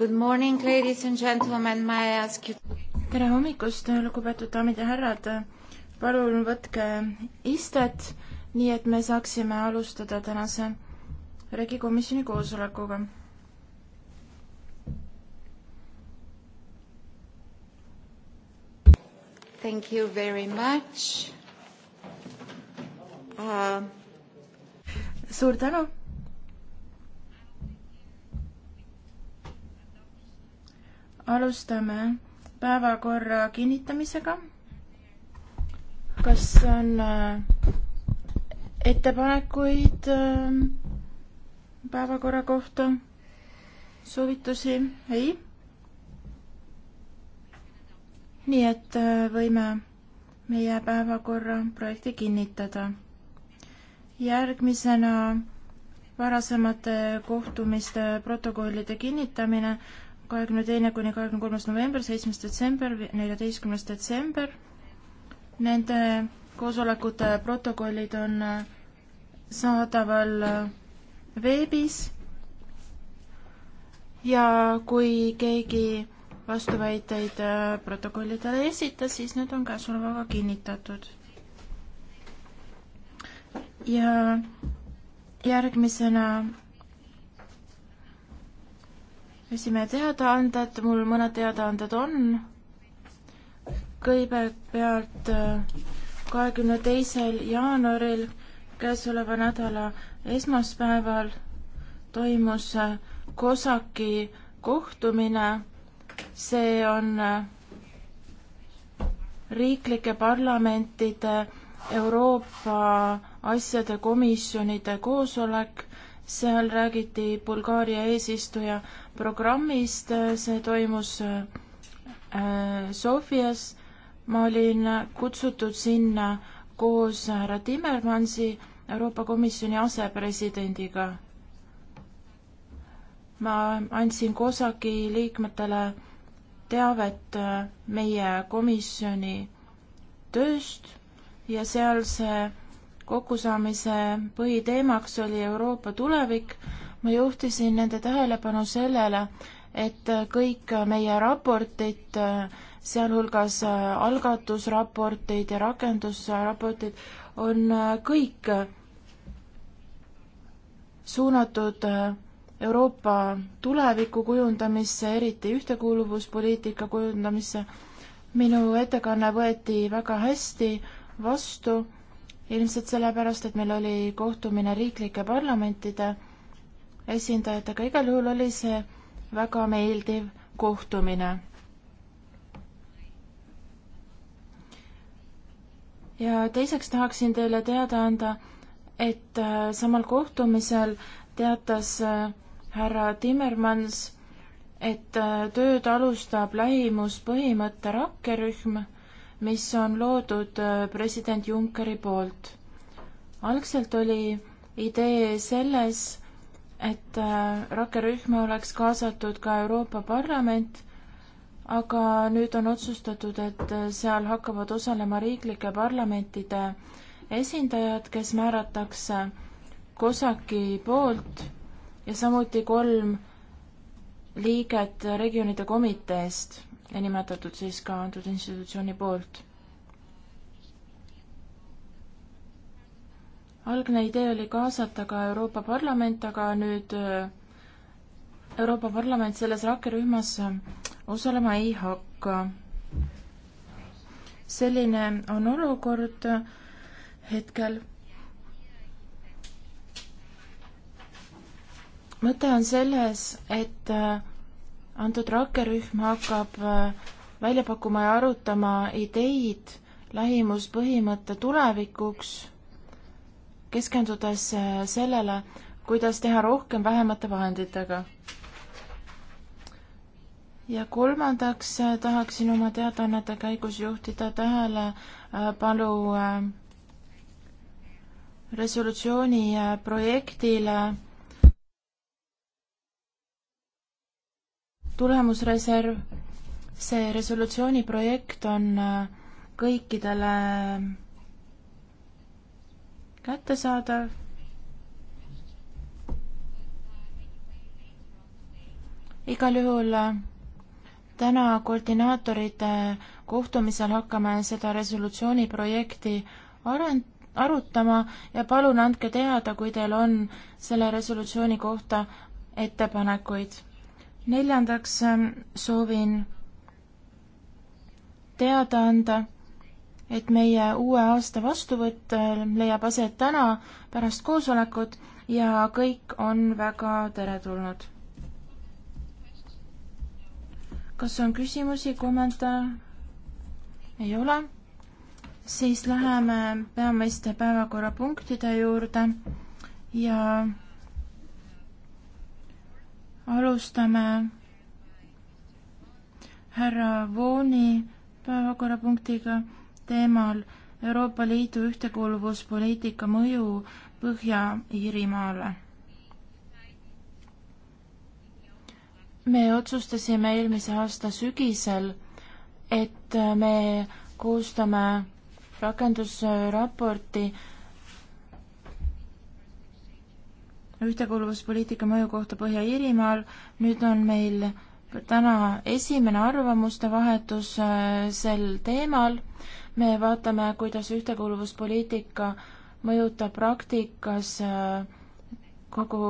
Good morning, ladies and gentlemen, may I ask you tere hommikust, lugupeetud daamid ja härrad, palun võtke istet, nii et me saaksime alustada tänase regikomisjoni koosolekuga. Thank you very much uh.... suur tänu alustame päevakorra kinnitamisega. kas on äh, ettepanekuid äh, päevakorra kohta, soovitusi? ei? nii et äh, võime meie päevakorra projekti kinnitada. järgmisena varasemate kohtumiste protokollide kinnitamine kahekümne teine kuni kahekümne kolmas november, seitsmes detsember, neljateistkümnes detsember. Nende koosolekute protokollid on äh, saadaval äh, veebis. ja kui keegi vastuväiteid äh, protokollidele ei esita, siis need on käesolevaga kinnitatud. ja järgmisena esimehe teadaanded, mul mõned teadaanded on. kõigepealt äh, kahekümne teisel jaanuaril käesoleva nädala esmaspäeval toimus COSAC-i äh, kohtumine. see on äh, riiklike parlamentide Euroopa asjade komisjonide koosolek, seal räägiti Bulgaaria eesistuja programmist, äh, see toimus äh, Sofias, ma olin kutsutud sinna koos härra Timmermansi, Euroopa Komisjoni asepresidendiga. ma andsin COSAC-i liikmetele teavet äh, meie komisjoni tööst ja seal see kokkusaamise põhiteemaks oli Euroopa tulevik ma juhtisin nende tähelepanu sellele, et kõik meie raportid, sealhulgas algatusraportid ja rakendusraportid, on kõik suunatud Euroopa tuleviku kujundamisse, eriti ühtekuuluvuspoliitika kujundamisse. minu ettekanne võeti väga hästi vastu, ilmselt sellepärast, et meil oli kohtumine riiklike parlamentide esindajatega, igal juhul oli see väga meeldiv kohtumine. ja teiseks tahaksin teile teada anda, et äh, samal kohtumisel teatas äh, härra Timmermans, et äh, tööd alustab lähimuspõhimõtte rakkerühm, mis on loodud president Junckeri poolt. algselt oli idee selles, et äh, rakkerühma oleks kaasatud ka Euroopa Parlament, aga nüüd on otsustatud, et äh, seal hakkavad osalema riiklike parlamentide esindajad, kes määratakse COSAC-i poolt ja samuti kolm liiget regioonide komiteest ja nimetatud siis ka antud institutsiooni poolt algne idee oli kaasata ka Euroopa Parlament, aga nüüd äh, Euroopa Parlament selles rakkerühmas äh, osalema ei hakka. selline on olukord äh, hetkel. mõte on selles, et antud rakkerühm hakkab välja pakkuma ja arutama ideid lähimuspõhimõtte tulevikuks keskendudes äh, sellele, kuidas teha rohkem vähemate vahenditega. ja kolmandaks äh, tahaksin oma teadaannete käigus juhtida tähelepanu äh, resolutsiooni projektile tulemusreserv. see resolutsiooni projekt on kõikidele kättesaadav. igal juhul äh, täna koordinaatorite äh, kohtumisel hakkame seda resolutsiooni projekti arend-, arutama ja palun andke teada, kui teil on selle resolutsiooni kohta ettepanekuid. neljandaks äh, soovin teada anda, et meie uue aasta vastuvõtt äh, leiab aset täna pärast koosolekut ja kõik on väga teretulnud. kas on küsimusi, kommentaare? ei ole? siis läheme peamiste päevakorrapunktide juurde ja alustame härra Vooni päevakorrapunktiga teemal Euroopa Liidu ühtekuuluvuspoliitika mõju Põhja-Iirimaale. me otsustasime eelmise aasta sügisel, et me koostame rakendusraporti ühtekuuluvuspoliitika mõju kohta Põhja-Iirimaal. nüüd on meil täna esimene arvamuste vahetus äh, sel teemal. me vaatame, kuidas ühtekuuluvuspoliitika mõjutab praktikas äh, kogu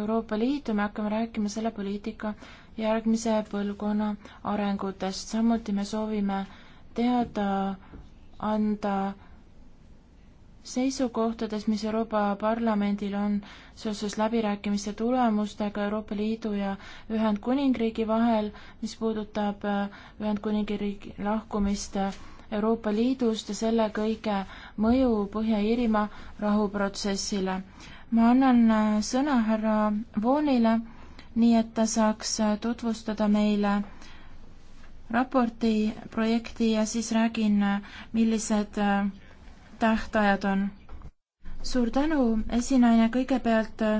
Euroopa Liitu, me hakkame rääkima selle poliitika järgmise põlvkonna arengutest, samuti me soovime teada anda seisukohtades, mis Euroopa Parlamendil on seoses läbirääkimiste tulemustega Euroopa Liidu ja Ühendkuningriigi vahel, mis puudutab äh, Ühendkuningriigi lahkumist äh, Euroopa Liidust ja selle kõige mõju Põhja-Iirimaa rahuprotsessile. ma annan äh, sõna härra Voonile, nii et ta saaks tutvustada meile raporti projekti ja siis räägin, millised tähtajad on? suur tänu, esinaine, kõigepealt äh,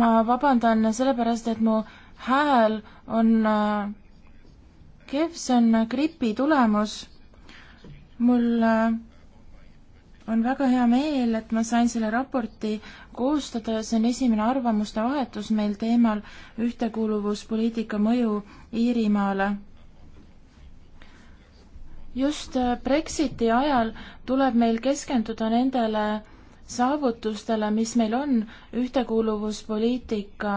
ma vabandan sellepärast, et mu hääl on äh, kehv, see on äh, gripi tulemus. mul on väga hea meel, et ma sain selle raporti koostada ja see on esimene arvamuste vahetus meil teemal ühtekuuluvuspoliitika mõju Iirimaale just äh, Brexiti ajal tuleb meil keskenduda nendele saavutustele, mis meil on ühtekuuluvuspoliitika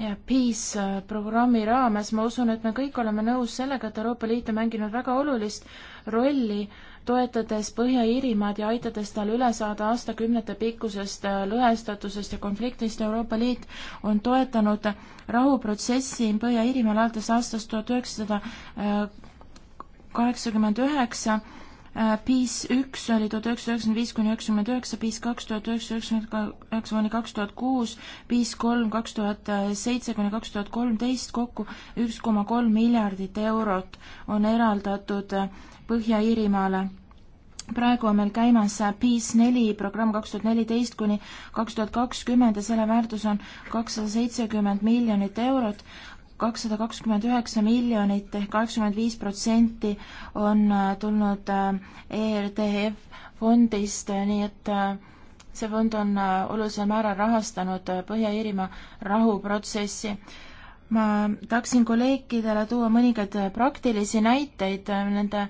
ja Peace äh, programmi raames, ma usun, et me kõik oleme nõus sellega, et Euroopa Liit on mänginud väga olulist rolli, toetades Põhja-Iirimaad ja aitades tal üle saada aastakümnete pikkusest äh, lõhestatusest ja konfliktist. Euroopa Liit on toetanud rahuprotsessi Põhja-Iirimaal alates aastast tuhat üheksasada kaheksakümmend üheksa, äh, PIS üks oli tuhat üheksasada üheksakümmend viis kuni üheksakümmend üheksa, PIS kaks tuhat üheksasada üheksakümmend üheksa kuni kaks tuhat kuus, PIS kolm kaks tuhat seitse kuni kaks tuhat kolmteist, kokku üks koma kolm miljardit eurot on eraldatud äh, Põhja-Iirimaale praegu on meil käimas äh, Peace neli programm kaks tuhat neliteist kuni kaks tuhat kakskümmend ja selle väärtus on kakssada seitsekümmend miljonit eurot, kakssada kakskümmend üheksa miljonit ehk kaheksakümmend viis protsenti on äh, tulnud äh, ERDF fondist, äh, nii et see fond on olulisel määral rahastanud Põhja-Iirimaa rahuprotsessi. ma tahaksin kolleegidele tuua mõningaid praktilisi näiteid nende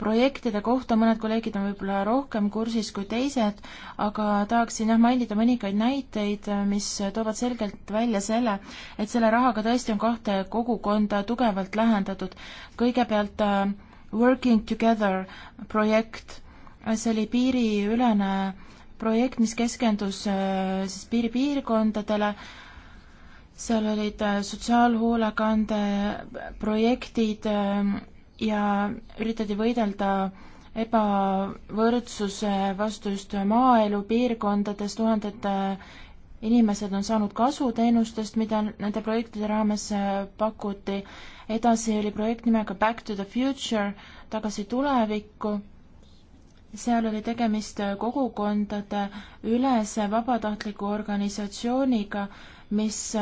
projektide kohta, mõned kolleegid on võib-olla rohkem kursis kui teised, aga tahaksin jah mainida mõningaid näiteid, mis toovad selgelt välja selle, et selle rahaga tõesti on kahte kogukonda tugevalt lähendatud. kõigepealt äh, Working Together projekt, see oli piiriülene projekt, mis keskendus äh, siis piiripiirkondadele, seal olid äh, sotsiaalhoolekande projektid, ja üritati võidelda ebavõrdsuse vastu just maaelu piirkondades, tuhanded inimesed on saanud kasu teenustest, mida nende projektide raames pakuti. edasi oli projekt nimega Back to the Future, tagasi tulevikku. seal oli tegemist kogukondade ülese vabatahtliku organisatsiooniga, mis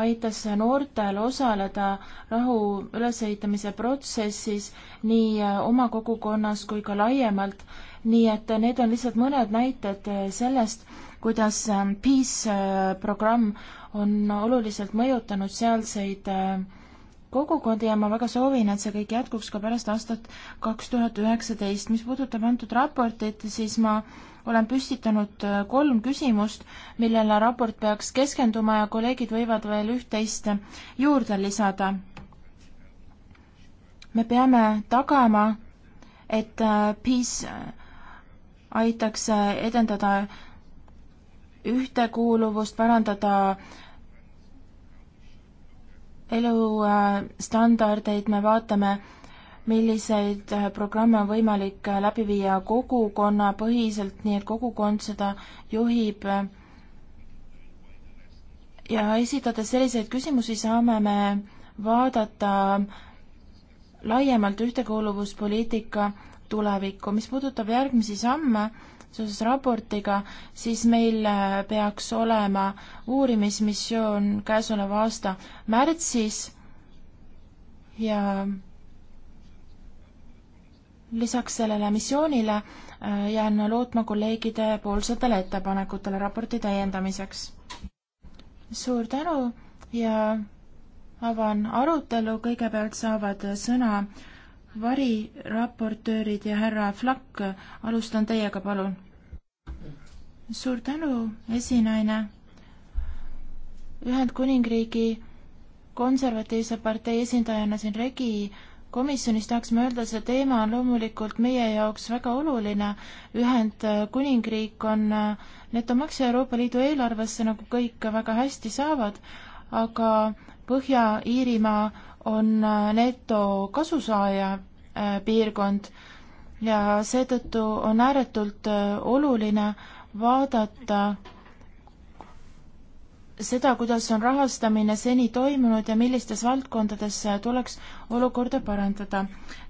aitas noortel osaleda rahu ülesehitamise protsessis nii äh, oma kogukonnas kui ka laiemalt. nii et äh, need on lihtsalt mõned näited äh, sellest, kuidas Peace programm on oluliselt mõjutanud sealseid äh, kogukondi ja ma väga soovin, et see kõik jätkuks ka pärast aastat kaks tuhat üheksateist. mis puudutab antud raportit, siis ma olen püstitanud äh, kolm küsimust, millele raport peaks keskenduma ja kolleegid võivad veel üht-teist juurde lisada. me peame tagama, et äh, Peace äh, aitaks edendada ühtekuuluvust, parandada äh, elustandardeid, me vaatame, milliseid äh, programme on võimalik äh, läbi viia kogukonnapõhiselt, nii et kogukond seda juhib. Äh, ja esitades selliseid küsimusi, saame me vaadata laiemalt ühtekuuluvuspoliitika tulevikku. mis puudutab järgmisi samme, seoses raportiga, siis meil äh, peaks olema uurimismissioon käesoleva aasta märtsis ja lisaks sellele missioonile äh, jään lootma kolleegide poolsetele ettepanekutele raporti täiendamiseks. suur tänu ja avan arutelu, kõigepealt saavad sõna variraportöörid ja härra Flak, alustan teiega, palun. suur tänu, esinaine. Ühendkuningriigi konservatiivse partei esindajana siin regi komisjonis tahaks ma öelda, see teema on loomulikult meie jaoks väga oluline. Ühendkuningriik on äh, netomaksja Euroopa Liidu eelarvesse, nagu kõik väga hästi saavad, aga Põhja-Iirimaa on äh, neto kasusaaja äh, piirkond ja seetõttu on ääretult äh, oluline vaadata seda, kuidas on rahastamine seni toimunud ja millistes valdkondades tuleks olukorda parandada.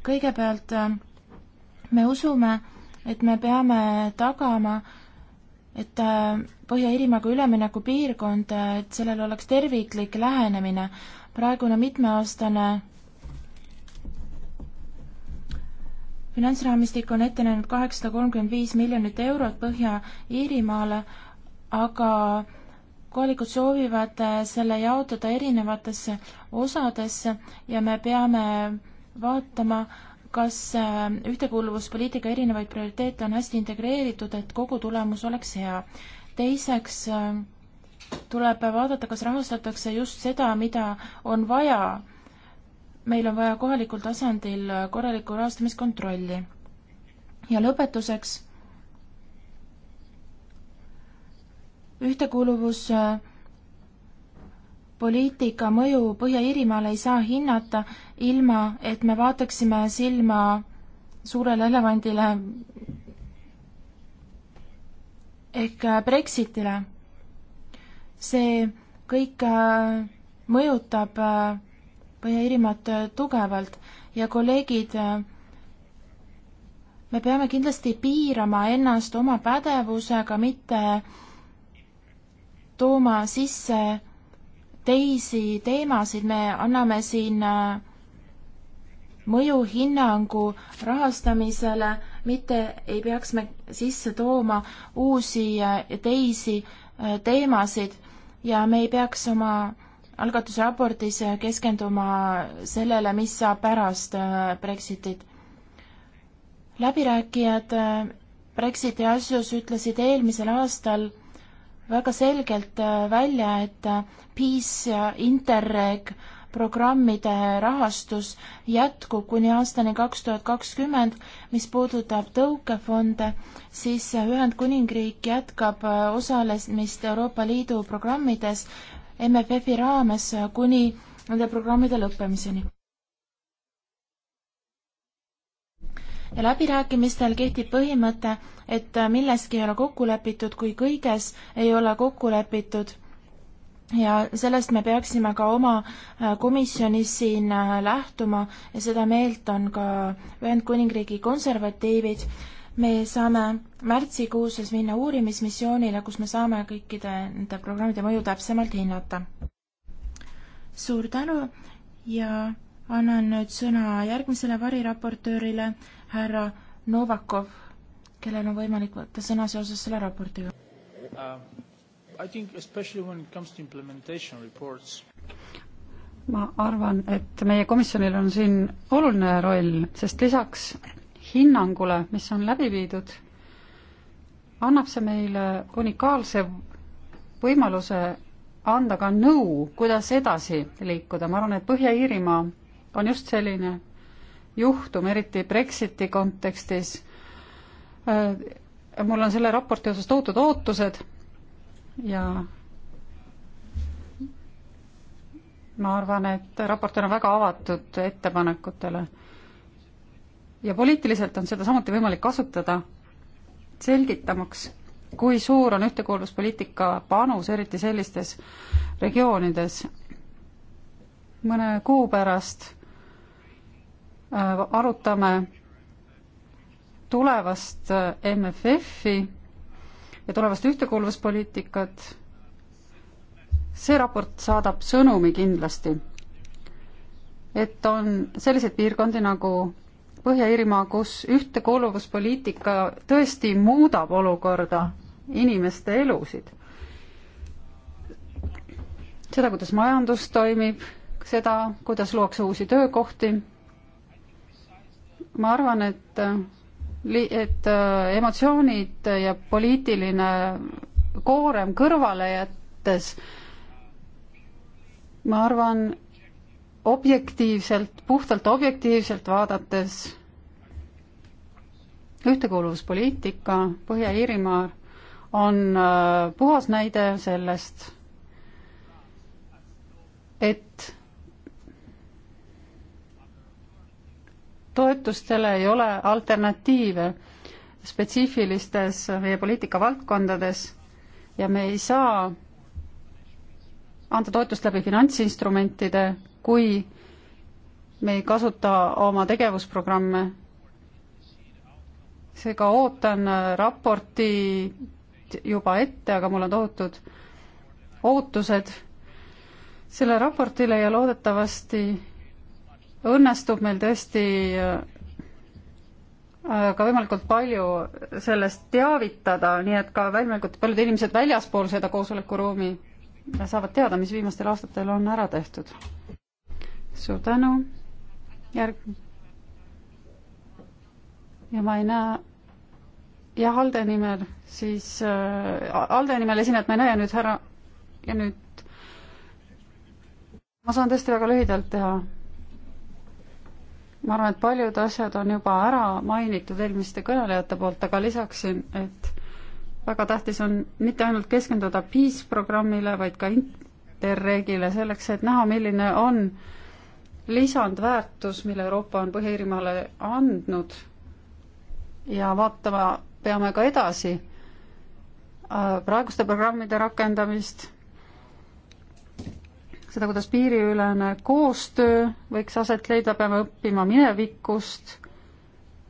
kõigepealt me usume, et me peame tagama, et Põhja-Iirimaga ülemineku piirkond, et sellel oleks terviklik lähenemine praegune mitmeaastane finantsraamistik on ette näinud kaheksasada kolmkümmend viis miljonit eurot Põhja-Iirimaale, aga kohalikud soovivad selle jaotada erinevatesse osadesse ja me peame vaatama, kas äh, ühtekuuluvuspoliitika erinevaid prioriteete on hästi integreeritud, et kogu tulemus oleks hea. teiseks äh, tuleb vaadata, kas rahastatakse just seda, mida on vaja. meil on vaja kohalikul tasandil korralikku rahastamiskontrolli. ja lõpetuseks. ühtekuuluvuspoliitika mõju Põhja-Iirimaale ei saa hinnata ilma, et me vaataksime silma suurele elevandile ehk Brexitile see kõik äh, mõjutab äh, Põhja-Iirimaad äh, tugevalt ja kolleegid, me peame kindlasti piirama ennast oma pädevusega, mitte tooma sisse teisi teemasid, me anname siin mõjuhinnangu rahastamisele, mitte ei peaks me sisse tooma uusi ja teisi teemasid ja me ei peaks oma algatuse raportis keskenduma sellele, mis saab pärast äh, Brexitit. läbirääkijad äh, Brexiti asjus ütlesid eelmisel aastal väga selgelt äh, välja, et peace ja interreg programmide rahastus jätkub kuni aastani kaks tuhat kakskümmend. mis puudutab tõukefonde, siis Ühendkuningriik jätkab osalemist Euroopa Liidu programmides MFF-i raames kuni nende programmide lõppemiseni. ja läbirääkimistel kehtib põhimõte, et milleski ei ole kokku lepitud, kui kõiges ei ole kokku lepitud ja sellest me peaksime ka oma äh, komisjonis siin äh, lähtuma ja seda meelt on ka Ühendkuningriigi konservatiivid. me saame märtsikuuses minna uurimismissioonile, kus me saame kõikide nende programmide mõju täpsemalt hinnata. suur tänu ja annan nüüd sõna järgmisele variraportöörile, härra Novakov, kellel on võimalik võtta sõna seoses selle raportiga uh I think especially when it comes to implementation reports. ma arvan, et meie komisjonil on siin oluline roll, sest lisaks hinnangule, mis on läbi viidud, annab see meile unikaalse võimaluse anda ka nõu, kuidas edasi liikuda, ma arvan, et Põhja-Iirimaa on just selline juhtum, eriti Brexiti kontekstis, äh, mul on selle raporti osas tohutud ootused ja ma arvan, et raportöör on väga avatud ettepanekutele. ja poliitiliselt on seda samuti võimalik kasutada, selgitamaks, kui suur on ühtekuuluvuspoliitika panus, eriti sellistes regioonides. mõne kuu pärast äh, arutame tulevast äh, MFF-i ja tulevast ühtekuuluvuspoliitikat. see raport saadab sõnumi kindlasti, et on selliseid piirkondi nagu Põhja-Iirimaa, kus ühtekuuluvuspoliitika tõesti muudab olukorda, inimeste elusid. seda, kuidas majandus toimib, seda, kuidas luuakse uusi töökohti. ma arvan, et et äh, emotsioonid ja poliitiline koorem kõrvale jättes, ma arvan, objektiivselt, puhtalt objektiivselt vaadates ühtekuuluvuspoliitika Põhja-Iirimaal on äh, puhas näide sellest, et toetustele ei ole alternatiive spetsiifilistes meie poliitika valdkondades ja me ei saa anda toetust läbi finantsinstrumentide, kui me ei kasuta oma tegevusprogramme. seega ootan raporti juba ette, aga mul on tohutud ootused sellele raportile ja loodetavasti õnnestub meil tõesti äh, äh, ka võimalikult palju sellest teavitada, nii et ka võimalikult paljud inimesed väljaspool seda koosolekuruumi saavad teada, mis viimastel aastatel on ära tehtud. suur tänu, järg-. ja ma ei näe, jah, Alde nimel, siis äh, Alde nimel esinejat ma ei näe ja nüüd härra, ja nüüd ma saan tõesti väga lühidalt teha ma arvan, et paljud asjad on juba ära mainitud eelmiste kõnelejate poolt, aga lisaksin, et väga tähtis on mitte ainult keskenduda PIS programmile, vaid ka Interregile selleks, et näha, milline on lisandväärtus, mille Euroopa on Põhja-Iirimaale andnud ja vaatama peame ka edasi äh, praeguste programmide rakendamist seda, kuidas piiriülene koostöö võiks aset leida, peame õppima minevikust,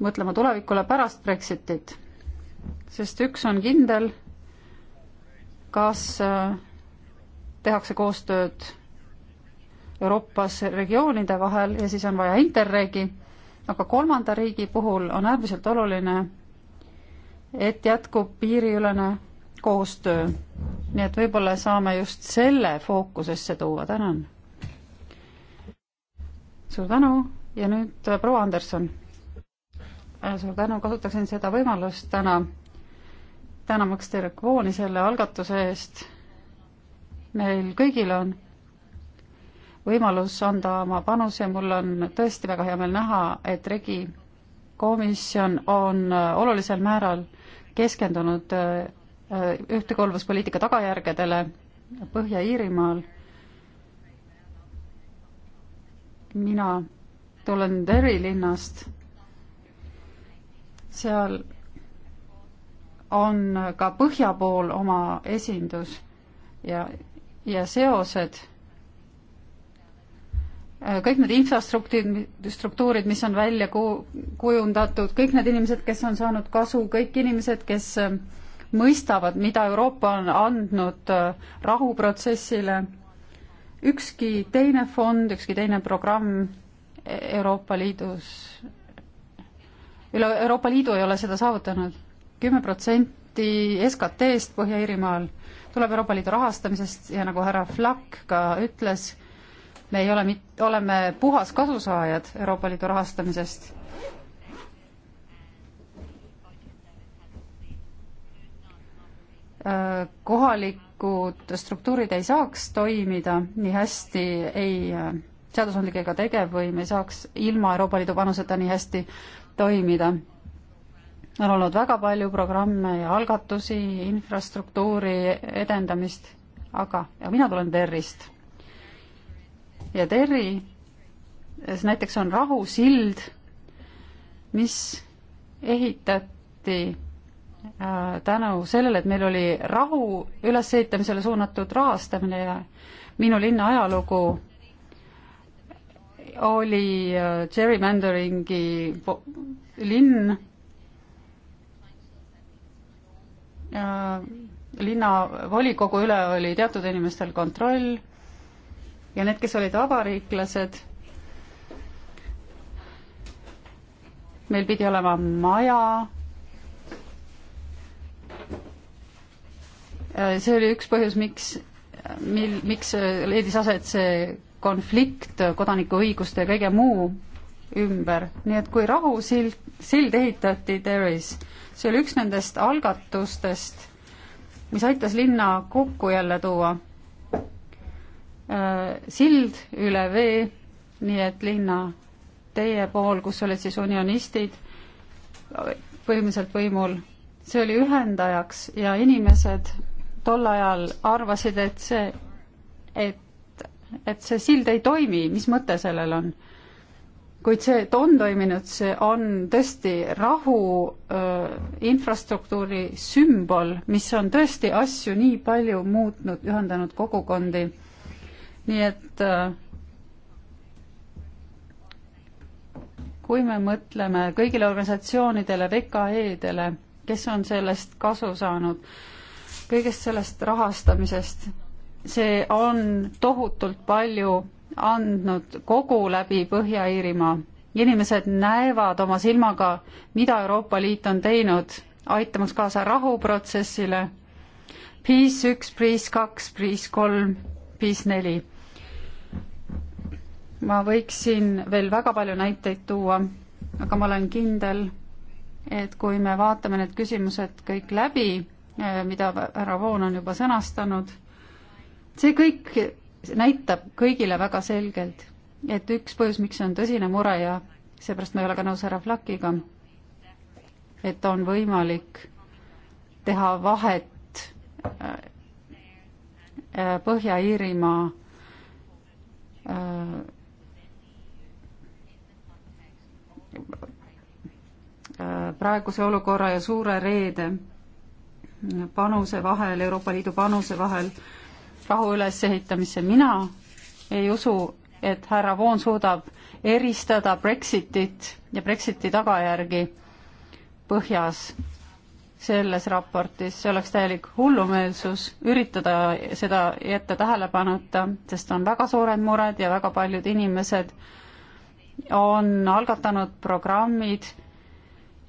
mõtlema tulevikule pärast Brexitit. sest üks on kindel, kas äh, tehakse koostööd Euroopas regioonide vahel ja siis on vaja Interregi, aga kolmanda riigi puhul on äärmiselt oluline, et jätkub piiriülene koostöö. nii et võib-olla saame just selle fookusesse tuua, tänan. suur tänu ja nüüd äh, proua Anderson. Äh, suur tänu, kasutaksin seda võimalust täna, tänamaks teile kvooni selle algatuse eest. meil kõigil on võimalus anda oma panus ja mul on tõesti väga hea meel näha, et regi komisjon on äh, olulisel määral keskendunud Äh, ühtekuuluvuspoliitika tagajärgedele Põhja-Iirimaal. mina tulen Derry linnast. seal on ka põhja pool oma esindus ja, ja seosed. Äh, kõik need infrastruktuurid, struktuurid, mis on välja ku-, kujundatud, kõik need inimesed, kes on saanud kasu, kõik inimesed, kes äh, mõistavad, mida Euroopa on andnud äh, rahuprotsessile. ükski teine fond, ükski teine programm e-, Euroopa Liidus, üle Euroopa Liidu ei ole seda saavutanud. kümme protsenti SKT-st Põhja-Iirimaal tuleb Euroopa Liidu rahastamisest ja nagu härra Flak ka ütles, me ei ole mit-, oleme puhas kasusaajad Euroopa Liidu rahastamisest kohalikud struktuurid ei saaks toimida nii hästi, ei seadusandlik ega tegevvõim ei saaks ilma Euroopa Liidu panuseta nii hästi toimida. on olnud väga palju programme ja algatusi, infrastruktuuri edendamist, aga, ja mina tulen Terrist. ja Terri, näiteks on rahusild, mis ehitati Äh, tänu sellele, et meil oli rahu ülesehitamisele suunatud rahastamine ja minu linna ajalugu oli äh, gerrymandering'i linn, äh, linnavolikogu üle oli teatud inimestel kontroll ja need, kes olid vabariiklased, meil pidi olema maja, Äh, see oli üks põhjus, miks, mil, miks äh, leidis aset see konflikt äh, kodanikuõiguste ja kõige muu ümber, nii et kui rahusild, sild ehitati Derry's, see oli üks nendest algatustest, mis aitas linna kokku jälle tuua. sild üle vee, nii et linna teie pool, kus olid siis unionistid põhimõtteliselt võimul, see oli ühendajaks ja inimesed tol ajal arvasid, et see, et, et see sild ei toimi, mis mõte sellel on? kuid see, et on toiminud, see on tõesti rahu öö, infrastruktuuri sümbol, mis on tõesti asju nii palju muutnud, ühendanud kogukondi. nii et öö, kui me mõtleme kõigile organisatsioonidele, VKE-dele, kes on sellest kasu saanud, kõigest sellest rahastamisest. see on tohutult palju andnud kogu läbi Põhja-Iirimaa. inimesed näevad oma silmaga, mida Euroopa Liit on teinud, aitamaks kaasa rahuprotsessile. Peace üks, Peace kaks, Peace kolm, Peace neli. ma võiksin veel väga palju näiteid tuua, aga ma olen kindel, et kui me vaatame need küsimused kõik läbi, Äh, mida härra Voon on juba sõnastanud. see kõik näitab kõigile väga selgelt, et üks põhjus, miks see on tõsine mure ja seepärast ma ei ole ka nõus härra Flakiga, et on võimalik teha vahet äh, äh, Põhja-Iirimaa praeguse olukorra ja suure reede panuse vahel, Euroopa Liidu panuse vahel rahu ülesehitamisse, mina ei usu, et härra Voon suudab eristada Brexitit ja Brexiti tagajärgi põhjas selles raportis, see oleks täielik hullumeelsus üritada seda jätta tähelepanuta, sest on väga suured mured ja väga paljud inimesed on algatanud programmid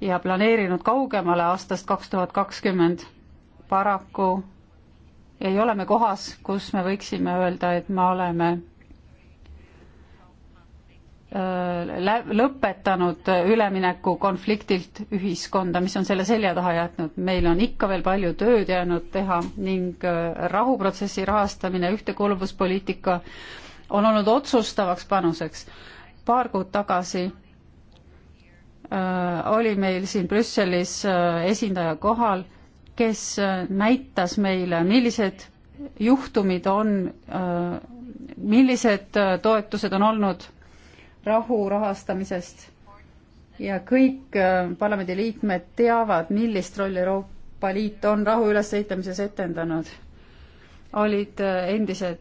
ja planeerinud kaugemale aastast kaks tuhat kakskümmend paraku ei ole me kohas, kus me võiksime öelda, et me oleme lõpetanud ülemineku konfliktilt ühiskonda, mis on selle selja taha jätnud. meil on ikka veel palju tööd jäänud teha ning rahuprotsessi rahastamine, ühtekuuluvuspoliitika on olnud otsustavaks panuseks. paar kuud tagasi äh, oli meil siin Brüsselis äh, esindaja kohal kes äh, näitas meile, millised juhtumid on, äh, millised äh, toetused on olnud rahu rahastamisest ja kõik parlamendiliikmed teavad, millist rolli Euroopa Liit on rahu ülesehitamises etendanud. olid endised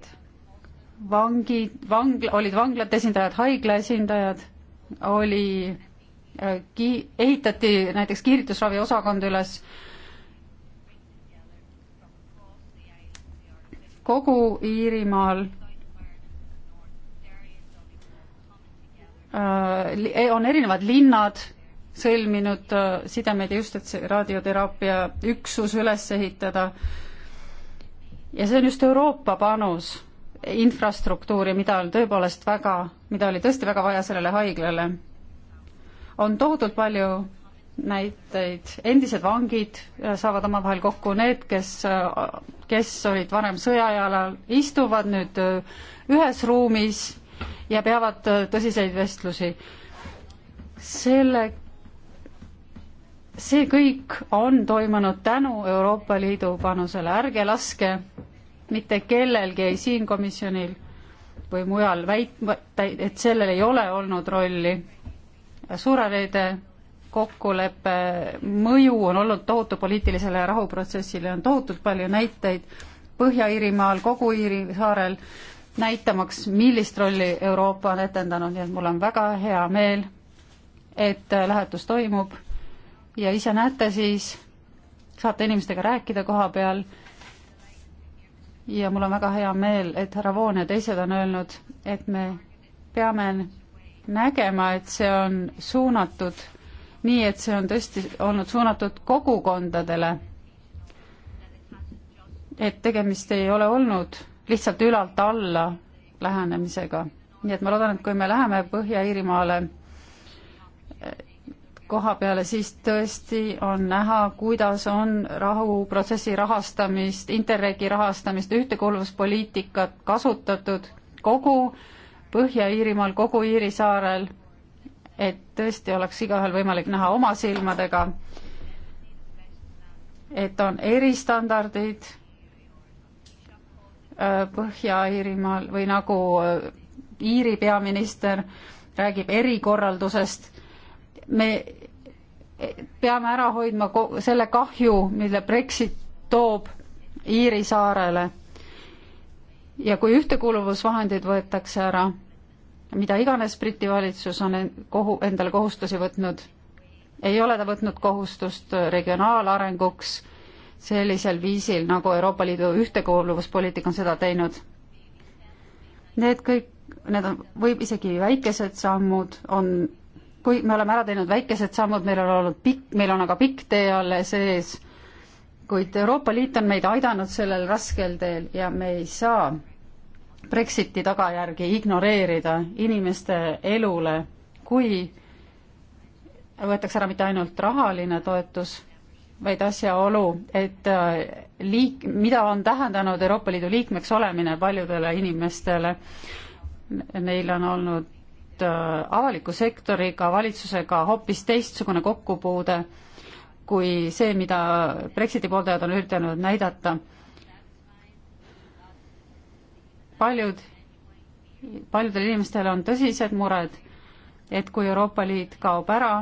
vangid, vangla, olid vanglate esindajad, haigla esindajad, oli ki-, ehitati näiteks kiiritusraviosakond üles äh, kogu Iirimaal äh, on erinevad linnad sõlminud äh, sidemeid ja just, et see raadioteraapia üksus üles ehitada. ja see on just Euroopa panus infrastruktuuri, mida on tõepoolest väga, mida oli tõesti väga vaja sellele haiglale. on tohutult palju näiteid, endised vangid äh, saavad omavahel kokku, need, kes, äh, kes olid varem sõjajalal, istuvad nüüd äh, ühes ruumis ja peavad tõsiseid vestlusi. selle, see kõik on toimunud tänu Euroopa Liidu panusele, ärge laske mitte kellelgi ei siin komisjonil või mujal väitma, et sellel ei ole olnud rolli. suure reede kokkuleppe mõju on olnud tohutu poliitilisele rahuprotsessile, on tohutult palju näiteid Põhja-Iirimaal, kogu Iiri saarel, näitamaks, millist rolli Euroopa on etendanud, nii et mul on väga hea meel, et lähetus toimub ja ise näete siis, saate inimestega rääkida koha peal ja mul on väga hea meel, et härra Voon ja teised on öelnud, et me peame nägema, et see on suunatud nii et see on tõesti olnud suunatud kogukondadele. et tegemist ei ole olnud lihtsalt ülalt alla lähenemisega. nii et ma loodan, et kui me läheme Põhja-Iirimaale eh, koha peale, siis tõesti on näha, kuidas on rahuprotsessi rahastamist, Interregi rahastamist, ühtekuuluvuspoliitikat kasutatud kogu Põhja-Iirimaal, kogu Iiri saarel et tõesti oleks igaühel võimalik näha oma silmadega, et on eristandardid äh, Põhja-Iirimaal või nagu äh, Iiri peaminister räägib erikorraldusest, me e, peame ära hoidma selle kahju, mille Brexit toob Iiri saarele. ja kui ühtekuuluvusvahendid võetakse ära mida iganes Briti valitsus on kohu, endale kohustusi võtnud, ei ole ta võtnud kohustust regionaalarenguks sellisel viisil, nagu Euroopa Liidu ühtekuuluvuspoliitika on seda teinud. Need kõik, need on, võib isegi väikesed sammud on, kui me oleme ära teinud väikesed sammud, meil on olnud pikk, meil on aga pikk tee alles ees, kuid Euroopa Liit on meid aidanud sellel raskel teel ja me ei saa Brexiti tagajärgi ignoreerida inimeste elule, kui võetakse ära mitte ainult rahaline toetus, vaid asjaolu, et äh, liik-, mida on tähendanud Euroopa Liidu liikmeks olemine paljudele inimestele. Neil on olnud äh, avaliku sektoriga, valitsusega hoopis teistsugune kokkupuude kui see, mida Brexiti pooldajad on üritanud näidata paljud, paljudel inimestel on tõsised mured, et kui Euroopa Liit kaob ära,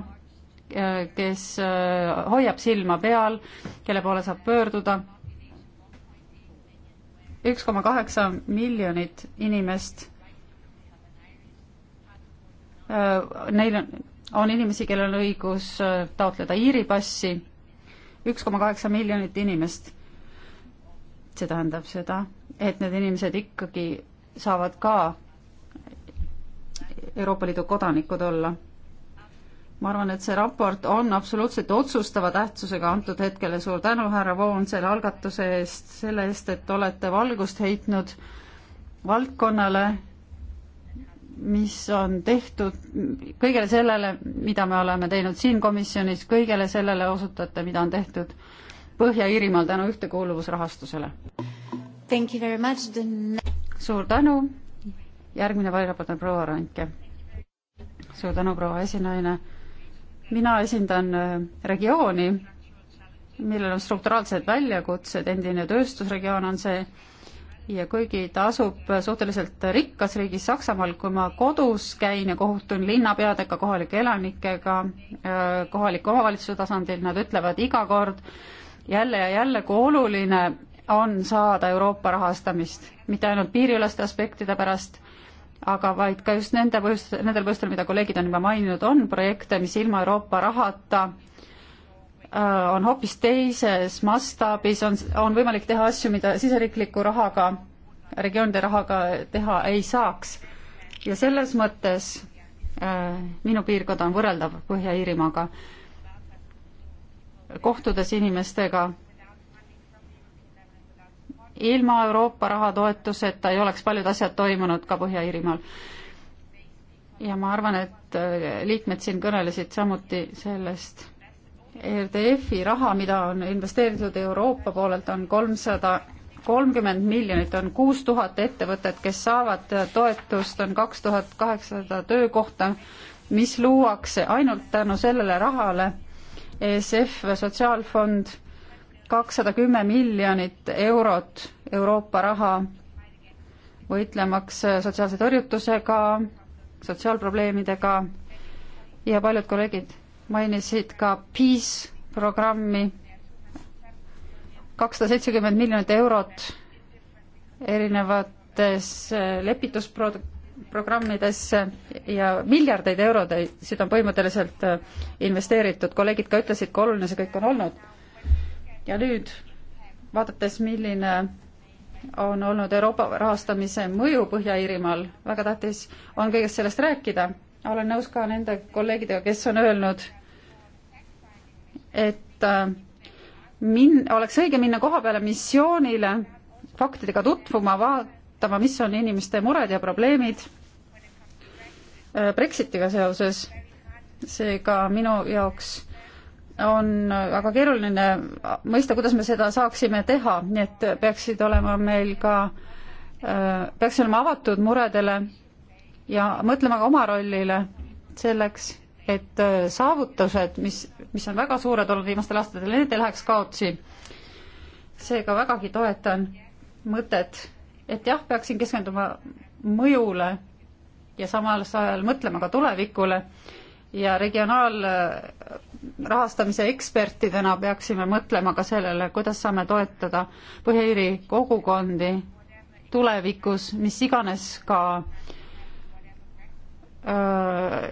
kes eh, hoiab silma peal, kelle poole saab pöörduda. üks koma kaheksa miljonit inimest. Eh, neil on, on inimesi, kellel on õigus eh, taotleda Iiri passi. üks koma kaheksa miljonit inimest. see tähendab seda, et need inimesed ikkagi saavad ka Euroopa Liidu kodanikud olla. ma arvan, et see raport on absoluutselt otsustava tähtsusega antud hetkele, suur tänu, härra Voon, selle algatuse eest, selle eest, et olete valgust heitnud valdkonnale, mis on tehtud, kõigele sellele, mida me oleme teinud siin komisjonis, kõigele sellele osutate, mida on tehtud Põhja-Iirimaal tänu ühtekuuluvusrahastusele. Thank you very much The.... suur tänu. järgmine valjapoolt on proua Randke. suur tänu, proua esinaine. mina esindan äh, regiooni, millel on strukturaalsed väljakutsed, endine tööstusregioon on see ja kuigi ta asub äh, suhteliselt äh, rikkas riigis Saksamaal, kui ma kodus käin ja kohtun linnapeadega, kohalike elanikega, kohaliku omavalitsuse tasandil, nad ütlevad iga kord jälle ja jälle, kui oluline on saada Euroopa rahastamist, mitte ainult piiriüleste aspektide pärast, aga vaid ka just nende põhjust, nendel põhjustel, mida kolleegid on juba maininud, on projekte, mis ilma Euroopa rahata äh, on hoopis teises mastaabis, on, on võimalik teha asju, mida siseriikliku rahaga, regioonide rahaga teha ei saaks. ja selles mõttes äh, minu piirkond on võrreldav Põhja-Iirimaaga. kohtudes inimestega ilma Euroopa raha toetuseta ei oleks paljud asjad toimunud ka Põhja-Iirimaal. ja ma arvan, et äh, liikmed siin kõnelesid samuti sellest. RDF-i raha, mida on investeeritud Euroopa poolelt, on kolmsada kolmkümmend miljonit, on kuus tuhat ettevõtet, kes saavad toetust, on kaks tuhat kaheksasada töökohta, mis luuakse ainult tänu sellele rahale. ESF, Sotsiaalfond kakssada kümme miljonit eurot Euroopa raha võitlemaks sotsiaalse tõrjutusega, sotsiaalprobleemidega ja paljud kolleegid mainisid ka Peace programmi, kakssada seitsekümmend miljonit eurot erinevates lepitusprogrammidesse ja miljardeid eurodeid, seda on põhimõtteliselt investeeritud, kolleegid ka ütlesid, kui oluline see kõik on olnud ja nüüd vaadates, milline on olnud Euroopa rahastamise mõju Põhja-Iirimaal, väga tähtis on kõigest sellest rääkida. olen nõus ka nende kolleegidega, kes on öelnud, et äh, min-, oleks õige minna koha peale missioonile faktidega tutvuma, vaatama, mis on inimeste mured ja probleemid äh, Brexitiga seoses. seega minu jaoks on väga keeruline mõista, kuidas me seda saaksime teha, nii et peaksid olema meil ka, äh, peaks olema avatud muredele ja mõtlema ka oma rollile selleks, et äh, saavutused, mis, mis on väga suured olnud viimastel aastatel, need ei läheks kaotsi. seega vägagi toetan mõtet, et jah, peaksin keskenduma mõjule ja samal ajal mõtlema ka tulevikule ja regionaal rahastamise ekspertidena peaksime mõtlema ka sellele, kuidas saame toetada Põhja-Iiri kogukondi tulevikus, mis iganes ka öö,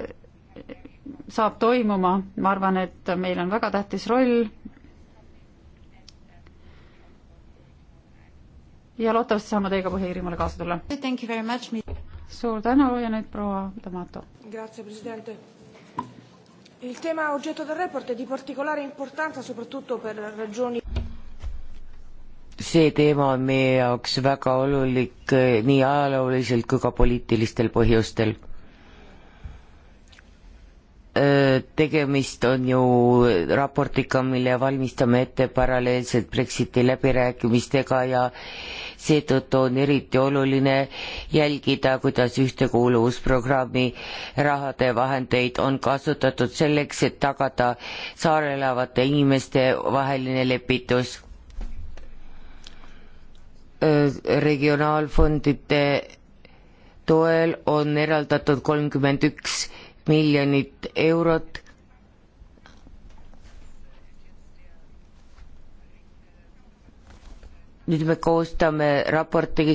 saab toimuma, ma arvan, et meil on väga tähtis roll ja loodetavasti saame teiega Põhja-Iirimaale kaasa tulla. suur tänu ja nüüd proua Tomato. Il tema oggetto del report è di particolare importanza soprattutto per ragioni see teema on meie jaoks väga olulik eh, nii ajalooliselt kui ka poliitilistel põhjustel. Eh, tegemist on ju raportiga, mille valmistame ette paralleelselt Brexiti läbirääkimistega ja seetõttu on eriti oluline jälgida, kuidas ühtekuuluvusprogrammi rahade vahendeid on kasutatud selleks, et tagada saarel elavate inimeste vaheline lepitus. regionaalfondide toel on eraldatud kolmkümmend üks miljonit eurot nüüd me koostame raporti,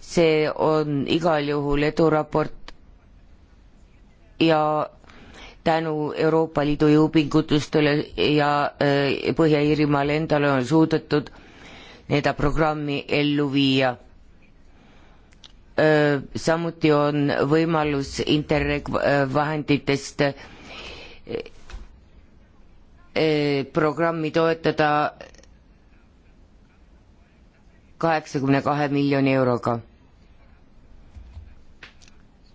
see on igal juhul eduraport ja tänu Euroopa Liidu jõupingutustele ja äh, Põhja-Iirimaale endale on suudetud seda programmi ellu viia. Äh, samuti on võimalus Interreg äh, vahenditest programmi toetada kaheksakümne kahe miljoni euroga.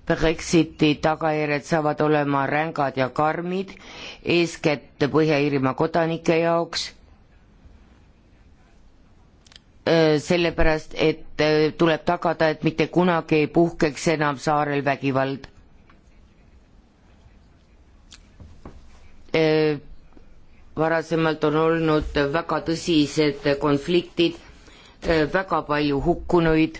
Brexiti tagajärjed saavad olema rängad ja karmid, eeskätt Põhja-Iirimaa kodanike jaoks, sellepärast et tuleb tagada, et mitte kunagi ei puhkeks enam saarel vägivald. varasemalt on olnud väga tõsised konfliktid Äh, väga palju hukkunuid.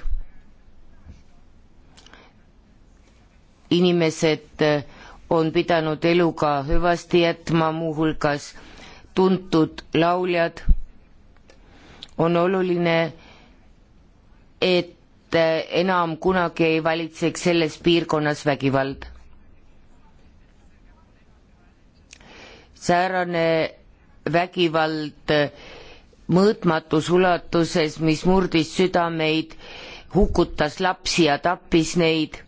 inimesed äh, on pidanud eluga hüvasti jätma, muuhulgas tuntud lauljad. on oluline, et äh, enam kunagi ei valitseks selles piirkonnas vägivald. säärane vägivald mõõtmatus ulatuses, mis murdis südameid, hukutas lapsi ja tappis neid.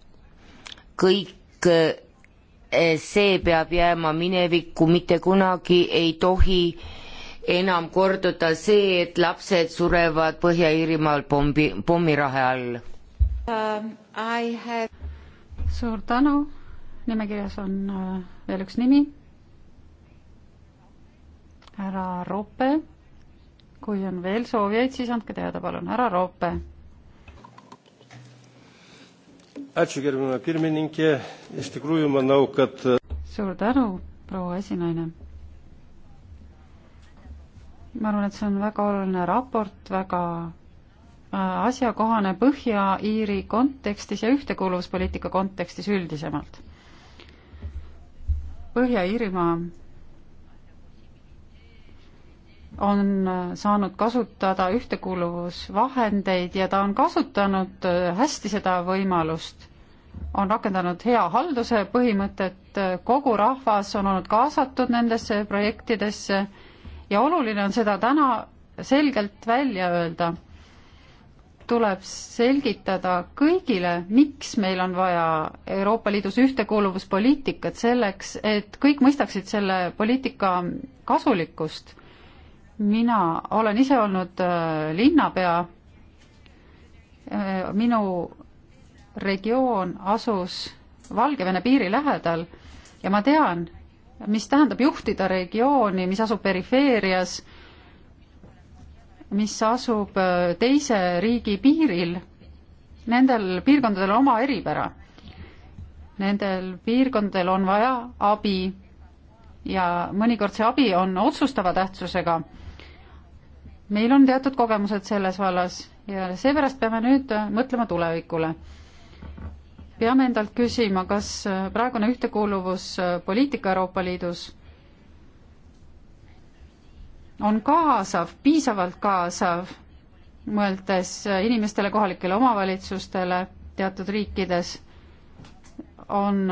kõik eh, see peab jääma minevikku, mitte kunagi ei tohi enam korduda see, et lapsed surevad Põhja-Iirimaal pommi, pommirahe all um,. Have... suur tänu, nimekirjas on eh, veel üks nimi, härra Rope kui on veel soovijaid, siis andke teada, palun, härra Roope. E, suur tänu, proua esinaine. ma arvan, et see on väga oluline raport, väga äh, asjakohane Põhja-Iiri kontekstis ja ühtekuuluvuspoliitika kontekstis üldisemalt. Põhja-Iirimaa on äh, saanud kasutada ühtekuuluvusvahendeid ja ta on kasutanud äh, hästi seda võimalust. on rakendanud hea halduse põhimõtet, äh, kogu rahvas on olnud kaasatud nendesse projektidesse ja oluline on seda täna selgelt välja öelda. tuleb selgitada kõigile, miks meil on vaja Euroopa Liidus ühtekuuluvuspoliitikat, selleks et kõik mõistaksid selle poliitika kasulikkust mina olen ise olnud äh, linnapea, äh, minu regioon asus Valgevene piiri lähedal ja ma tean, mis tähendab juhtida regiooni, mis asub perifeerias, mis asub äh, teise riigi piiril, nendel piirkondadel on oma eripära. Nendel piirkondadel on vaja abi ja mõnikord see abi on otsustava tähtsusega meil on teatud kogemused selles vallas ja seepärast peame nüüd mõtlema tulevikule. peame endalt küsima, kas praegune ühtekuuluvuspoliitika Euroopa Liidus on kaasav, piisavalt kaasav, mõeldes inimestele, kohalikele omavalitsustele teatud riikides, on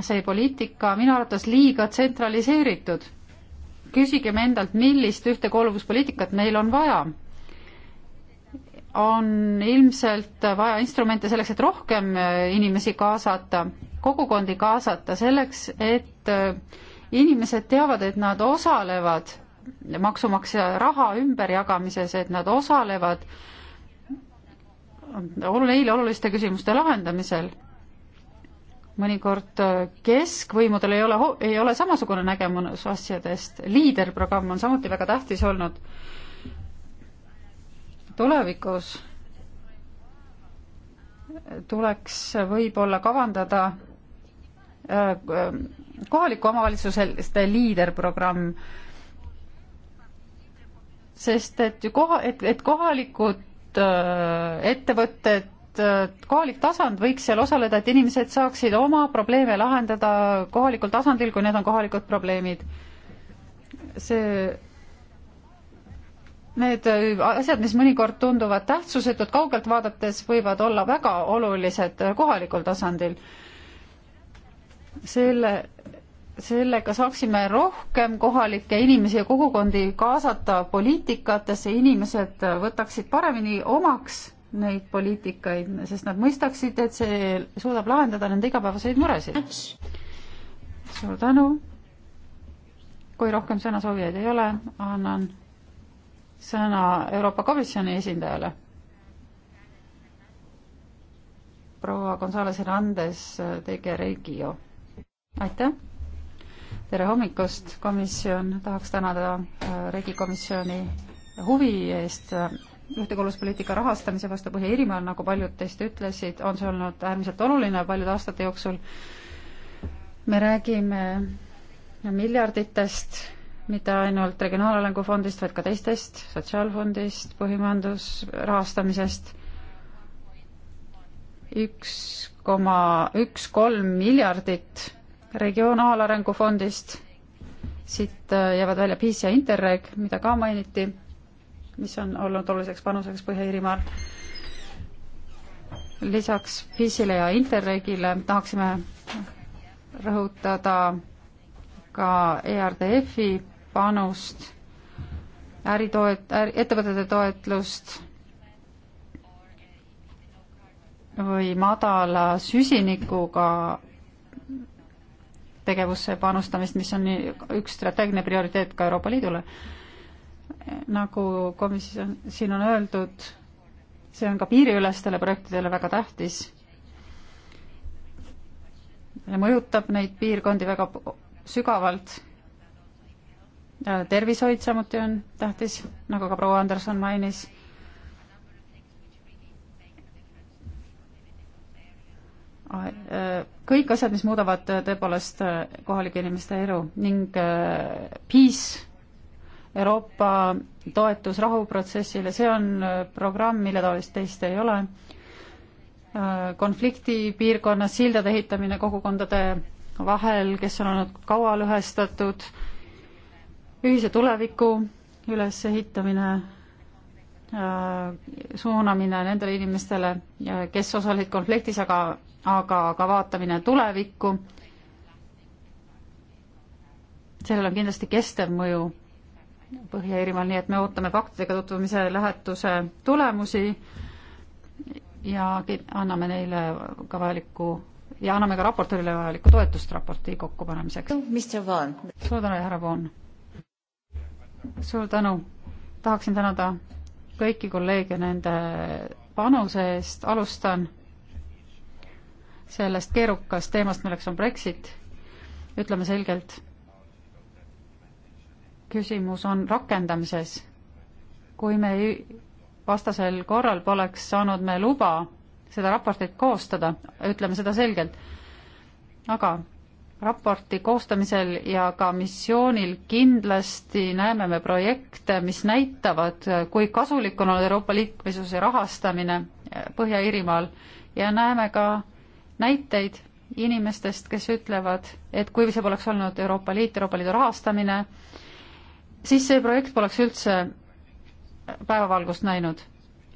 see poliitika minu arvates liiga tsentraliseeritud küsigem endalt, millist ühtekuuluvuspoliitikat meil on vaja. on ilmselt vaja instrumente selleks, et rohkem äh, inimesi kaasata, kogukondi kaasata, selleks, et äh, inimesed teavad, et nad osalevad maksumaksja raha ümberjagamises, et nad osalevad neile äh, oluliste küsimuste lahendamisel mõnikord äh, keskvõimudel ei ole, ei ole samasugune nägemus asjadest, liiderprogramm on samuti väga tähtis olnud. tulevikus tuleks võib-olla kavandada äh, äh, kohaliku omavalitsuste liiderprogramm, sest et ju koha, et, et kohalikud ettevõtted Äh, kohalik tasand võiks seal osaleda, et inimesed saaksid oma probleeme lahendada kohalikul tasandil, kui need on kohalikud probleemid. see, need äh, asjad, mis mõnikord tunduvad tähtsusetud kaugelt vaadates, võivad olla väga olulised äh, kohalikul tasandil. selle sellega saaksime rohkem kohalikke inimesi ja kogukondi kaasata poliitikatesse, inimesed võtaksid paremini omaks neid poliitikaid, sest nad mõistaksid, et see suudab lahendada nende igapäevaseid muresid. suur tänu. kui rohkem sõnasoovijaid ei ole, annan sõna Euroopa Komisjoni esindajale. proua Gonzalez Hernandez tege Regio. aitäh. tere hommikust, komisjon, tahaks tänada äh, Regi komisjoni huvi eest ühtekuuluvuspoliitika rahastamise vastu Põhja-Iirimaal, nagu paljud teist ütlesid, on see olnud äärmiselt oluline paljude aastate jooksul. me räägime miljarditest, mitte ainult Regionaalarengu fondist, vaid ka teistest, Sotsiaalfondist, põhimajandusrahastamisest, üks koma üks kolm miljardit Regionaalarengu fondist, siit äh, jäävad välja PIS ja Interreg, mida ka mainiti mis on olnud oluliseks panuseks Põhja-Iirimaal. lisaks PISile ja Interregile tahaksime rõhutada ka ERDF-i panust, äritoet-, äri, ettevõtete toetlust või madala süsinikuga tegevusse panustamist, mis on üks strateegiline prioriteet ka Euroopa Liidule nagu komisjon siin on öeldud, see on ka piiriülestele projektidele väga tähtis. mõjutab neid piirkondi väga sügavalt. tervishoid samuti on tähtis, nagu ka proua Anderson mainis. E, kõik asjad, mis muudavad tõepoolest e, kohalike inimeste elu ning e, peace Euroopa toetus rahuprotsessile, see on äh, programm, mille taolist teist ei ole. Äh, konfliktipiirkonnas sildade ehitamine kogukondade vahel, kes on olnud kaua lõhestatud, ühise tuleviku ülesehitamine, äh, suunamine nendele inimestele, kes osalesid konfliktis, aga, aga ka vaatamine tulevikku, sellel on kindlasti kestev mõju Põhja-Iirimaal, nii et me ootame faktidega tutvumise lähetuse tulemusi ja anname neile ka vajaliku ja anname ka raportöörile vajalikku toetust raporti kokkupanemiseks. suur tänu, härra Voon! suur tänu! tahaksin tänada kõiki kolleege nende panuse eest, alustan sellest keerukast teemast, milleks on Brexit, ütleme selgelt, küsimus on rakendamises. kui me vastasel korral poleks saanud me luba seda raportit koostada, ütleme seda selgelt, aga raporti koostamisel ja ka missioonil kindlasti näeme me projekte, mis näitavad, kui kasulik on olnud Euroopa liikmesuse rahastamine Põhja-Iirimaal ja näeme ka näiteid inimestest, kes ütlevad, et kui see poleks olnud Euroopa Liit, Euroopa Liidu rahastamine, siis see projekt poleks üldse päevavalgust näinud.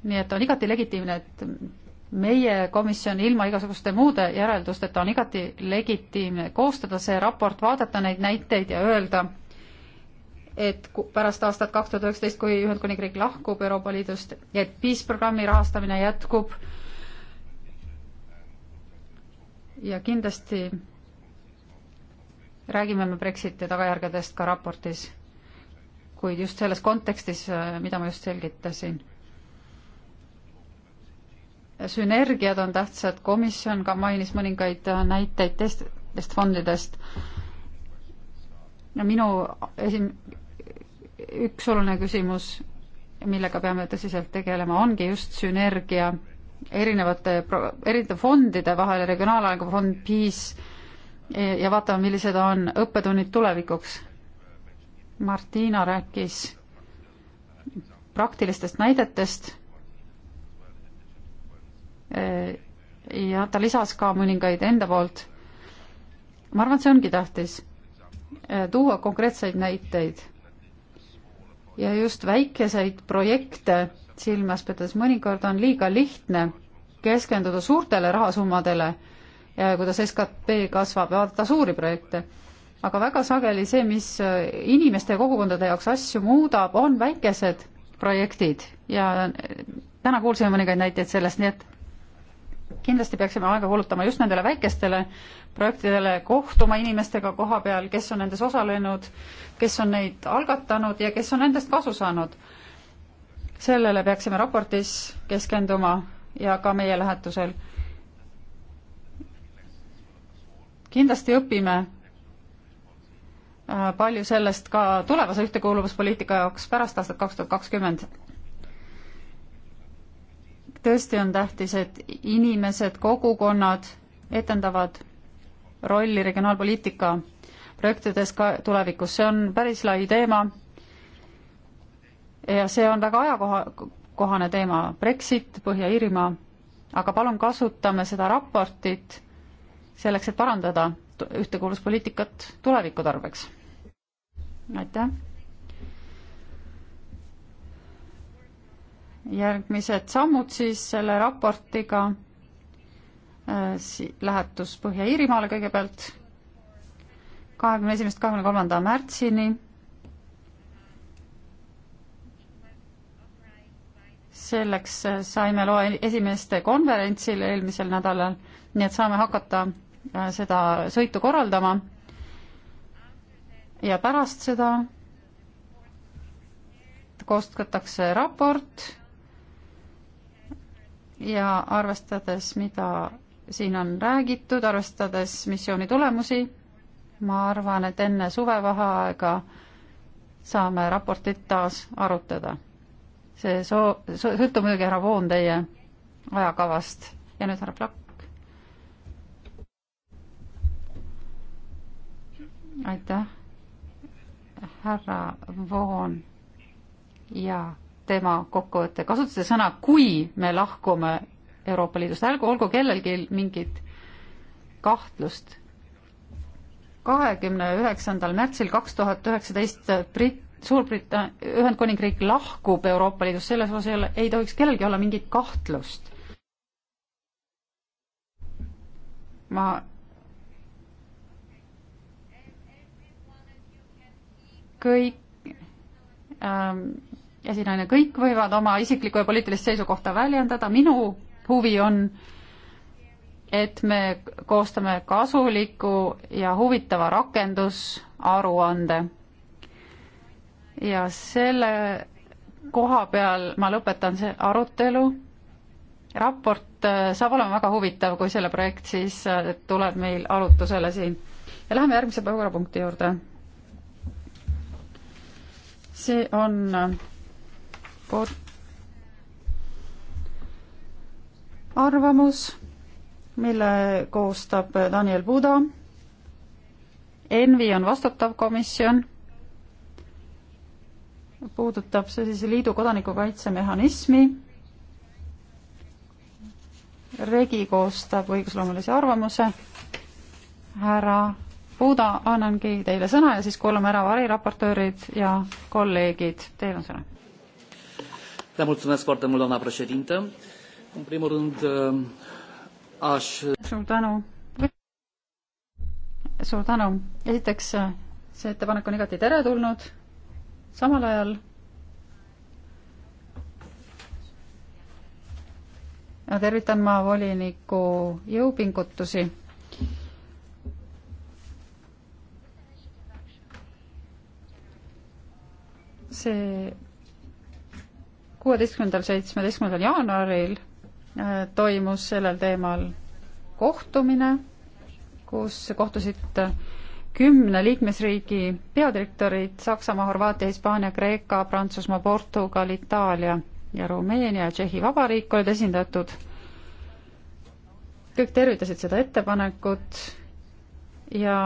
nii et on igati legitiimne, et meie komisjon ilma igasuguste muude järeldusteta on igati legitiimne koostada see raport, vaadata neid näiteid ja öelda, et pärast aastat kaks tuhat üheksateist, kui Ühendkuningriik lahkub Euroopa Liidust, et Peace programmi rahastamine jätkub ja kindlasti räägime me Brexiti tagajärgedest ka raportis kuid just selles kontekstis, äh, mida ma just selgitasin. sünergiad on tähtsad, komisjon ka mainis mõningaid äh, näiteid teistest fondidest. no minu esim-, üks oluline küsimus, millega peame tõsiselt tegelema, ongi just sünergia erinevate, erinevate fondide vahel, regionaalarengu fond, PIS, ja vaatame, millised on õppetunnid tulevikuks Martina rääkis praktilistest näidetest äh, ja ta lisas ka mõningaid enda poolt. ma arvan, et see ongi tähtis, äh, tuua konkreetseid näiteid ja just väikeseid projekte silmas pidades, mõnikord on liiga lihtne keskenduda suurtele rahasummadele, kuidas SKT kasvab ja vaadata suuri projekte aga väga sageli see, mis äh, inimeste ja kogukondade jaoks asju muudab, on väikesed projektid ja äh, täna kuulsime mõningaid näiteid sellest, nii et kindlasti peaksime aega kulutama just nendele väikestele projektidele, kohtuma inimestega koha peal, kes on nendes osalenud, kes on neid algatanud ja kes on nendest kasu saanud. sellele peaksime raportis keskenduma ja ka meie lähetusel. kindlasti õpime Äh, palju sellest ka tulevase ühtekuuluvuspoliitika jaoks pärast aastat kaks tuhat kakskümmend. tõesti on tähtis, et inimesed, kogukonnad etendavad rolli regionaalpoliitika projektides ka tulevikus, see on päris lai teema ja see on väga ajakohane teema, Brexit, Põhja-Iirimaa, aga palun kasutame seda raportit selleks, et parandada ühtekuuluvuspoliitikat tuleviku tarbeks aitäh. järgmised sammud siis selle raportiga äh, si-, lähetus Põhja-Iirimaale kõigepealt kahekümne esimest, kahekümne kolmanda märtsini. selleks äh, saime loe esimeeste konverentsil eelmisel nädalal, nii et saame hakata äh, seda sõitu korraldama ja pärast seda koostatakse raport ja arvestades, mida siin on räägitud, arvestades missiooni tulemusi, ma arvan, et enne suvevaheaega saame raportit taas arutada. see soo-, sõltub muidugi, härra Voon, teie ajakavast ja nüüd härra Plakk. aitäh härra Voon ja tema kokkuvõte, kasutada sõna, kui me lahkume Euroopa Liidust, ärgu olgu kellelgi mingit kahtlust. kahekümne üheksandal märtsil kaks tuhat üheksateist Brit-, Suurbritannia, Ühendkuningriik lahkub Euroopa Liidust, selles osas ei ole, ei tohiks kellelgi olla mingit kahtlust. ma kõik ähm, esinaine, kõik võivad oma isiklikku ja poliitilist seisukohta väljendada, minu huvi on, et me koostame kasuliku ja huvitava rakendusaruande. ja selle koha peal ma lõpetan see arutelu. raport äh, saab olema väga huvitav, kui selle projekt siis äh, tuleb meil arutusele siin. ja läheme järgmise päevakorrapunkti juurde see on arvamus, mille koostab Daniel Buda. ENVI on vastutav komisjon. puudutab see siis liidu kodanikukaitsemehhanismi. regi koostab õigusloomulise arvamuse. härra puuda, annangi teile sõna ja siis kuulame ära variraportöörid ja kolleegid, teil on sõna. Ehm, suur tänu. suur tänu. esiteks, see ettepanek on igati teretulnud, samal ajal tervitan ma voliniku jõupingutusi see kuueteistkümnendal, seitsmeteistkümnendal jaanuaril äh, toimus sellel teemal kohtumine, kus kohtusid kümne liikmesriigi peadirektorid Saksamaa, Horvaatia, Hispaania, Kreeka, Prantsusmaa, Portugal, Itaalia ja Rumeenia ja Tšehhi Vabariik olid esindatud. kõik tervitasid seda ettepanekut ja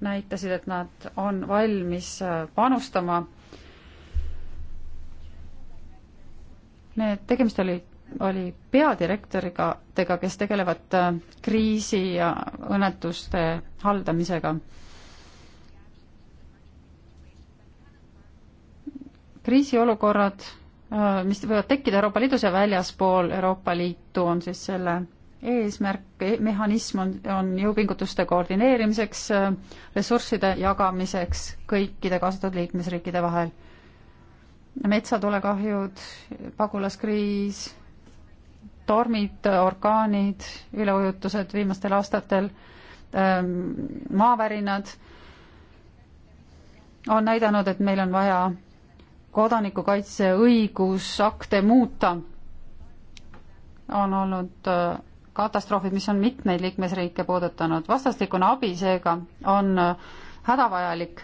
näitasid, et nad on valmis panustama Need, tegemist oli, oli peadirektoriga, tega, kes tegelevad äh, kriisi ja õnnetuste haldamisega. kriisiolukorrad, äh, mis võivad tekkida Euroopa Liidus ja väljaspool Euroopa Liitu, on siis selle eesmärk, e-, mehhanism on, on jõupingutuste koordineerimiseks, äh, ressursside jagamiseks kõikide kaasatud liikmesriikide vahel metsatulekahjud, pagulaskriis, tormid, orkaanid, üleujutused viimastel aastatel, ähm, maavärinad on näidanud, et meil on vaja kodanikukaitse õigusakte muuta. on olnud äh, katastroofid, mis on mitmeid liikmesriike puudutanud, vastastikune abi seega on äh, hädavajalik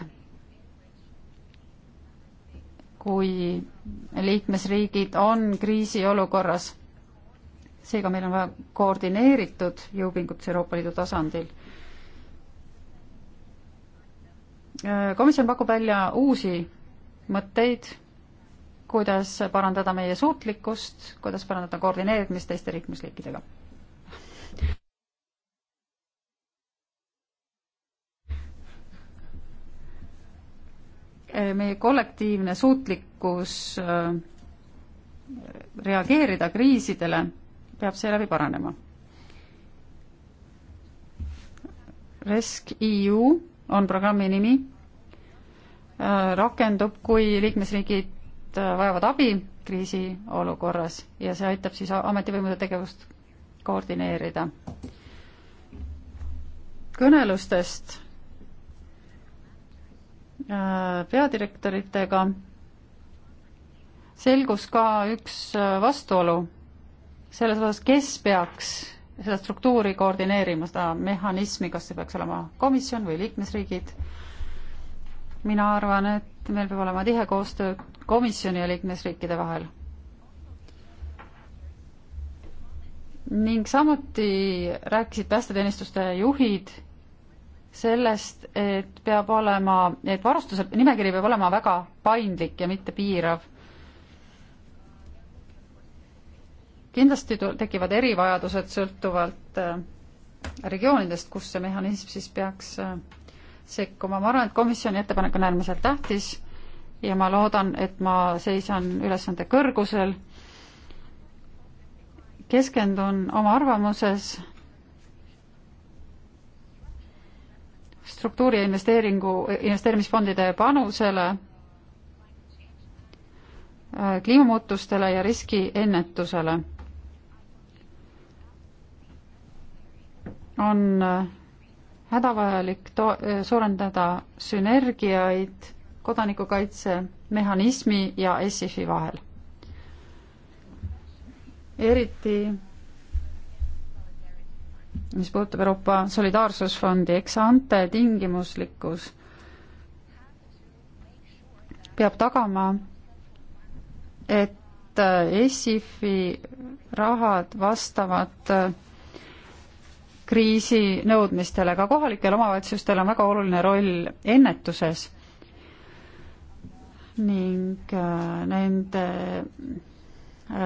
kui liikmesriigid on kriisiolukorras. seega meil on vaja koordineeritud jõupingutusi Euroopa Liidu tasandil. Äh, komisjon pakub välja uusi mõtteid, kuidas parandada meie suutlikkust, kuidas parandada koordineerimist teiste liikmesriikidega. meie kollektiivne suutlikkus äh, reageerida kriisidele peab seeläbi paranema. RESC-EU on programmi nimi, äh, rakendub, kui liikmesriigid äh, vajavad abi kriisiolukorras ja see aitab siis ametivõimude tegevust koordineerida. kõnelustest Äh, peadirektoritega selgus ka üks äh, vastuolu selles osas, kes peaks seda struktuuri koordineerima, seda mehhanismi, kas see peaks olema komisjon või liikmesriigid. mina arvan, et meil peab olema tihe koostöö komisjoni ja liikmesriikide vahel. ning samuti rääkisid päästeteenistuste juhid sellest, et peab olema, et varustuse nimekiri peab olema väga paindlik ja mitte piirav. kindlasti tekivad erivajadused sõltuvalt äh, regioonidest, kus see mehhanism siis peaks äh, sekkuma, ma arvan, et komisjoni ettepanek on äärmiselt tähtis ja ma loodan, et ma seisan ülesande kõrgusel, keskendun oma arvamuses struktuuri ja investeeringu, investeerimisfondide panusele, äh, kliimamuutustele ja riskiennetusele. on äh, hädavajalik to-, äh, suurendada sünergiaid kodanikukaitsemehhanismi ja SIFi vahel. eriti mis puudutab Euroopa Solidaarsusfondi, eks ante tingimuslikkus peab tagama, et äh, ESIF-i rahad vastavad äh, kriisi nõudmistele, ka kohalikel omavalitsustel on väga oluline roll ennetuses ning äh, nende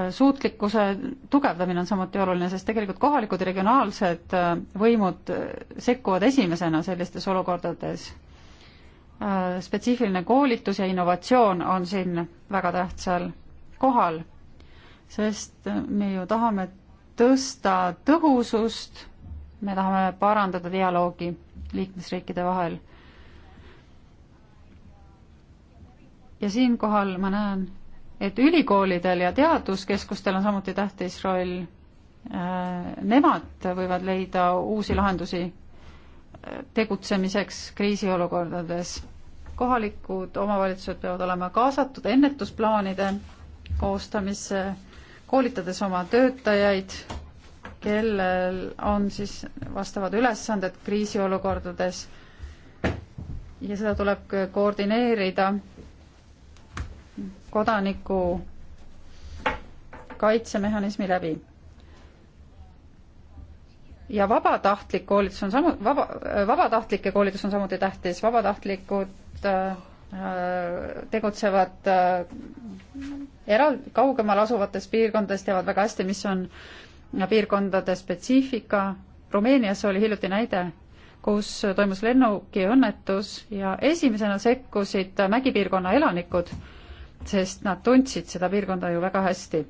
suutlikkuse tugevdamine on samuti oluline, sest tegelikult kohalikud regionaalsed äh, võimud äh, sekkuvad esimesena sellistes olukordades. Äh, spetsiifiline koolitus ja innovatsioon on siin väga tähtsal kohal, sest me ju tahame tõsta tõhusust, me tahame parandada dialoogi liikmesriikide vahel. ja siinkohal ma näen et ülikoolidel ja teaduskeskustel on samuti tähtis roll. Äh, nemad võivad leida uusi lahendusi äh, tegutsemiseks kriisiolukordades. kohalikud omavalitsused peavad olema kaasatud ennetusplaanide koostamisse, koolitades oma töötajaid, kellel on siis vastavad ülesanded kriisiolukordades ja seda tuleb koordineerida kodaniku kaitsemehhanismi läbi. ja vabatahtlik koolitus on samu-, vaba, vabatahtlike koolitus on samuti tähtis, vabatahtlikud äh, äh, tegutsevad äh, eral-, kaugemal asuvates piirkondades, teavad väga hästi, mis on piirkondade spetsiifika, Rumeenias oli hiljuti näide, kus toimus lennukiõnnetus ja esimesena sekkusid mägipiirkonna elanikud äh, sest nad tundsid seda piirkonda ju väga hästi.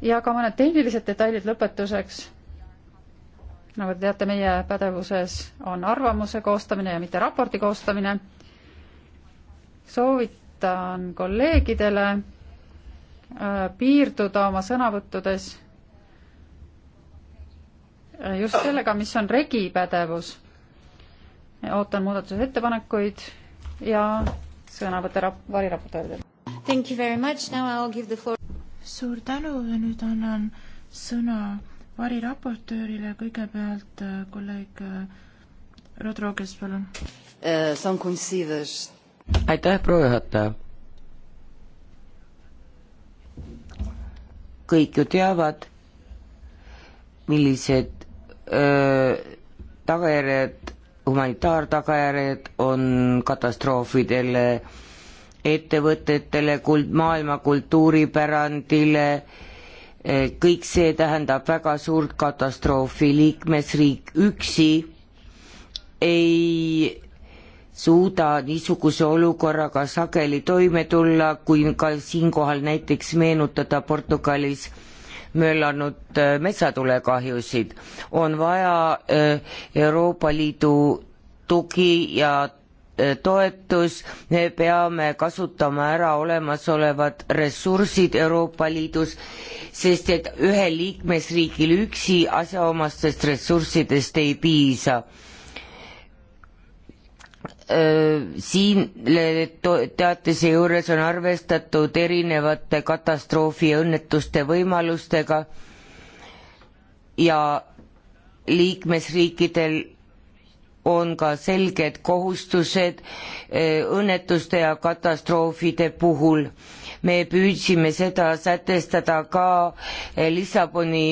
ja ka mõned tehnilised detailid lõpetuseks. nagu te teate, meie pädevuses on arvamuse koostamine ja mitte raporti koostamine. soovitan kolleegidele äh, piirduda oma sõnavõttudes äh, just sellega, mis on regi pädevus. ootan muudatusettepanekuid ja sõnavõtte rap-, variraportööridel. Thank you very much, now I will give the floor. suur tänu ja nüüd annan sõna variraportöörile, kõigepealt äh, kolleeg äh, Rodroges, palun uh,. Äh, Son considers. aitäh, proua juhataja. kõik ju teavad, millised öö, tagajärjed humanitaartagajärjed on katastroofidele, ettevõtetele, kuld-, maailma kultuuripärandile, eh, kõik see tähendab väga suurt katastroofi, liikmesriik üksi ei suuda niisuguse olukorraga sageli toime tulla, kui ka siinkohal näiteks meenutada Portugalis möllanud äh, metsatulekahjusid. on vaja äh, Euroopa Liidu tugi ja äh, toetus, me peame kasutama ära olemasolevad ressursid Euroopa Liidus, sest et ühe liikmesriigil üksi asjaomastest ressurssidest ei piisa Äh, siin teatise juures on arvestatud erinevate katastroofi ja õnnetuste võimalustega ja liikmesriikidel on ka selged kohustused äh, õnnetuste ja katastroofide puhul. me püüdsime seda sätestada ka äh, Lissaboni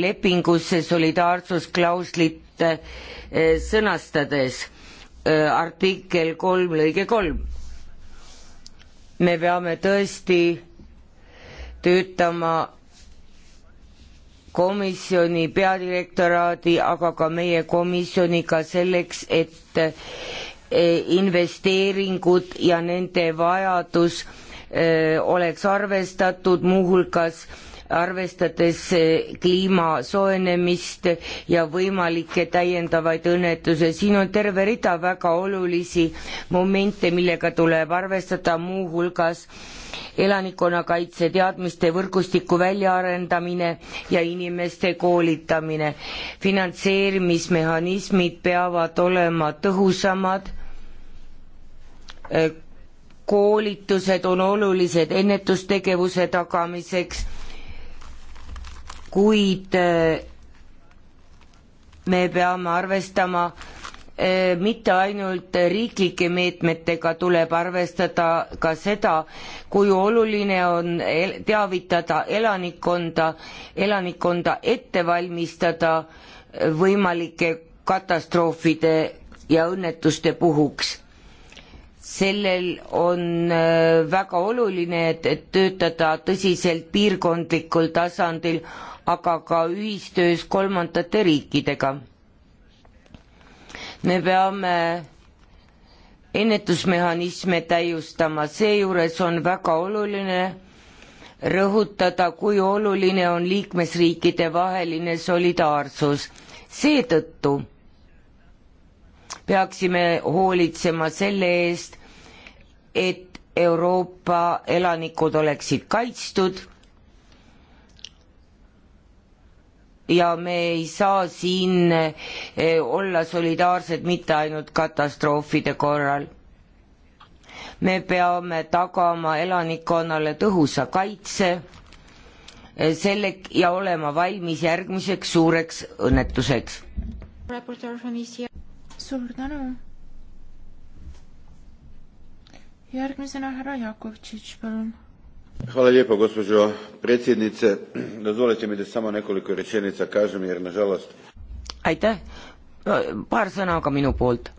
lepingusse solidaarsusklauslit sõnastades Äh, artikkel kolm lõige kolm. me peame tõesti töötama komisjoni peadirektoraadi, aga ka meie komisjoniga selleks, et äh, investeeringud ja nende vajadus äh, oleks arvestatud muuhulgas äh, arvestades eh, kliima soojenemist ja võimalikke täiendavaid õnnetusi. siin on terve rida väga olulisi momente, millega tuleb arvestada, muuhulgas elanikkonnakaitse teadmiste võrgustiku väljaarendamine ja inimeste koolitamine. finantseerimismehhanismid peavad olema tõhusamad eh, koolitused on olulised ennetustegevuse tagamiseks kuid äh, me peame arvestama äh, mitte ainult riiklike meetmetega tuleb arvestada ka seda, kui oluline on teavitada elanikkonda, elanikkonda ette valmistada võimalike katastroofide ja õnnetuste puhuks sellel on äh, väga oluline, et töötada tõsiselt piirkondlikul tasandil, aga ka ühistöös kolmandate riikidega. me peame ennetusmehhanisme täiustama, seejuures on väga oluline rõhutada, kui oluline on liikmesriikide vaheline solidaarsus. seetõttu peaksime hoolitsema selle eest, et Euroopa elanikud oleksid kaitstud ja me ei saa siin eh, olla solidaarsed mitte ainult katastroofide korral. me peame tagama elanikkonnale tõhusa kaitse eh, selle ja olema valmis järgmiseks suureks õnnetuseks. E suur tänu järgmisena härra Jakovtšitš, palun. Hvala lijepo, gospođo predsjednice. Dozvolite mi da samo nekoliko rečenica kažem, jer nažalost... Aitäh, paar sõna ka minu poolt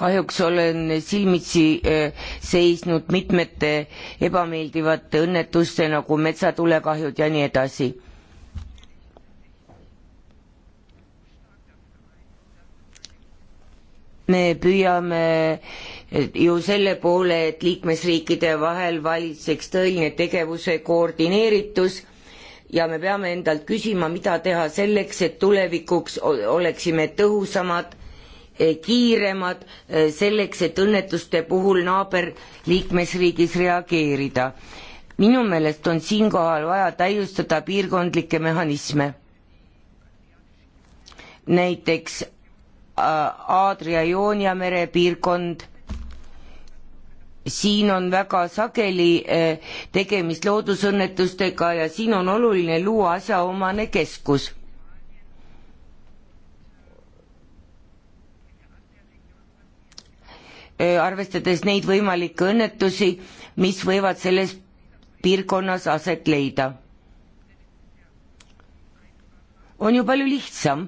kahjuks olen silmitsi eh, seisnud mitmete ebameeldivate õnnetuste nagu metsatulekahjud ja nii edasi. me püüame eh, ju selle poole, et liikmesriikide vahel valitseks tõeline tegevuse koordineeritus ja me peame endalt küsima, mida teha selleks, et tulevikuks oleksime tõhusamad Eh, kiiremad eh, selleks, et õnnetuste puhul naaberliikmesriigis reageerida. minu meelest on siinkohal vaja täiustada piirkondlikke mehhanisme. näiteks äh, Aadria-Joonia mere piirkond, siin on väga sageli eh, tegemist loodusõnnetustega ja siin on oluline luua asjaomane keskus arvestades neid võimalikke õnnetusi, mis võivad selles piirkonnas aset leida. on ju palju lihtsam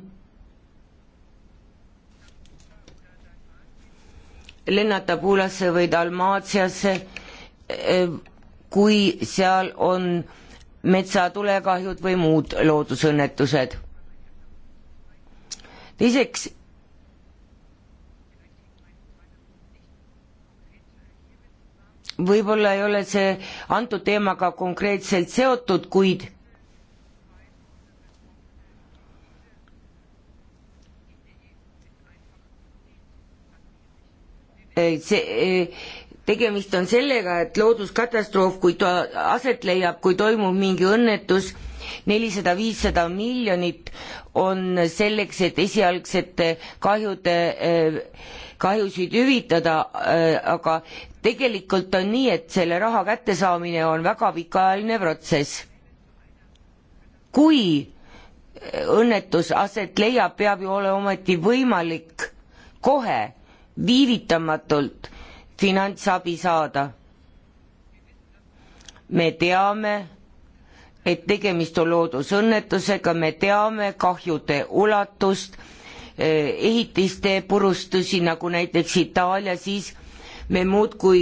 lennata Puulasse või Dalmaatsiasse, kui seal on metsatulekahjud või muud loodusõnnetused. teiseks võib-olla ei ole see antud teemaga konkreetselt seotud, kuid see, eh, tegemist on sellega, et looduskatastroof, kui ta aset leiab, kui toimub mingi õnnetus, nelisada, viissada miljonit on selleks, et esialgsete kahjude eh, kahjusid hüvitada, äh, aga tegelikult on nii, et selle raha kättesaamine on väga pikaajaline protsess. kui õnnetus aset leiab, peab ju olema ometi võimalik kohe, viivitamatult finantsabi saada. me teame, et tegemist on loodusõnnetusega, me teame kahjude ulatust Eh, ehitiste purustusi, nagu näiteks Itaalia, siis me muudkui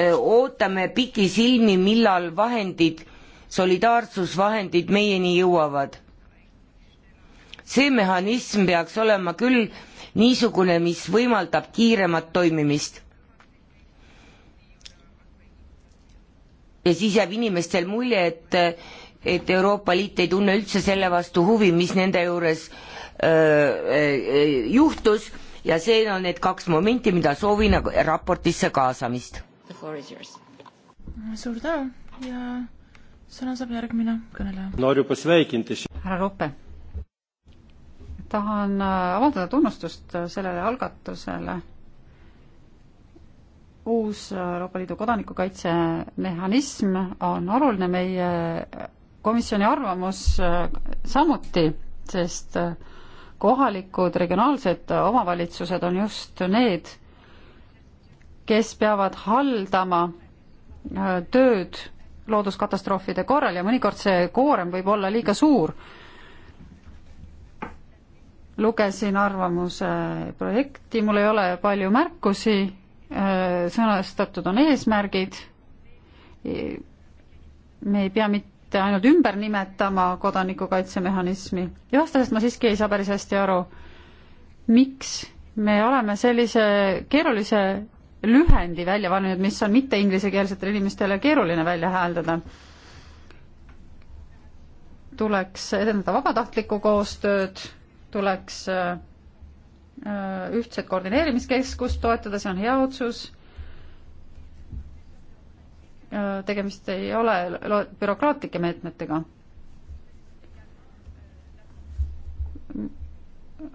eh, ootame pikisilmi, millal vahendid, solidaarsusvahendid meieni jõuavad. see mehhanism peaks olema küll niisugune, mis võimaldab kiiremat toimimist. ja siis jääb inimestel mulje, et, et Euroopa Liit ei tunne üldse selle vastu huvi, mis nende juures äh, juhtus ja see on need kaks momenti, mida soovin raportisse kaasamist. suur tänu ja sõna saab järgmine kõneleja. härra Ruppe, tahan äh, avaldada tunnustust äh, sellele algatusele uus Euroopa Liidu kodanikukaitsemehhanism on oluline, meie komisjoni arvamus äh, samuti, sest äh, kohalikud regionaalsed omavalitsused on just need, kes peavad haldama äh, tööd looduskatastroofide korral ja mõnikord see koorem võib olla liiga suur. lugesin arvamuse projekti, mul ei ole palju märkusi, äh, sõnastatud on eesmärgid, me ei pea mitte mitte ainult ümber nimetama kodanikukaitsemehhanismi. jah, sellest ma siiski ei saa päris hästi aru, miks me oleme sellise keerulise lühendi välja valinud, mis on mitte inglisekeelsetele inimestele keeruline välja hääldada. tuleks edendada vabatahtlikku koostööd, tuleks äh, äh, ühtset koordineerimiskeskust toetada, see on hea otsus Äh, tegemist ei ole bürokraatlike meetmetega.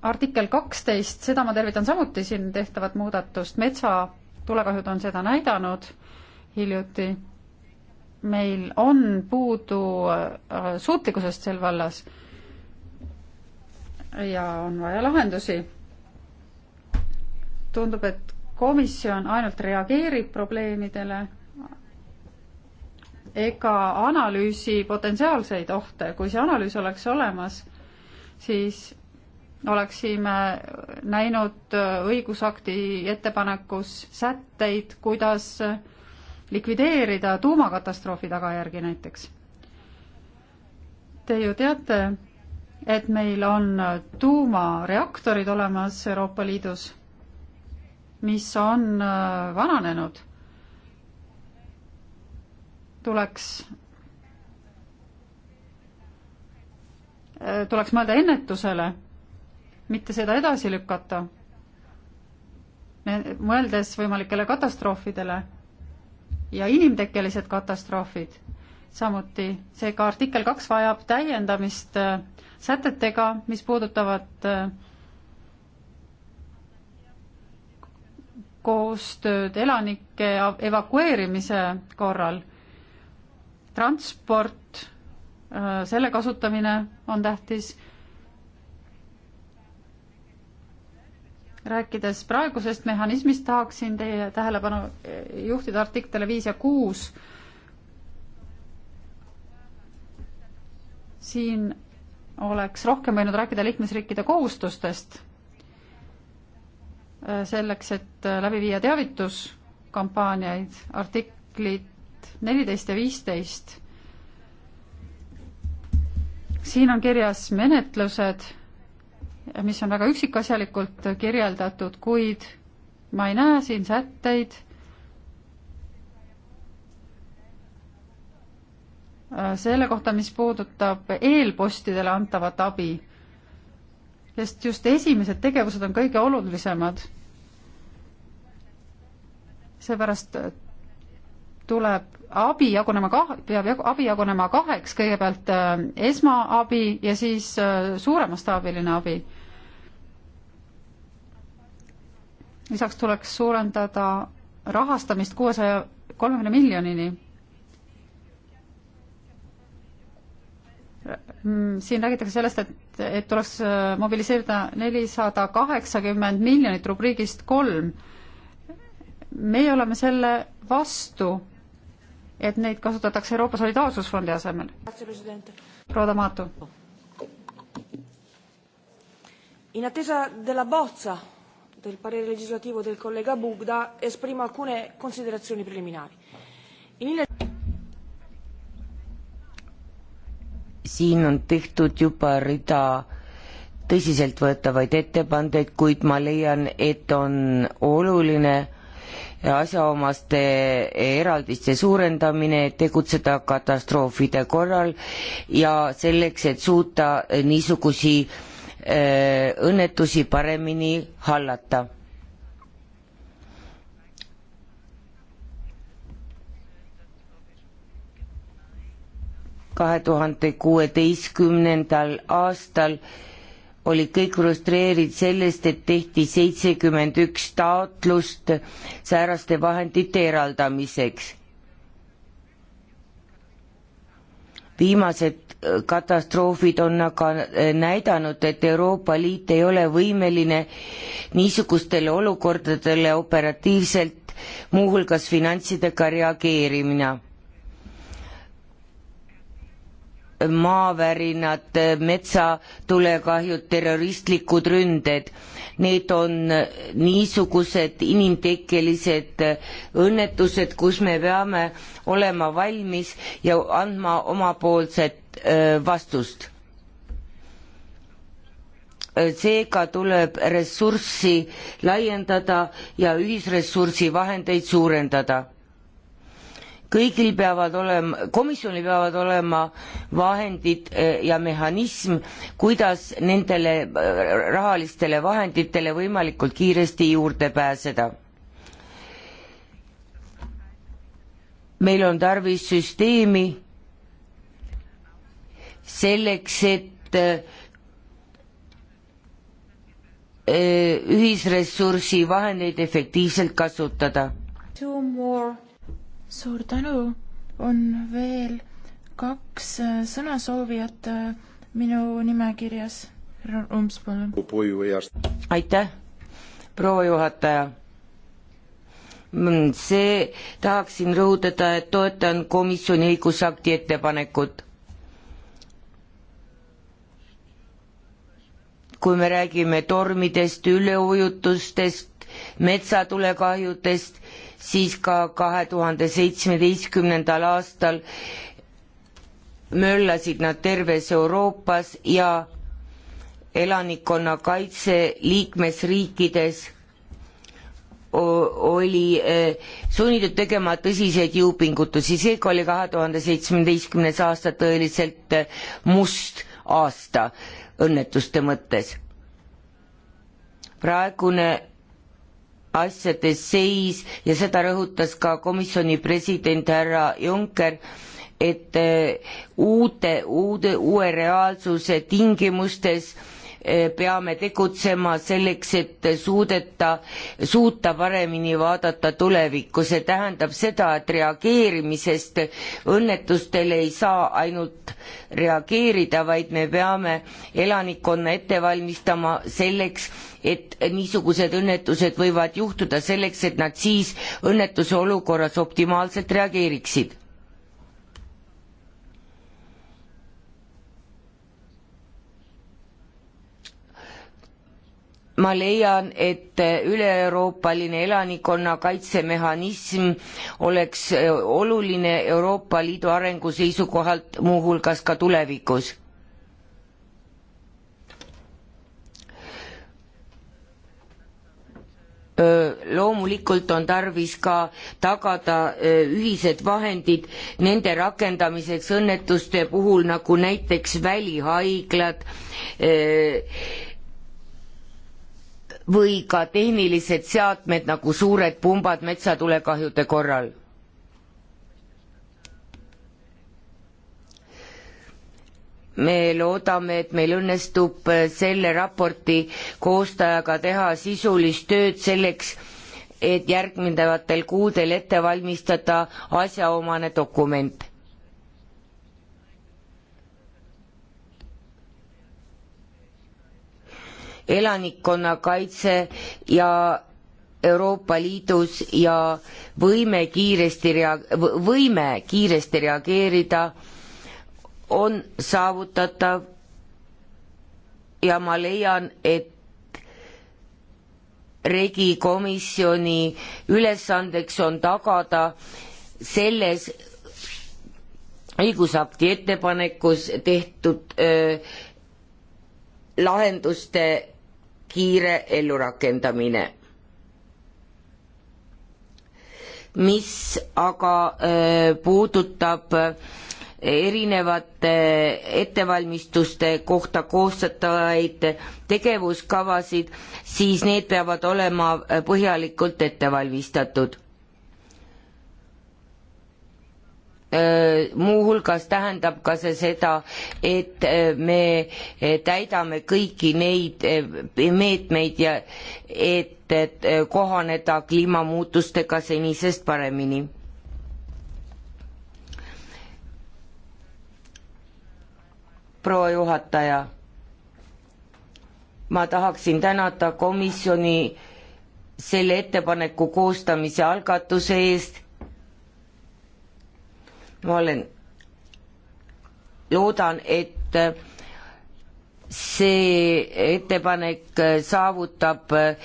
artikkel kaksteist, seda ma tervitan samuti siin tehtavat muudatust, metsatulekahjud on seda näidanud hiljuti. meil on puudu äh, suutlikkusest sel vallas ja on vaja lahendusi. tundub, et komisjon ainult reageerib probleemidele ega analüüsi potentsiaalseid ohte, kui see analüüs oleks olemas, siis oleksime näinud õigusakti ettepanekus sätteid, kuidas likvideerida tuumakatastroofi tagajärgi näiteks. Te ju teate, et meil on tuumareaktorid olemas Euroopa Liidus, mis on vananenud tuleks, äh, tuleks mõelda ennetusele, mitte seda edasi lükata, mõeldes võimalikele katastroofidele ja inimtekkelised katastroofid, samuti seega ka artikkel kaks vajab täiendamist äh, sätetega, mis puudutavad äh, koostööd elanike evakueerimise korral transport, äh, selle kasutamine on tähtis. rääkides praegusest mehhanismist, tahaksin teie tähelepanu äh, juhtida artiklile viis ja kuus. siin oleks rohkem võinud rääkida liikmesriikide kohustustest äh, selleks, et läbi viia teavituskampaaniaid, artiklid neliteist ja viisteist. siin on kirjas menetlused, mis on väga üksikasjalikult kirjeldatud, kuid ma ei näe siin sätteid selle kohta, mis puudutab eelpostidele antavat abi, sest just esimesed tegevused on kõige olulisemad. seepärast tuleb abi jagunema kah-, peab abi jagunema kaheks, kõigepealt äh, esmaabi ja siis äh, suuremastaabiline abi. lisaks tuleks suurendada rahastamist kuuesaja kolmekümne miljonini. Mm, siin räägitakse sellest, et, et tuleks äh, mobiliseerida nelisada kaheksakümmend miljonit rubriigist kolm meie oleme selle vastu, et neid kasutatakse Euroopa Solidaarsusfondi asemel. proua D'Amato. In attesa della bozza del parere legislativo del collega Bugda esprimo alcune considerazioni preliminari. In... siin on tehtud juba rida tõsiseltvõetavaid ettepandeid, kuid ma leian, et on oluline asjaomaste eraldiste suurendamine, et tegutseda katastroofide korral ja selleks, et suuta niisugusi äh, õnnetusi paremini hallata kahe tuhande kuueteistkümnendal aastal oli kõik frustreeritud sellest, et tehti seitsekümmend üks taotlust sääraste vahendite eraldamiseks. viimased äh, katastroofid on aga äh, näidanud, et Euroopa Liit ei ole võimeline niisugustele olukordadele operatiivselt muuhulgas finantsidega reageerimine maavärinad, metsatulekahjud, terroristlikud ründed, need on niisugused inimtekkelised õnnetused, kus me peame olema valmis ja andma omapoolset vastust. seega tuleb ressurssi laiendada ja ühisressursi vahendeid suurendada kõigil peavad olema, komisjonil peavad olema vahendid eh, ja mehhanism, kuidas nendele eh, rahalistele vahenditele võimalikult kiiresti juurde pääseda. meil on tarvis süsteemi selleks, et eh, ühisressursi vahendeid efektiivselt kasutada. Two more suur tänu, on veel kaks äh, sõnasoovijat äh, minu nimekirjas. härra Roms, palun. aitäh, proua juhataja mm, see, tahaksin rõhutada, et toetan komisjoni õigusakti ettepanekut. kui me räägime tormidest, üleujutustest, metsatulekahjudest, siis ka kahe tuhande seitsmeteistkümnendal aastal möllasid nad terves Euroopas ja elanikkonnakaitse liikmesriikides oli eh, sunnitud tegema tõsiseid jõupingutusi, seega oli kahe tuhande seitsmeteistkümnes aasta tõeliselt eh, must aasta õnnetuste mõttes. praegune asjade seis ja seda rõhutas ka komisjoni president härra Juncker, et eh, uute, uude, uue reaalsuse tingimustes äh, Eh, peame tegutsema selleks, et suudeta, suuta paremini vaadata tulevikku, see tähendab seda, et reageerimisest õnnetustele ei saa ainult reageerida, vaid me peame elanikkonna ette valmistama selleks, et niisugused õnnetused võivad juhtuda selleks, et nad siis õnnetuse olukorras optimaalselt reageeriksid. ma leian, et üle-euroopaline elanikkonna kaitsemehhanism oleks oluline Euroopa Liidu arengu seisukohalt muuhulgas ka tulevikus. loomulikult on tarvis ka tagada ühised vahendid nende rakendamiseks õnnetuste puhul, nagu näiteks välihaiglad, või ka tehnilised seadmed nagu suured pumbad metsatulekahjude korral. me loodame, et meil õnnestub selle raporti koostajaga teha sisulist tööd selleks, et järgnevatel kuudel ette valmistada asjaomane dokument elanikkonnakaitse ja Euroopa Liidus ja võime kiiresti rea-, võime kiiresti reageerida on saavutatav ja ma leian, et regikomisjoni ülesandeks on tagada selles õigusakti ettepanekus tehtud öö, lahenduste kiire ellurakendamine. mis aga öö, puudutab erinevate ettevalmistuste kohta koostatavaid tegevuskavasid, siis need peavad olema põhjalikult ette valmistatud Äh, muuhulgas tähendab ka see seda, et äh, me äh, täidame kõiki neid meetmeid ja et, et kohaneda kliimamuutustega senisest paremini. proua juhataja, ma tahaksin tänada komisjoni selle ettepaneku koostamise algatuse eest ma olen, loodan, et äh, see ettepanek äh, saavutab äh,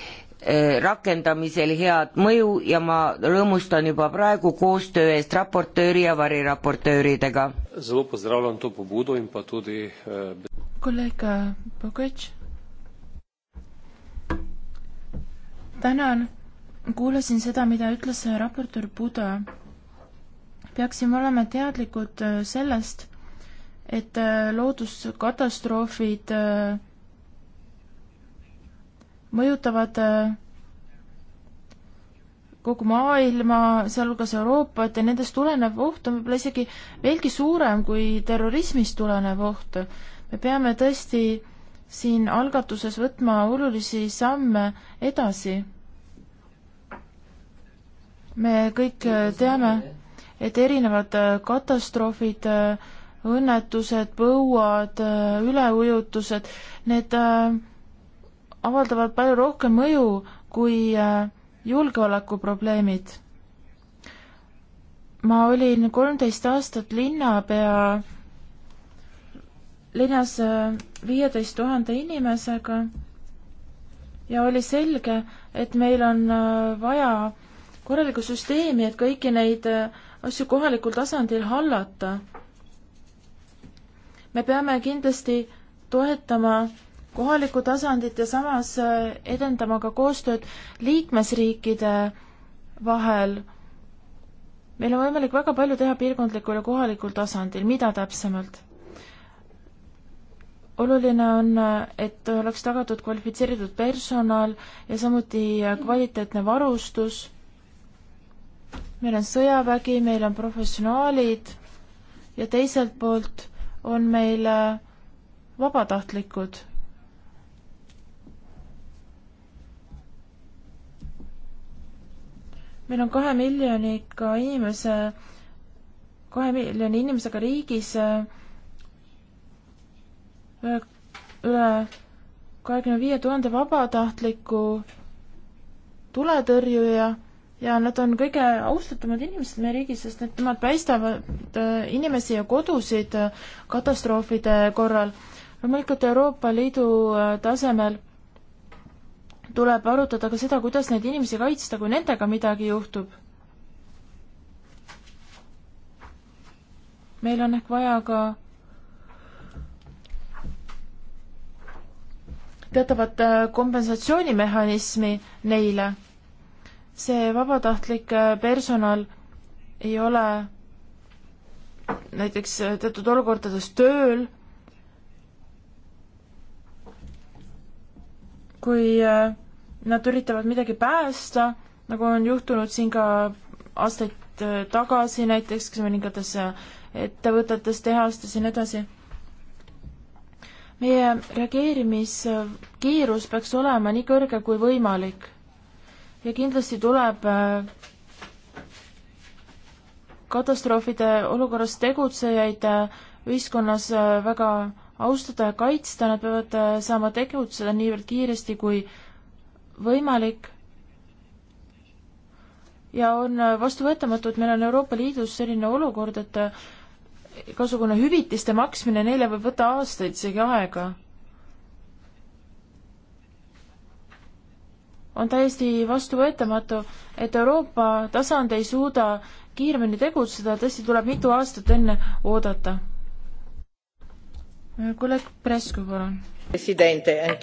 rakendamisel head mõju ja ma rõõmustan juba praegu koostöö eest raportööri ja variraportööridega. Eh, kolleeg Bogotš. tänan, kuulasin seda, mida ütles raportöör Buda peaksime olema teadlikud äh, sellest, et äh, looduskatastroofid äh, mõjutavad kogu maailma, sealhulgas Euroopat ja nendest tulenev oht on võib-olla isegi veelgi suurem kui terrorismist tulenev oht. me peame tõesti siin algatuses võtma olulisi samme edasi. me kõik teame, et erinevad äh, katastroofid, äh, õnnetused, põuad, äh, üleujutused, need avaldavad palju rohkem mõju kui julgeolekuprobleemid. ma olin kolmteist aastat linnapea linnas viieteist tuhande inimesega ja oli selge, et meil on vaja korralikku süsteemi, et kõiki neid asju kohalikul tasandil hallata. me peame kindlasti toetama kohalikku tasandit ja samas äh, edendama ka koostööd liikmesriikide vahel. meil on võimalik väga palju teha piirkondlikul ja kohalikul tasandil, mida täpsemalt? oluline on, äh, et oleks tagatud kvalifitseeritud personal ja samuti äh, kvaliteetne varustus meil on sõjavägi, meil on professionaalid ja teiselt poolt on meil äh, vabatahtlikud. meil on kahe miljoniga inimese, kahe miljoni inimesega riigis äh, üle, üle kahekümne viie tuhande vabatahtliku tuletõrjuja ja nad on kõige austatumad inimesed meie riigis, sest et nemad päästavad äh, inimesi ja kodusid äh, katastroofide korral. loomulikult Euroopa Liidu äh, tasemel tuleb arutada ka seda, kuidas neid inimesi kaitsta, kui nendega midagi juhtub. meil on ehk vaja ka teatavat kompensatsioonimehhanismi neile see vabatahtlik äh, personal ei ole näiteks äh, teatud olukordades tööl, kui äh, nad üritavad midagi päästa, nagu on juhtunud siin ka aastaid tagasi näiteks mõningates ettevõtetes, tehastes ja nii edasi. meie reageerimiskiirus peaks olema nii kõrge kui võimalik ja kindlasti tuleb äh, katastroofide olukorras tegutsejaid äh, ühiskonnas äh, väga austada ja kaitsta, nad peavad saama tegutseda niivõrd kiiresti kui võimalik. ja on vastuvõetamatu, et meil on Euroopa Liidus selline olukord, et igasugune hüvitiste maksmine neile võib võtta aastaid isegi aega on täiesti vastuvõetamatu, et Euroopa tasand ei suuda kiiremini tegutseda, tõesti tuleb mitu aastat enne oodata. kolleeg Presku, palun. Eh,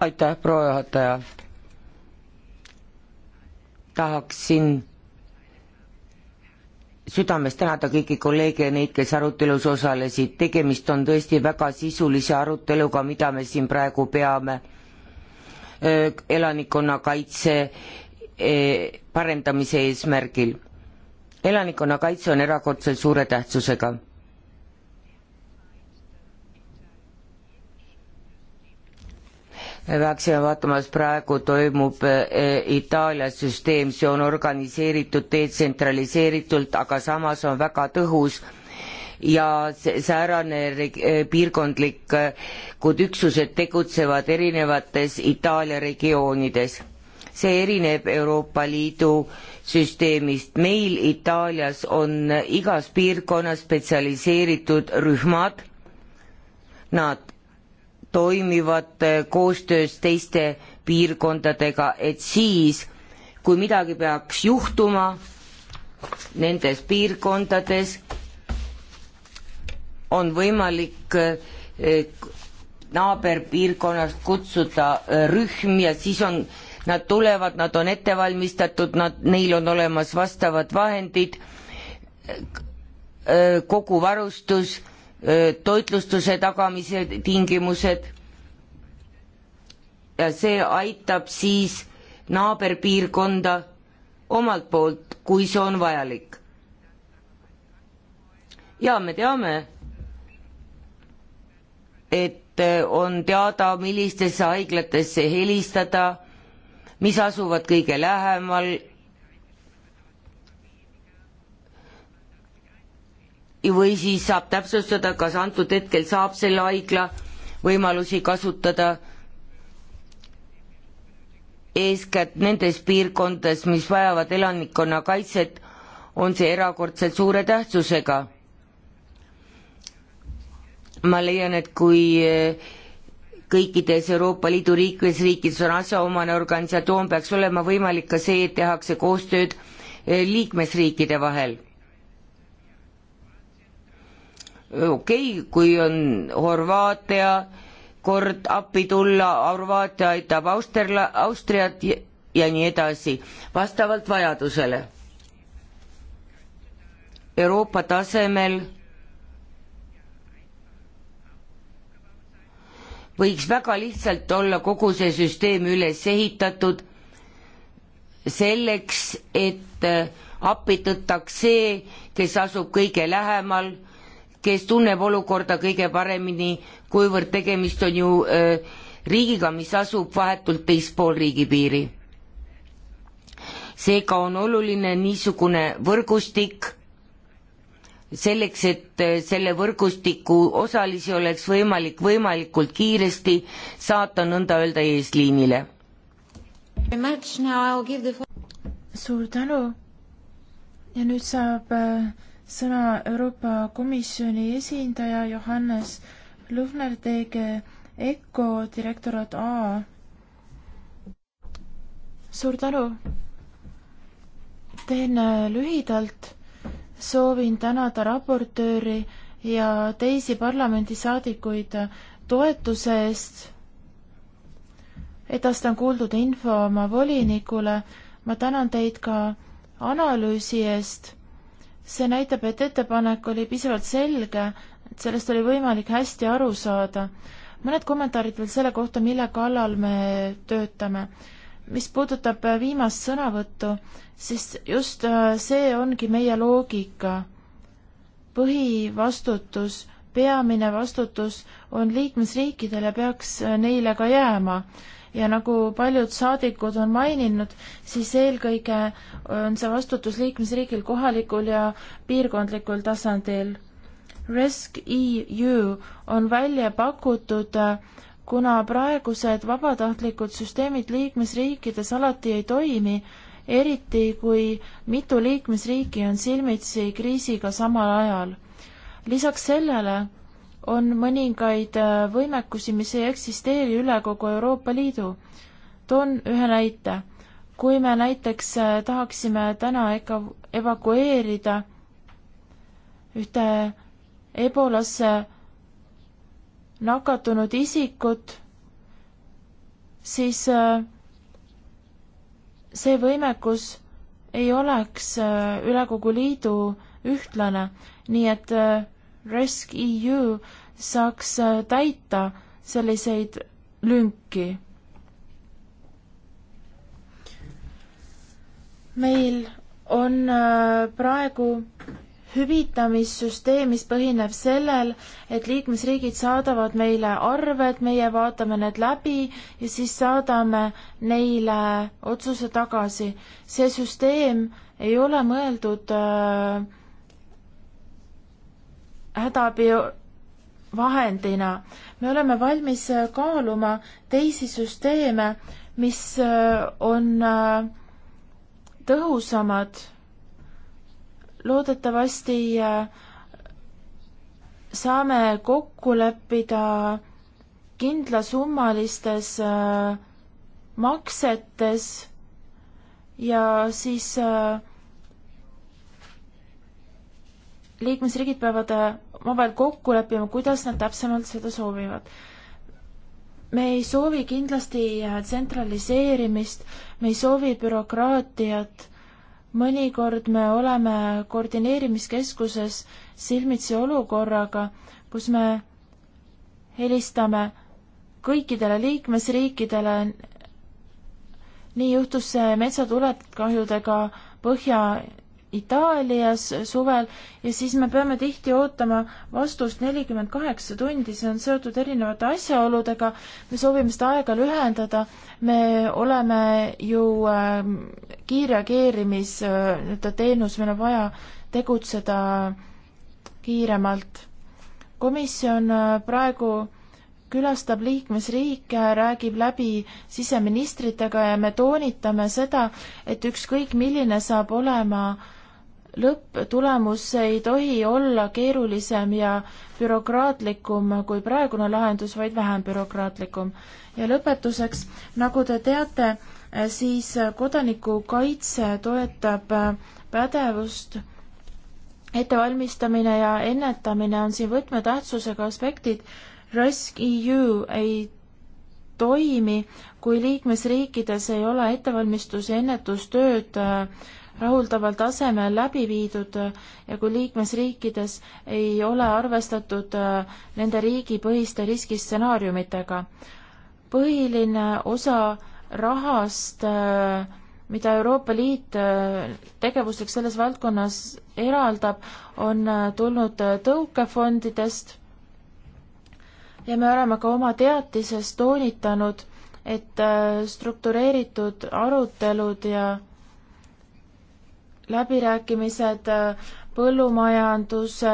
aitäh, proua juhataja. tahaksin südamest tänada kõiki kolleege ja neid, kes arutelus osalesid, tegemist on tõesti väga sisulise aruteluga, mida me siin praegu peame. elanikkonnakaitse parendamise eesmärgil. elanikkonnakaitse on erakordselt suure tähtsusega me peaksime vaatama, mis praegu toimub eh, Itaalias süsteem, see on organiseeritud detsentraliseeritult, aga samas on väga tõhus ja säärane eh, piirkondlikud eh, üksused tegutsevad erinevates Itaalia regioonides. see erineb Euroopa Liidu süsteemist, meil Itaalias on igas piirkonnas spetsialiseeritud rühmad, nad toimivad koostöös teiste piirkondadega, et siis, kui midagi peaks juhtuma nendes piirkondades, on võimalik eh, naaberpiirkonnast kutsuda eh, rühm ja siis on, nad tulevad, nad on ette valmistatud, nad, neil on olemas vastavad vahendid, eh, kogu varustus toitlustuse tagamise tingimused ja see aitab siis naaberpiirkonda omalt poolt, kui see on vajalik. ja me teame, et on teada, millistesse haiglatesse helistada, mis asuvad kõige lähemal või siis saab täpsustada, kas antud hetkel saab selle haigla võimalusi kasutada eeskätt nendes piirkondades, mis vajavad elanikkonna kaitset, on see erakordselt suure tähtsusega. ma leian, et kui eh, kõikides Euroopa Liidu liikmesriikides on asjaomane organisatsioon, peaks olema võimalik ka see, et tehakse koostööd eh, liikmesriikide vahel okei okay,, kui on Horvaatia kord appi tulla, Horvaatia aitab Austerla, Austriat ja, ja nii edasi, vastavalt vajadusele. Euroopa tasemel võiks väga lihtsalt olla kogu see süsteem üles ehitatud selleks, et appi tõttaks see, kes asub kõige lähemal kes tunneb olukorda kõige paremini, kuivõrd tegemist on ju öö, äh, riigiga, mis asub vahetult teispool riigipiiri. seega on oluline niisugune võrgustik, selleks, et äh, selle võrgustiku osalisi oleks võimalik võimalikult kiiresti saata nõnda öelda eesliinile. suur tänu ja nüüd saab äh sõna Euroopa Komisjoni esindaja Johannes Lõhner-Teege EKO direktorat A. suur tänu. teen äh, lühidalt, soovin tänada raportööri ja teisi parlamendisaadikuid äh, toetuse eest. edastan kuuldud info oma volinikule. ma tänan teid ka analüüsi eest see näitab, et ettepanek oli piisavalt selge, et sellest oli võimalik hästi aru saada. mõned kommentaarid veel selle kohta, mille kallal me töötame. mis puudutab viimast sõnavõttu, siis just äh, see ongi meie loogika. põhivastutus, peamine vastutus on liikmesriikidel ja peaks neile ka jääma ja nagu paljud saadikud on maininud, siis eelkõige on see vastutus liikmesriigil kohalikul ja piirkondlikul tasandil. RESC-EU on välja pakutud, kuna praegused vabatahtlikud süsteemid liikmesriikides alati ei toimi, eriti kui mitu liikmesriiki on silmitsi kriisiga samal ajal. lisaks sellele on mõningaid äh, võimekusi, mis ei eksisteeri üle kogu Euroopa Liidu. toon ühe näite. kui me näiteks äh, tahaksime täna evakueerida ühte ebolasse nakatunud isikut, siis äh, see võimekus ei oleks üle kogu liidu ühtlane, nii et äh, RESC-EU saaks äh, täita selliseid lünki. meil on äh, praegu hüvitamissüsteem, mis põhineb sellel, et liikmesriigid saadavad meile arved, meie vaatame need läbi ja siis saadame neile otsuse tagasi. see süsteem ei ole mõeldud äh, hädaabi vahendina. me oleme valmis kaaluma teisi süsteeme, mis äh, on äh, tõhusamad. loodetavasti äh, saame kokku leppida kindlasummalistes maksetes ja siis äh, liikmesriigid peavad äh, omavahel kokku leppima, kuidas nad täpsemalt seda soovivad. me ei soovi kindlasti äh, tsentraliseerimist, me ei soovi bürokraatiat, mõnikord me oleme koordineerimiskeskuses silmitsi olukorraga, kus me helistame kõikidele liikmesriikidele, nii juhtus see metsatulekahjudega Põhja- Itaalias suvel ja siis me peame tihti ootama vastust nelikümmend kaheksa tundi, see on seotud erinevate asjaoludega, me soovime seda aega lühendada, me oleme ju äh, kiirreageerimis äh, nii-öelda teenus, meil on vaja tegutseda kiiremalt. komisjon äh, praegu külastab liikmesriike, räägib läbi siseministritega ja me toonitame seda, et ükskõik, milline saab olema äh, lõpptulemus ei tohi olla keerulisem ja bürokraatlikum kui praegune lahendus, vaid vähem bürokraatlikum. ja lõpetuseks, nagu te teate, eh, siis kodanikukaitse toetab eh, pädevust ettevalmistamine ja ennetamine on siin võtmetähtsusega aspektid. Rescue ei toimi, kui liikmesriikides ei ole ettevalmistus- ja ennetustööd eh, rahuldaval tasemel läbi viidud ja kui liikmesriikides ei ole arvestatud äh, nende riigipõhiste riskistsenaariumitega. põhiline osa rahast, äh, mida Euroopa Liit äh, tegevusteks selles valdkonnas eraldab, on tulnud tõukefondidest ja me oleme ka oma teatises toonitanud, et struktureeritud arutelud ja läbirääkimised põllumajanduse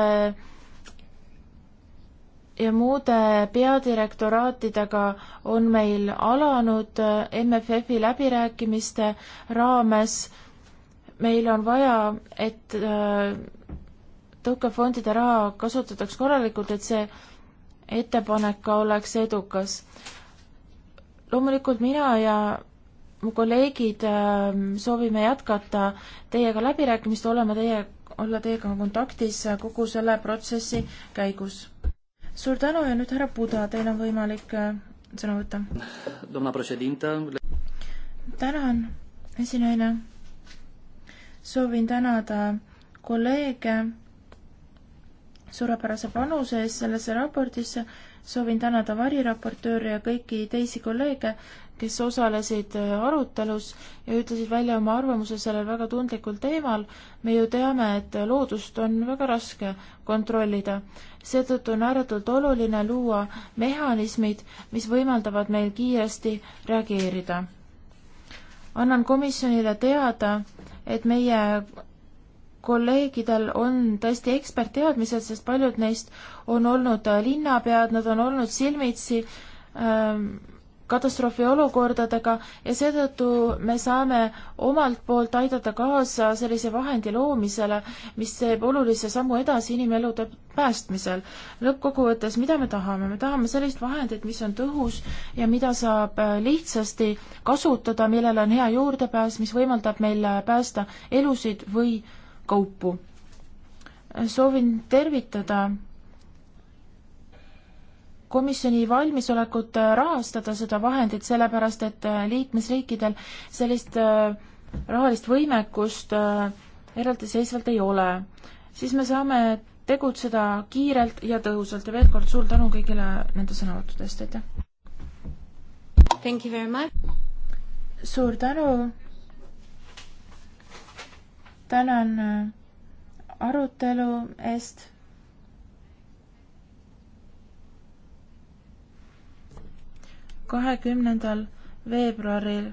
ja muude peadirektoraatidega on meil alanud MFF-i läbirääkimiste raames. meil on vaja, et äh, tõukefondide raha kasutataks korralikult, et see ettepanek ka oleks edukas. loomulikult mina ja mu kolleegid, ähm, soovime jätkata teiega läbirääkimist, olema teie, olla teiega kontaktis kogu selle protsessi käigus. suur tänu ja nüüd härra Puda, teil on võimalik äh, sõna võtta. tänan, esinaine. soovin tänada kolleege suurepärase panuse eest sellesse raportisse, soovin tänada variraportööre ja kõiki teisi kolleege, kes osalesid äh, arutelus ja ütlesid välja oma arvamuse sellel väga tundlikul teemal. me ju teame, et loodust on väga raske kontrollida. seetõttu on ääretult oluline luua mehhanismid, mis võimaldavad meil kiiresti reageerida. annan komisjonile teada, et meie kolleegidel on tõesti ekspertteadmised, sest paljud neist on olnud äh, linnapead, nad on olnud silmitsi ähm, katastroofiolukordadega ja seetõttu me saame omalt poolt aidata kaasa sellise vahendi loomisele, mis teeb olulise sammu edasi inimelude päästmisel. lõppkokkuvõttes, mida me tahame? me tahame sellist vahendit, mis on tõhus ja mida saab äh, lihtsasti kasutada, millel on hea juurdepääs, mis võimaldab meil äh, päästa elusid või kaupu. Äh, soovin tervitada komisjoni valmisolekut äh, rahastada seda vahendit, sellepärast et äh, liikmesriikidel sellist äh, rahalist võimekust eraldiseisvalt ei ole. siis me saame tegutseda kiirelt ja tõhusalt ja veel kord suur tänu kõigile nende sõnavõttude eest, aitäh! suur tänu! tänan arutelu eest kahekümnendal veebruaril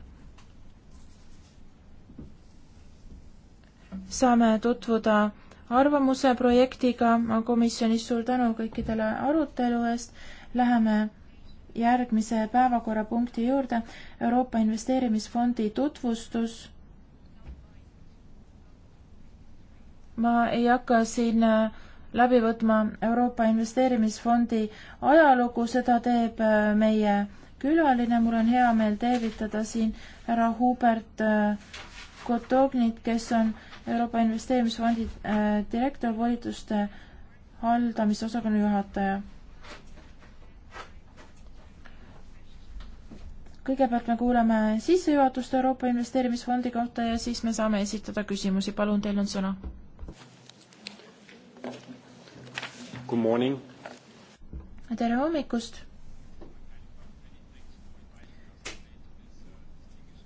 saame tutvuda arvamuse projektiga komisjonis. suur tänu kõikidele arutelu eest. Läheme järgmise päevakorrapunkti juurde. Euroopa Investeerimisfondi tutvustus. ma ei hakka siin äh, läbi võtma Euroopa Investeerimisfondi ajalugu, seda teeb äh, meie külaline, mul on hea meel tervitada siin härra Hubert äh, Kotognit, kes on Euroopa Investeerimisfondi äh, direktor, volituste haldamisosakonna juhataja. kõigepealt me kuuleme sissejuhatust Euroopa Investeerimisfondi kohta ja siis me saame esitada küsimusi, palun, teil on sõna. Good morning. tere hommikust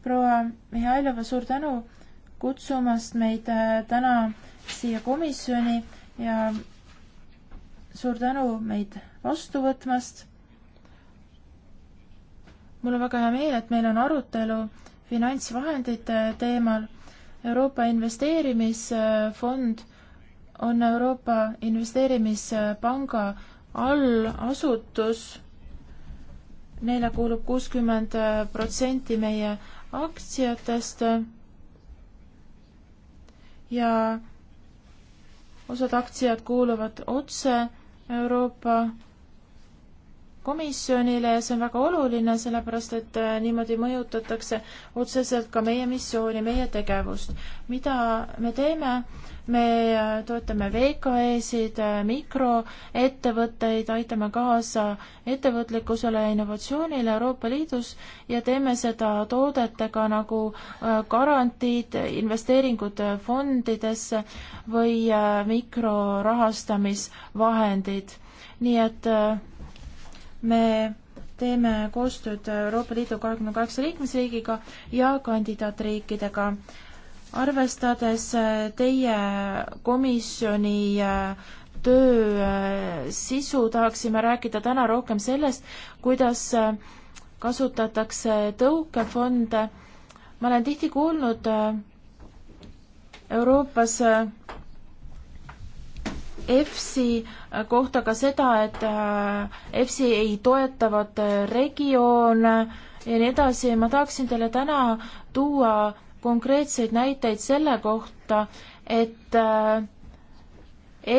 proua Mihhailova, suur tänu kutsumast meid äh, täna siia komisjoni ja suur tänu meid vastu võtmast. mul on väga hea meel, et meil on arutelu finantsvahendite teemal. Euroopa Investeerimisfond on Euroopa Investeerimispanga allasutus. Neile kuulub kuuskümmend protsenti meie aktsiatest ja osad aktsiad kuuluvad otse Euroopa komisjonile ja see on väga oluline, sellepärast et äh, niimoodi mõjutatakse otseselt ka meie missiooni, meie tegevust. mida me teeme? me äh, toetame VKE-sid, äh, mikroettevõtteid, aitame kaasa ettevõtlikkusele ja innovatsioonile Euroopa Liidus ja teeme seda toodetega nagu garantiid, investeeringud fondidesse või mikrorahastamisvahendid. nii et me teeme koostööd Euroopa Liidu kahekümne kaheksa liikmesriigiga ja kandidaatriikidega. arvestades teie komisjoni äh, töö äh, sisu, tahaksime rääkida täna rohkem sellest, kuidas äh, kasutatakse tõukefonde. ma olen tihti kuulnud Euroopas EFSi äh, kohta ka seda, et äh, EFSi ei toetavad äh, regioone ja nii edasi. ma tahaksin teile täna tuua konkreetseid näiteid selle kohta, et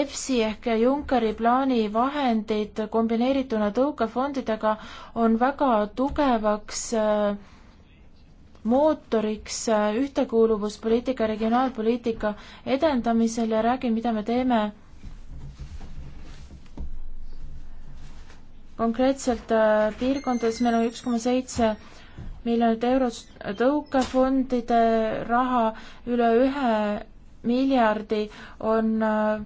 EFSI ehk Junckeri plaani vahendid kombineerituna tõukefondidega on väga tugevaks mootoriks ühtekuuluvuspoliitika, regionaalpoliitika edendamisel ja räägin, mida me teeme konkreetselt äh, piirkondades meil on üks koma seitse miljonit eurot tõukefondide raha, üle ühe miljardi on äh,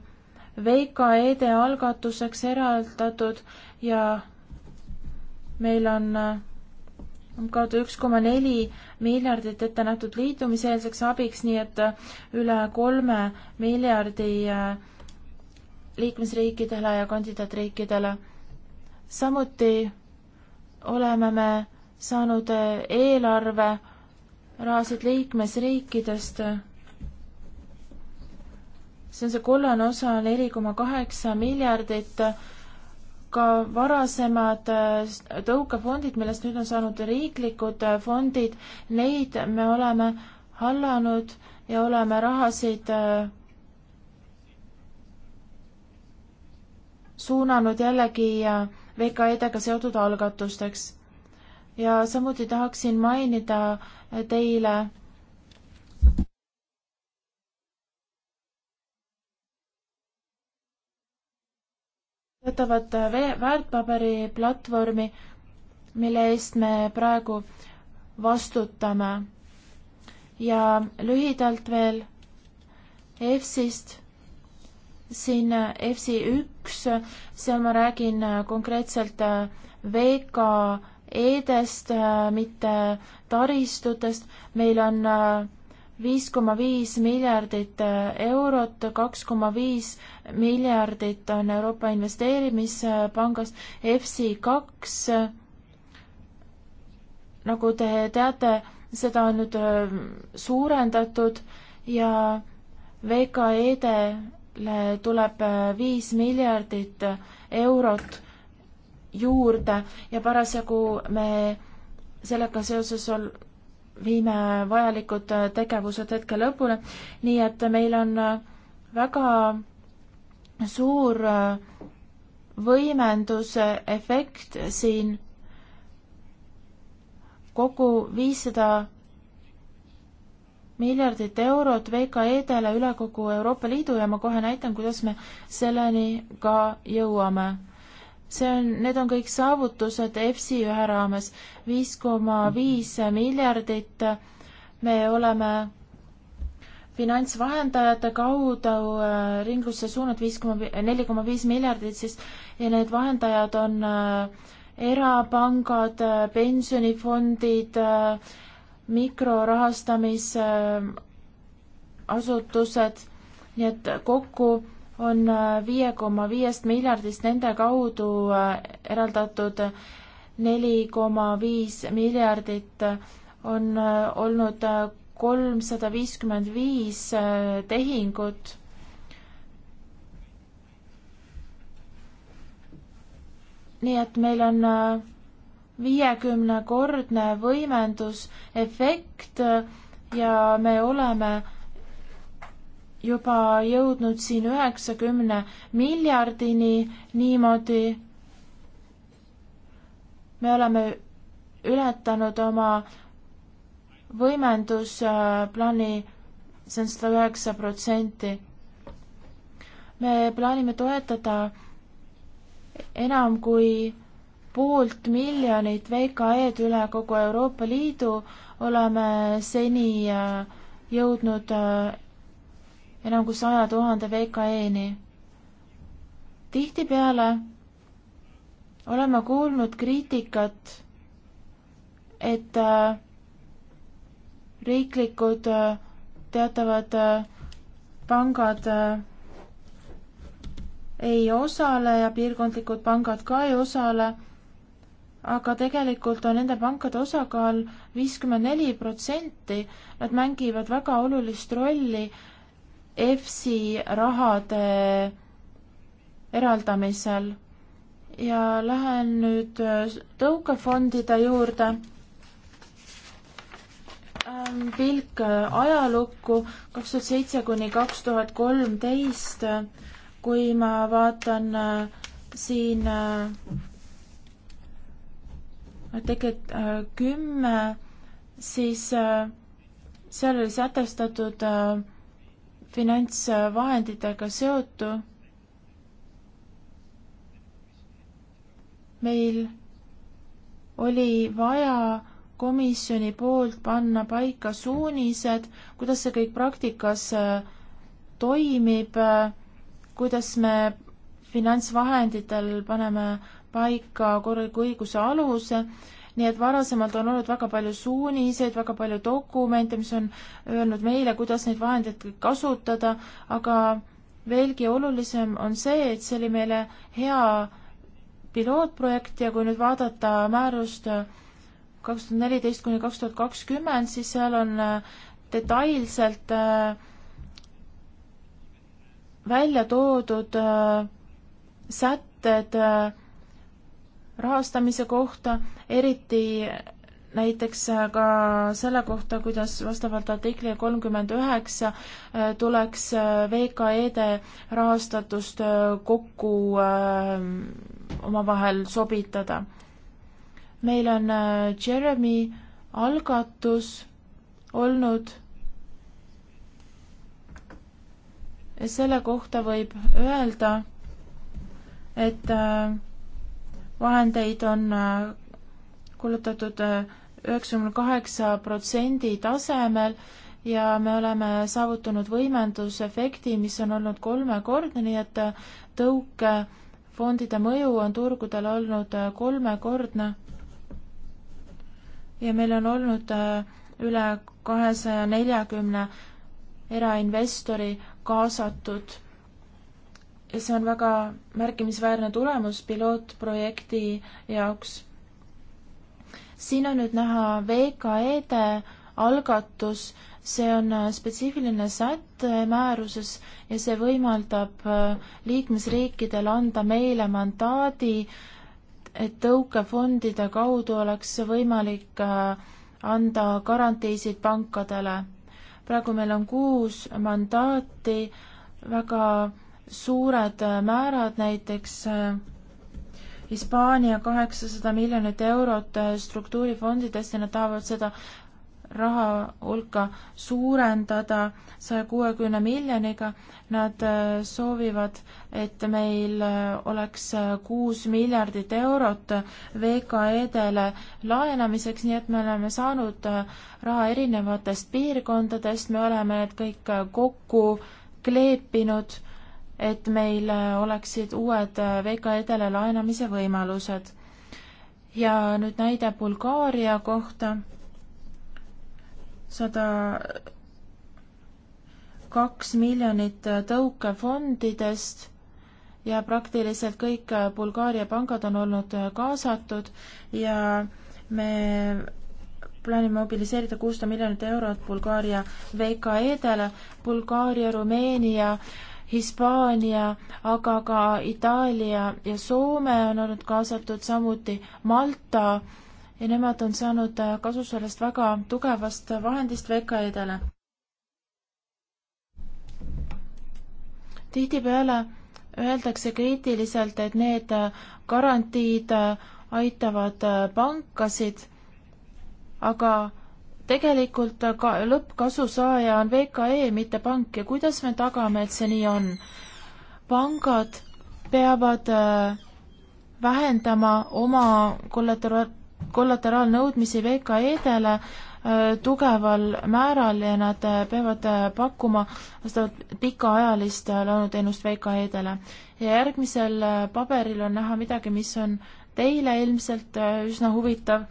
VKE-de algatuseks eraldatud ja meil on äh, kaudu üks koma neli miljardit ette nähtud liitumiseelseks abiks, nii et üle kolme miljardi liikmesriikidele ja kandidaatriikidele samuti oleme me saanud äh, eelarve rahasid liikmesriikidest. see on see kollane osa neli koma kaheksa miljardit. ka varasemad äh, tõukefondid, millest nüüd on saanud riiklikud äh, fondid, neid me oleme hallanud ja oleme rahasid suunanud jällegi VKE-dega seotud algatusteks. ja samuti tahaksin mainida teile võtavad väärtpaberiplatvormi, mille eest me praegu vastutame. ja lühidalt veel EFSist siin EFSI äh, üks, seal ma räägin äh, konkreetselt äh, VKE-dest, mitte taristutest. meil on viis koma viis miljardit eurot, kaks koma viis miljardit on Euroopa Investeerimispangast, EFSI kaks, nagu te teate, seda on nüüd suurendatud ja VKE-de tuleb äh, viis miljardit eurot juurde ja parasjagu me sellega seoses ol-, viime vajalikud äh, tegevused hetke lõpule, nii et meil on äh, väga suur võimenduse efekt siin kogu viissada miljardit eurot VKE-dele üle kogu Euroopa Liidu ja ma kohe näitan, kuidas me selleni ka jõuame. see on, need on kõik saavutused EFSI ühe raames, viis koma viis miljardit me oleme finantsvahendajate kaudu äh, ringlusse suunad viis koma, neli koma viis miljardit siis ja need vahendajad on äh, erapangad, äh, pensionifondid äh,, mikrorahastamisasutused, nii et kokku on äh, viie koma viiest miljardist nende kaudu äh, eraldatud neli koma viis miljardit äh, on olnud kolmsada viiskümmend viis tehingut. nii et meil on äh, viiekümnekordne võimendusefekt ja me oleme juba jõudnud siin üheksakümne miljardini niimoodi. me oleme ületanud oma võimendusplaani, see on sada üheksa protsenti. me plaanime toetada enam kui poolt miljonit VKE-d üle kogu Euroopa Liidu oleme seni äh, jõudnud äh, enam kui saja tuhande VKE-ni. tihtipeale oleme kuulnud kriitikat, et äh, riiklikud teatavad pangad ei osale ja piirkondlikud pangad ka ei osale aga tegelikult on nende pankade osakaal viiskümmend neli protsenti, nad mängivad väga olulist rolli EFSI rahade eraldamisel. ja lähen nüüd äh, tõukefondide juurde. Ähm, pilk äh, ajalukku kaks tuhat seitse kuni kaks tuhat kolmteist, kui ma vaatan äh, siin artiklit äh, kümme, siis äh, seal oli sätestatud äh, finantsvahenditega seotu. meil oli vaja komisjoni poolt panna paika suunised, kuidas see kõik praktikas toimib, kuidas me finantsvahenditel paneme paika korraliku õiguse aluse, nii et varasemalt on olnud väga palju suuniseid, väga palju dokumente, mis on öelnud meile, kuidas neid vahendeid kasutada, aga veelgi olulisem on see, et see oli meile hea pilootprojekt ja kui nüüd vaadata määrust kaks tuhat neliteist kuni kaks tuhat kakskümmend, siis seal on äh, detailselt äh, välja toodud äh, sätted rahastamise kohta, eriti näiteks ka selle kohta, kuidas vastavalt artiklile kolmkümmend üheksa äh, tuleks äh, VKE-de rahastatust äh, kokku omavahel sobitada. meil on Jeremy algatus olnud selle kohta võib öelda, et äh, vahendeid on äh, kulutatud äh, üheksakümne kaheksa protsendi tasemel ja me oleme saavutanud võimendusefekti, mis on olnud kolmekordne, nii et äh, tõukefondide mõju on turgudel olnud kolmekordne. ja meil on olnud üle kahesaja neljakümne erainvestori kaasatud see on väga märkimisväärne tulemus pilootprojekti jaoks. siin on nüüd näha VKE-de e algatus, see on äh, spetsiifiline sätt määruses ja see võimaldab äh, liikmesriikidel anda meile mandaadi, et tõukefondide kaudu oleks võimalik äh, anda garantiisid pankadele. praegu meil on kuus mandaati, väga suured äh, määrad, näiteks äh, Hispaania kaheksasada miljonit eurot äh, struktuurifondidest ja nad tahavad seda raha hulka suurendada saja kuuekümne miljoniga. Nad soovivad, et meil oleks kuus miljardit eurot VKE-dele laenamiseks, nii et me oleme saanud raha erinevatest piirkondadest, me oleme need kõik kokku kleepinud et meil äh, oleksid uued äh, VKE-dele laenamise võimalused. ja nüüd näide Bulgaaria kohta. sada kaks miljonit äh, tõukefondidest ja praktiliselt kõik Bulgaaria pangad on olnud kaasatud ja me plaanime mobiliseerida kuussada miljonit eurot Bulgaaria VKE-dele, Bulgaaria, Rumeenia äh, Hispaania, aga ka Itaalia ja Soome on olnud kaasatud, samuti Malta ja nemad on saanud äh, kasu sellest väga tugevast vahendist VKE-dele. tihtipeale öeldakse kriitiliselt, et need äh, garantiid äh, aitavad pankasid, aga tegelikult ka lõppkasusaaja on VKE, mitte pank ja kuidas me tagame, et see nii on? pangad peavad äh, vähendama oma kollatera-, kollateraalnõudmisi VKE-dele äh, tugeval määral ja nad äh, peavad pakkuma vastavat pikaajalist laenuteenust VKE-dele. ja järgmisel paberil on näha midagi, mis on teile ilmselt üsna huvitav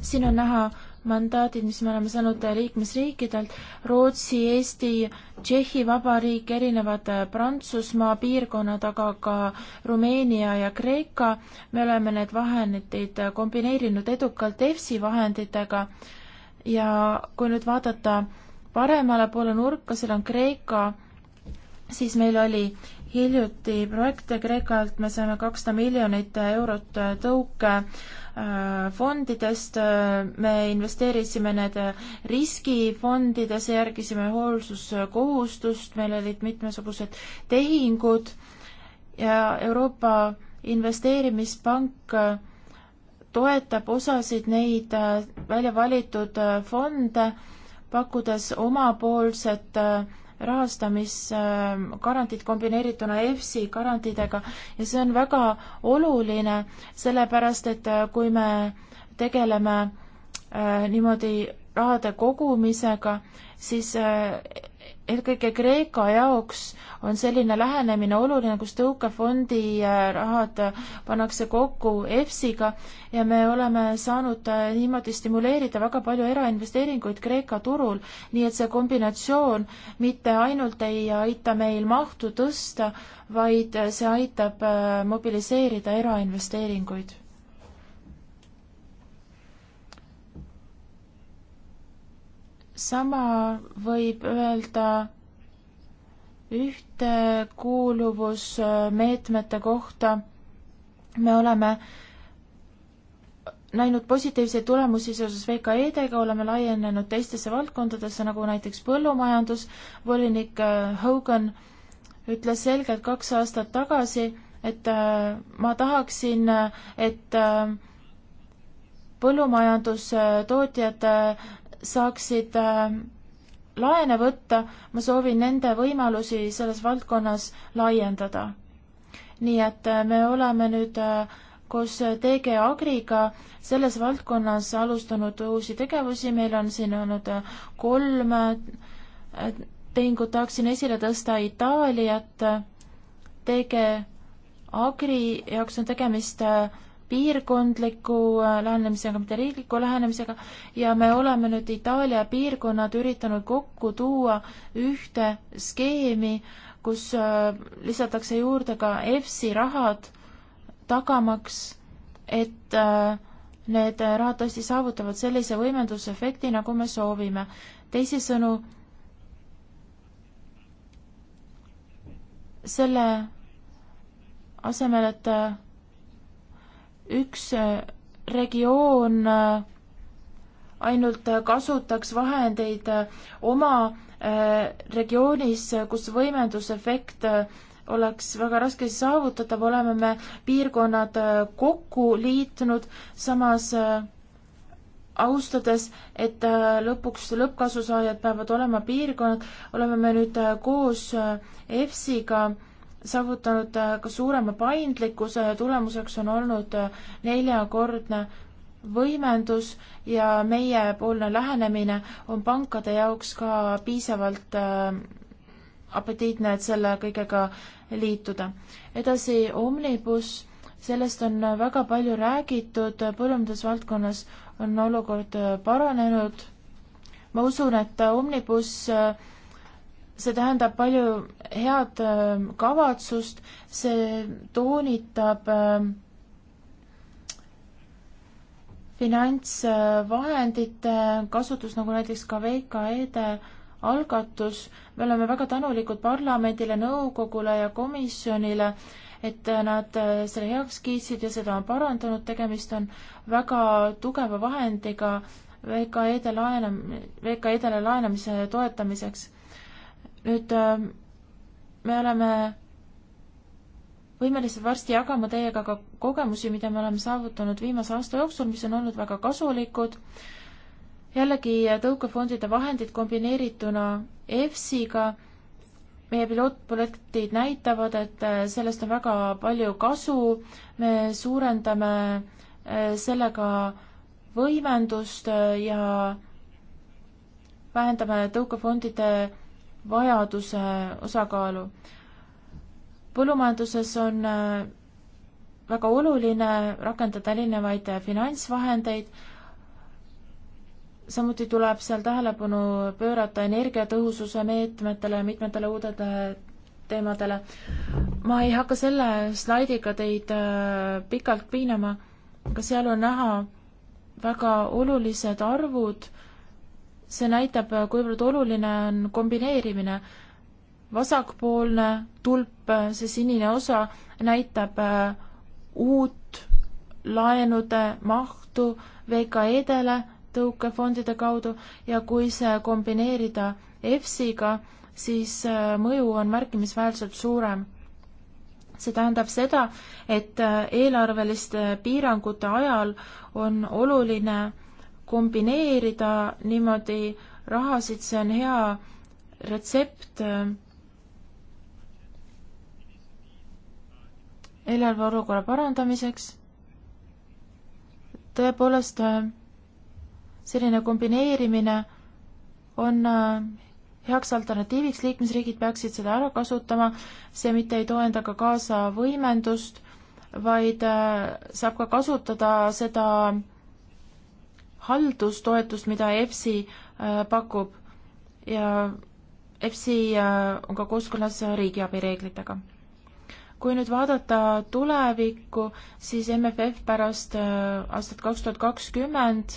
siin on näha mandaadid, mis me oleme saanud liikmesriikidelt, Rootsi, Eesti, Tšehhi Vabariik, erinevad äh, Prantsusmaa piirkonnad, aga ka Rumeenia ja Kreeka. me oleme need vahendid äh, kombineerinud edukalt EFSI vahenditega ja kui nüüd vaadata paremale poole nurka, seal on Kreeka, siis meil oli hiljuti projekte Kreekalt, me saime kakssada miljonit eurot tõuke äh, fondidest, me investeerisime need riskifondidesse, järgisime hoolsuskohustust, meil olid mitmesugused tehingud ja Euroopa Investeerimispank toetab osasid neid äh, välja valitud äh, fonde, pakkudes omapoolset rahastamisgarantid kombineerituna EFSI garantiidega ja see on väga oluline, sellepärast et äh, kui me tegeleme äh, niimoodi rahade kogumisega, siis äh, eelkõige Kreeka jaoks on selline lähenemine oluline, kus tõukefondi äh, rahad äh, pannakse kokku EFSiga ja me oleme saanud äh, niimoodi stimuleerida väga palju erainvesteeringuid Kreeka turul, nii et see kombinatsioon mitte ainult ei aita meil mahtu tõsta, vaid see aitab mobiliseerida erainvesteeringuid sama võib öelda ühtekuuluvusmeetmete kohta. me oleme näinud positiivseid tulemusi seoses VKE-dega, oleme laienenud teistesse valdkondadesse, nagu näiteks põllumajandus. volinik äh, Hogan ütles selgelt kaks aastat tagasi, et äh, ma tahaksin, äh, et põllumajandustootjad saaksid äh, laene võtta, ma soovin nende võimalusi selles valdkonnas laiendada. nii et äh, me oleme nüüd äh, koos TG Agriga selles valdkonnas alustanud uusi tegevusi, meil on siin olnud kolm tehingut, tahaksin esile tõsta Itaaliat, TG Agri jaoks on tegemist piirkondliku äh, lähenemisega, mitte riikliku lähenemisega ja me oleme nüüd Itaalia piirkonnad üritanud kokku tuua ühte skeemi, kus äh, lisatakse juurde ka EFSI rahad, tagamaks, et äh, need rahad tõesti saavutavad sellise võimendusefekti, nagu me soovime. teisisõnu, selle asemel, et üks äh, regioon äh, ainult äh, kasutaks vahendeid oma regioonis, kus võimendusefekt oleks väga raske saavutatav, oleme me piirkonnad kokku liitnud, samas austades, et lõpuks lõppkasusaajad peavad olema piirkonnad, oleme me nüüd koos EFSiga äh, saavutanud äh, ka suurema paindlikkuse ja tulemuseks on olnud äh, neljakordne võimendus ja meiepoolne lähenemine on pankade jaoks ka piisavalt äh, apetiitne, et selle kõigega liituda. edasi Omnibus, sellest on väga palju räägitud, põllumajandusvaldkonnas on olukord paranenud. ma usun, et Omnibus äh, see tähendab palju head ähm, kavatsust, see toonitab ähm, finantsvahendite kasutus, nagu näiteks ka VKE-de algatus, me oleme väga tänulikud parlamendile, nõukogule ja komisjonile, et nad äh, selle heaks kiitsid ja seda on parandanud, tegemist on väga tugeva vahendiga VKE-de laenam-, VKE-dele laenamise toetamiseks nüüd ähm, me oleme võimelised varsti jagama teiega ka kogemusi, mida me oleme saavutanud viimase aasta jooksul, mis on olnud väga kasulikud. jällegi äh, tõukefondide vahendid kombineerituna EFSiga meie pilootprojektid näitavad, et äh, sellest on väga palju kasu, me suurendame äh, sellega võimendust ja vähendame tõukefondide vajaduse osakaalu. põllumajanduses on äh, väga oluline rakendada erinevaid äh, finantsvahendeid, samuti tuleb seal tähelepanu pöörata energiatõhususe meetmetele ja mitmetele uudele äh, teemadele. ma ei hakka selle slaidiga teid pikalt piinama, aga seal on näha väga olulised arvud see näitab, kuivõrd oluline on kombineerimine. vasakpoolne tulp, see sinine osa, näitab äh, uut laenude mahtu VKE-dele tõukefondide kaudu ja kui see kombineerida EFSiga, siis äh, mõju on märkimisväärselt suurem. see tähendab seda, et äh, eelarveliste piirangute ajal on oluline kombineerida niimoodi rahasid, see on hea retsept äh, eelarveolukorra parandamiseks. tõepoolest, äh, selline kombineerimine on äh, heaks alternatiiviks, liikmesriigid peaksid seda ära kasutama, see mitte ei too endaga kaasa võimendust, vaid saab ka kasutada seda haldustoetust, mida EFSI äh, pakub ja EFSI äh, on ka kooskõlas äh, riigiabi reeglitega. kui nüüd vaadata tulevikku, siis MFF pärast aastat kaks tuhat kakskümmend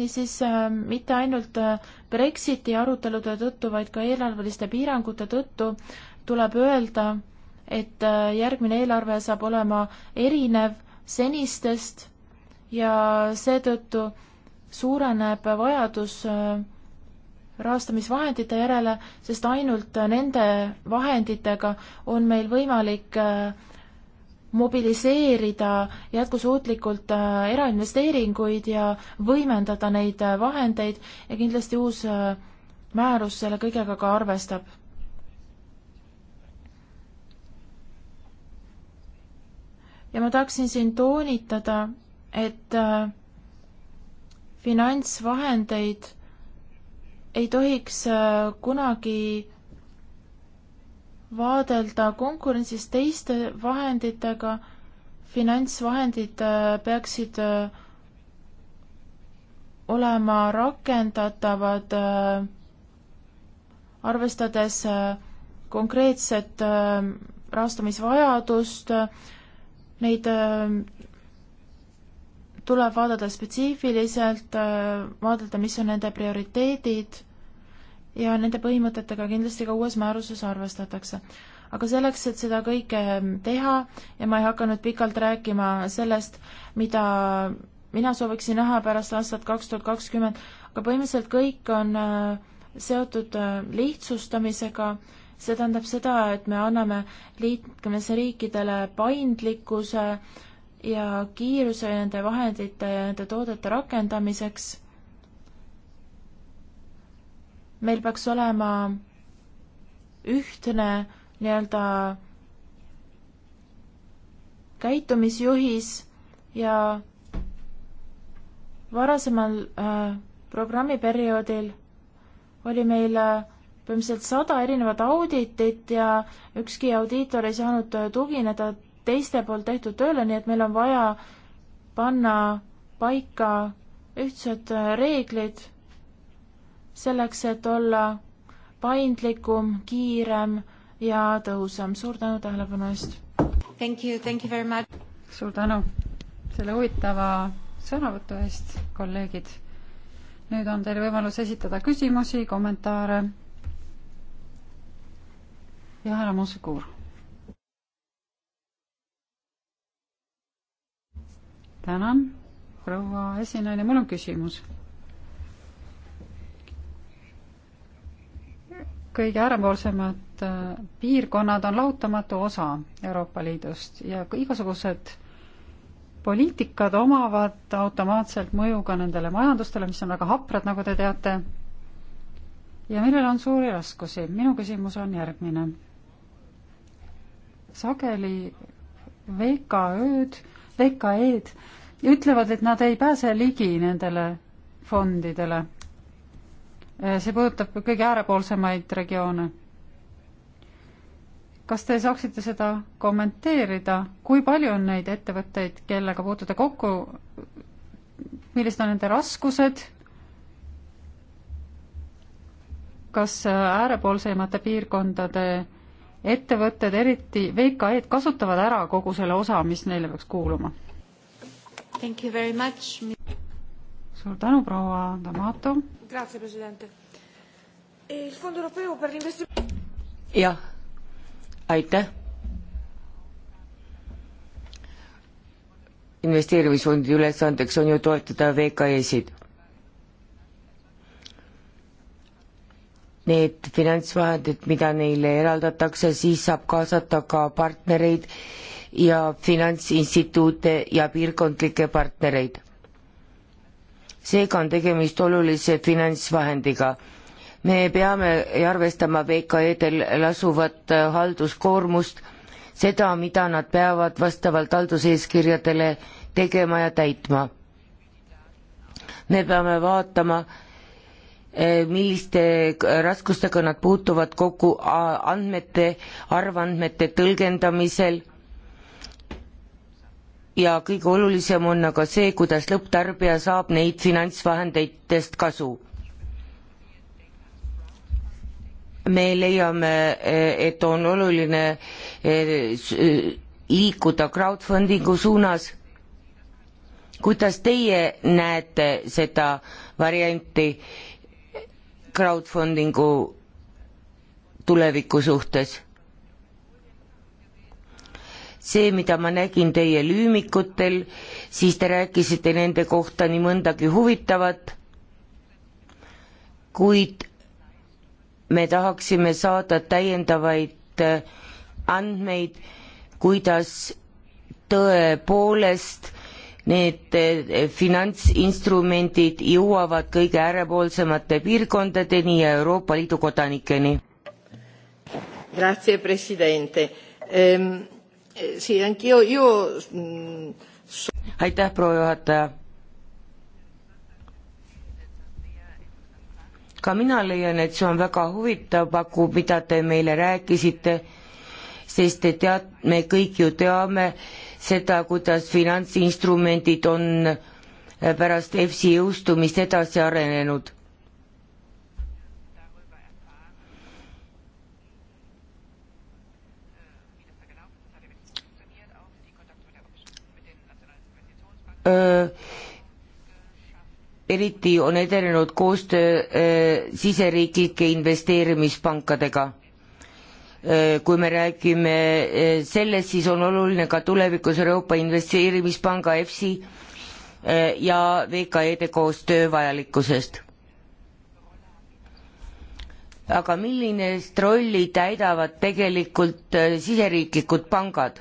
niisiis äh, mitte ainult Brexiti arutelude tõttu, vaid ka eelarveliste piirangute tõttu tuleb öelda, et äh, järgmine eelarve saab olema erinev senistest ja seetõttu suureneb vajadus äh, rahastamisvahendite järele, sest ainult nende vahenditega on meil võimalik äh, mobiliseerida jätkusuutlikult erainvesteeringuid ja võimendada neid vahendeid ja kindlasti uus määrus selle kõigega ka arvestab ja ma tahaksin siin toonitada, et äh, finantsvahendeid ei tohiks äh, kunagi vaadelda konkurentsis teiste vahenditega, finantsvahendid äh, peaksid olema rakendatavad arvestades konkreetset rahastamisvajadust, neid äh, tuleb vaadata spetsiifiliselt, äh, vaadata, mis on nende prioriteedid ja nende põhimõtetega kindlasti ka uues määruses arvestatakse. aga selleks, et seda kõike ähm, teha ja ma ei hakka nüüd pikalt rääkima sellest, mida mina sooviksin näha pärast aastat kaks tuhat kakskümmend, aga põhimõtteliselt kõik on äh, seotud lihtsustamisega äh, see tähendab seda, et me anname liikmesriikidele paindlikkuse ja kiiruse nende vahendite ja nende toodete rakendamiseks. meil peaks olema ühtne nii-öelda käitumisjuhis ja varasemal äh, programmiperioodil oli meil äh, põhimõtteliselt sada erinevat auditit ja ükski audiitor ei saanud tugineda teiste poolt tehtud tööle, nii et meil on vaja panna paika ühtsed reeglid selleks, et olla paindlikum, kiirem ja tõhusam. suur tänu tähelepanu eest! Thank you, thank you very much! suur tänu selle huvitava sõnavõtu eest, kolleegid! nüüd on teil võimalus esitada küsimusi, kommentaare ja härra Mosekuur. tänan, proua esinaine, mul on küsimus. kõige äärempoolsemad äh, piirkonnad on lahutamatu osa Euroopa Liidust ja igasugused poliitikad omavad automaatselt mõju ka nendele majandustele, mis on väga haprad, nagu te teate, ja millel on suuri raskusi. minu küsimus on järgmine sageli VKÖ-d, VKE-d ütlevad, et nad ei pääse ligi nendele fondidele. Eh, see puudutab kõige äärepoolsemaid regioone. kas te saaksite seda kommenteerida, kui palju on neid ettevõtteid, kellega puutute kokku, millised on nende raskused, kas eh, äärepoolsemate piirkondade ettevõtted, eriti VKE-d, kasutavad ära kogu selle osa, mis neile peaks kuuluma. suur tänu, proua D'Amato. E jah, aitäh. investeerimisfondi ülesandeks on ju toetada VKE-sid need finantsvahendid, mida neile eraldatakse, siis saab kaasata ka partnereid ja finantsinstituute ja piirkondlikke partnereid. seega on tegemist olulise finantsvahendiga. me peame arvestama VKE-del lasuvat halduskoormust, seda, mida nad peavad vastavalt halduseeskirjadele tegema ja täitma. me peame vaatama, Eh, milliste raskustega nad puutuvad kokku andmete, arvandmete tõlgendamisel. ja kõige olulisem on aga see, kuidas lõpptarbija saab neid finantsvahenditest kasu. me leiame, eh, et on oluline eh, liikuda crowdfundingu suunas kuidas teie näete seda varianti crowdfundingu tuleviku suhtes. see, mida ma nägin teie lüümikutel, siis te rääkisite nende kohta nii mõndagi huvitavat, kuid me tahaksime saada täiendavaid eh, andmeid, kuidas tõepoolest need eh, finantsinstrumendid jõuavad kõige äärepoolsemate piirkondadeni ja Euroopa Liidu kodanikeni. Grazie Presidente ehm,. Eh, sì, anch'io, io... io... Mm, so... aitäh, proua juhataja. ka mina leian, et see on väga huvitav paku, mida te meile rääkisite, sest te tead, me kõik ju teame, seda, kuidas finantsinstrumendid on pärast EFSi jõustumist edasi arenenud. eriti on edenenud koostöö siseriiklike investeerimispankadega Äh, kui me räägime äh, sellest, siis on oluline ka tulevikus Euroopa Investeerimispanga EFSI äh, ja VKE-de koostöö vajalikkusest. aga milline rolli täidavad tegelikult siseriiklikud pangad?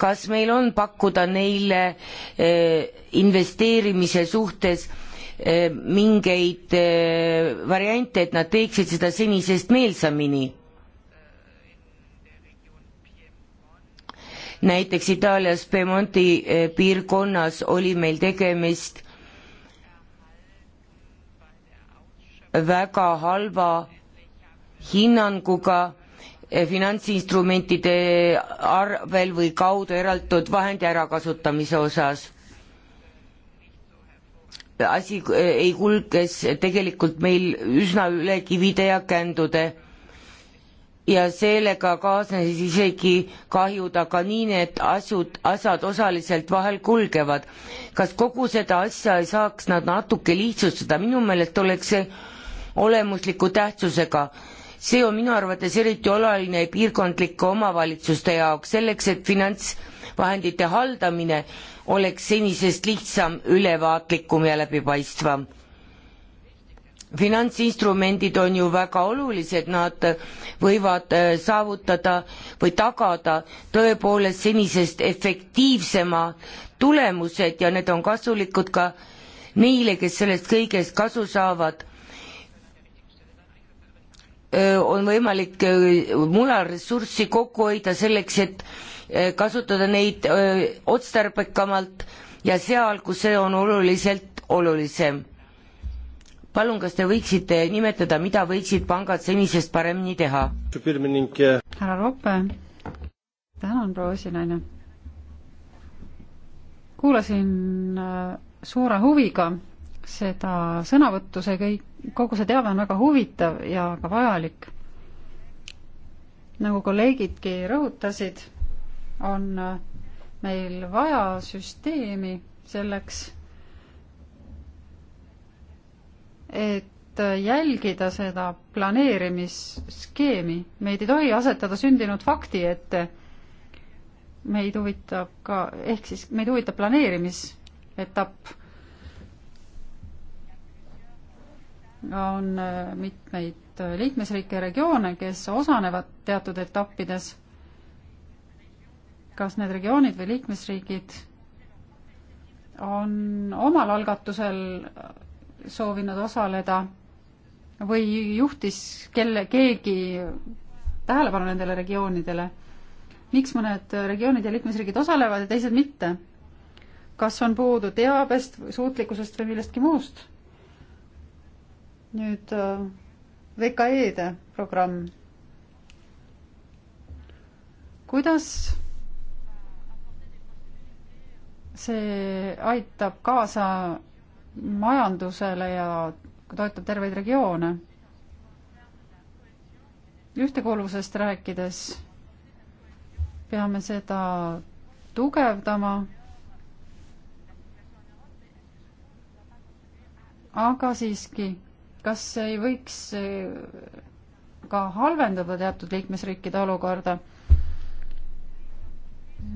kas meil on pakkuda neile investeerimise suhtes Eh, mingeid eh, variante, et nad teeksid seda senisest meelsamini. näiteks Itaalias Piemonti eh, piirkonnas oli meil tegemist väga halva hinnanguga finantsinstrumentide arvel või kaudu eraldatud vahendi ärakasutamise osas asi eh, ei kulges tegelikult meil üsna üle kivide ja kändude. ja sellega kaasnesid isegi kahjud, aga nii need asjad, asjad osaliselt vahel kulgevad. kas kogu seda asja ei saaks nad natuke lihtsustada, minu meelest oleks see olemusliku tähtsusega see on minu arvates eriti oluline piirkondlike omavalitsuste jaoks selleks et finants vahendite haldamine oleks senisest lihtsam, ülevaatlikum ja läbipaistvam. finantsinstrumendid on ju väga olulised, nad võivad äh, saavutada või tagada tõepoolest senisest efektiivsema tulemused ja need on kasulikud ka neile, kes sellest kõigest kasu saavad äh, on võimalik äh, mujal ressurssi kokku hoida selleks, et kasutada neid otstarbekamalt ja seal, kus see on oluliselt olulisem. palun, kas te võiksite nimetada, mida võiksid pangad senisest paremini teha? härra Roppe, tänan, proua esinaine. kuulasin suure huviga seda sõnavõttu, see kõik, kogu see teave on väga huvitav ja ka vajalik. nagu kolleegidki rõhutasid on äh, meil vaja süsteemi selleks, et äh, jälgida seda planeerimisskeemi. meid ei tohi asetada sündinud fakti ette. meid huvitab ka, ehk siis meid huvitab planeerimisetapp. on äh, mitmeid liikmesriike ja regioone, kes osalevad teatud etappides kas need regioonid või liikmesriigid on omal algatusel soovinud osaleda või juhtis kelle, keegi tähelepanu nendele regioonidele? miks mõned regioonid ja liikmesriigid osalevad ja teised mitte? kas on puudu teabest, suutlikkusest või millestki muust? nüüd äh, VKE-de programm. kuidas see aitab kaasa majandusele ja toetab terveid regioone. ühtekuuluvusest rääkides peame seda tugevdama, aga siiski, kas ei võiks ka halvendada teatud liikmesriikide olukorda?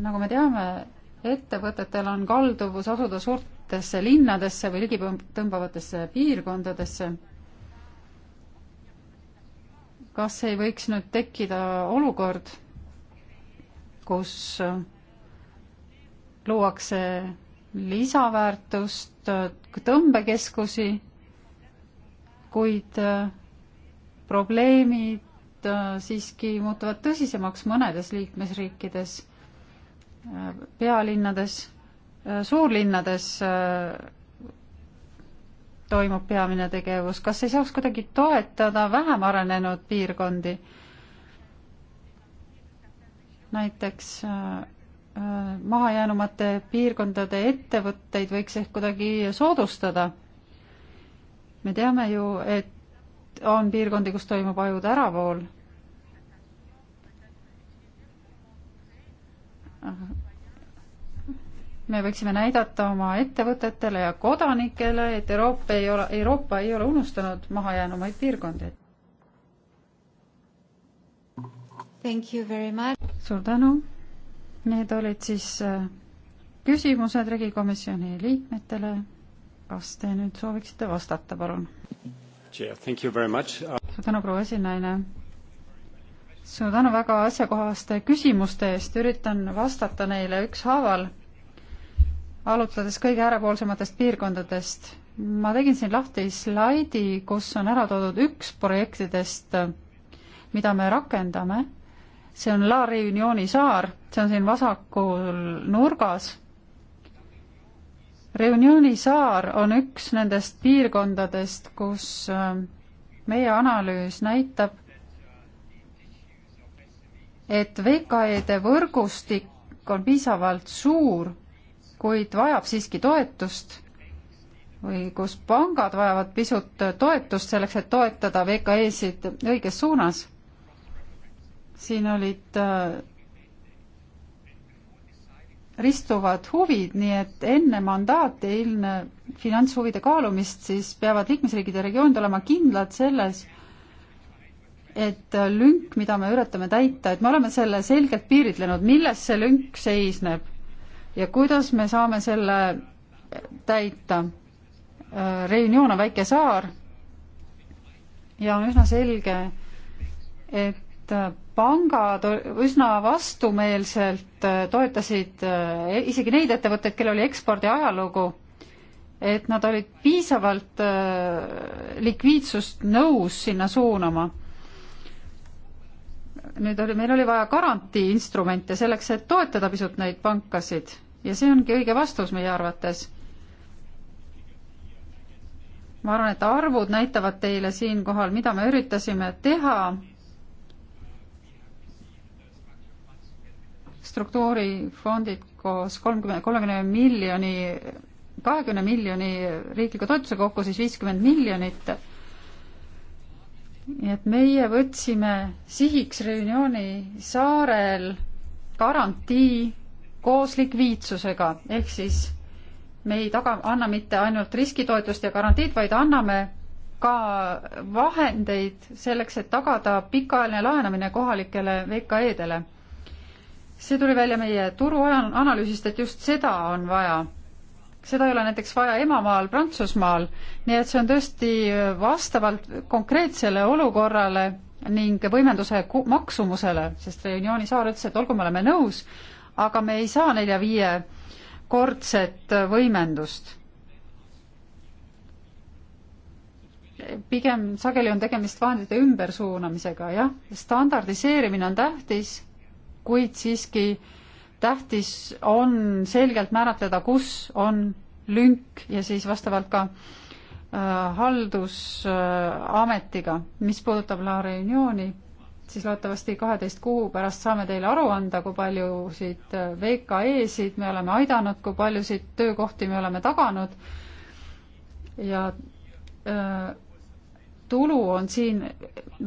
nagu me teame, ettevõtetel on kalduvus asuda suurtesse linnadesse või ligitõmbavatesse piirkondadesse. kas ei võiks nüüd tekkida olukord, kus luuakse lisaväärtust, tõmbekeskusi, kuid probleemid siiski muutuvad tõsisemaks mõnedes liikmesriikides pealinnades, äh, suurlinnades äh, toimub peamine tegevus, kas ei saaks kuidagi toetada vähem arenenud piirkondi? näiteks äh, mahajäänumate piirkondade ettevõtteid võiks ehk kuidagi soodustada. me teame ju, et on piirkondi, kus toimub ajude äravool me võiksime näidata oma ettevõtetele ja kodanikele, et Euroopa ei ole, Euroopa ei ole unustanud mahajäänumaid piirkondi. suur tänu. Need olid siis äh, küsimused Riigikomisjoni liikmetele. kas te nüüd sooviksite vastata, palun? suur tänu, proua esinaine suur tänu väga asjakohaste küsimuste eest, üritan vastata neile ükshaaval, alustades kõige äärepoolsematest piirkondadest. ma tegin siin lahti slaidi, kus on ära toodud üks projektidest, mida me rakendame. see on La Reunioni saar, see on siin vasakul nurgas. Reunioni saar on üks nendest piirkondadest, kus äh, meie analüüs näitab, et VKE-de võrgustik on piisavalt suur, kuid vajab siiski toetust või kus pangad vajavad pisut toetust selleks, et toetada VKE-sid õiges suunas. siin olid äh, ristuvad huvid, nii et enne mandaati, ilmne finantshuvide kaalumist, siis peavad liikmesriigid ja regioonid olema kindlad selles, et lünk, mida me üritame täita, et me oleme selle selgelt piiritlenud, milles see lünk seisneb ja kuidas me saame selle täita. Reunion on väike saar ja on üsna selge, et pangad üsna vastumeelselt toetasid eh, isegi neid ettevõtteid, kellel oli ekspordi ajalugu, et nad olid piisavalt eh, likviidsust nõus sinna suunama nüüd oli, meil oli vaja garantiiinstrumente selleks, et toetada pisut neid pankasid ja see ongi õige vastus meie arvates. ma arvan, et arvud näitavad teile siinkohal, mida me üritasime teha. struktuurifondid koos kolmkümmend, kolmekümne miljoni, kahekümne miljoni riikliku toetuse kokku siis viiskümmend miljonit nii et meie võtsime sihiks Reunioni saarel garantii koos likviidsusega, ehk siis me ei taga, anna mitte ainult riskitoetust ja garantiid, vaid anname ka vahendeid selleks, et tagada pikaajaline laenamine kohalikele VKE-dele. see tuli välja meie turuanalüüsist, et just seda on vaja seda ei ole näiteks vaja emamaal Prantsusmaal, nii et see on tõesti vastavalt konkreetsele olukorrale ning võimenduse maksumusele, sest Reunioni saar ütles, et olgu, me oleme nõus, aga me ei saa nelja-viiekordset võimendust. pigem sageli on tegemist vahendite ümbersuunamisega, jah, standardiseerimine on tähtis, kuid siiski äh, tähtis on selgelt määratleda, kus on lünk ja siis vastavalt ka äh, haldusametiga äh,. mis puudutab La Reunioni, siis loodetavasti kaheteist kuu pärast saame teile aru anda, kui paljusid äh, VKE-sid me oleme aidanud, kui paljusid töökohti me oleme taganud ja äh, tulu on siin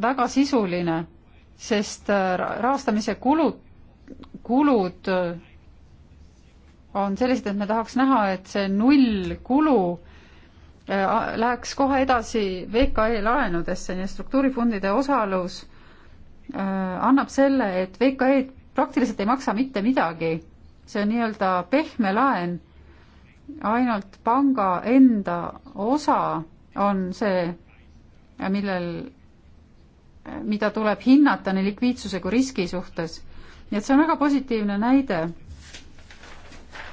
väga sisuline, sest äh, rahastamise kulud kulud on sellised, et me tahaks näha, et see nullkulu äh, läheks kohe edasi VKE laenudesse, nii et struktuurifondide osalus äh, annab selle, et VKE-d praktiliselt ei maksa mitte midagi. see on nii-öelda pehme laen, ainult panga enda osa on see, äh, millel, mida tuleb hinnata nii likviidsuse kui riski suhtes nii et see on väga positiivne näide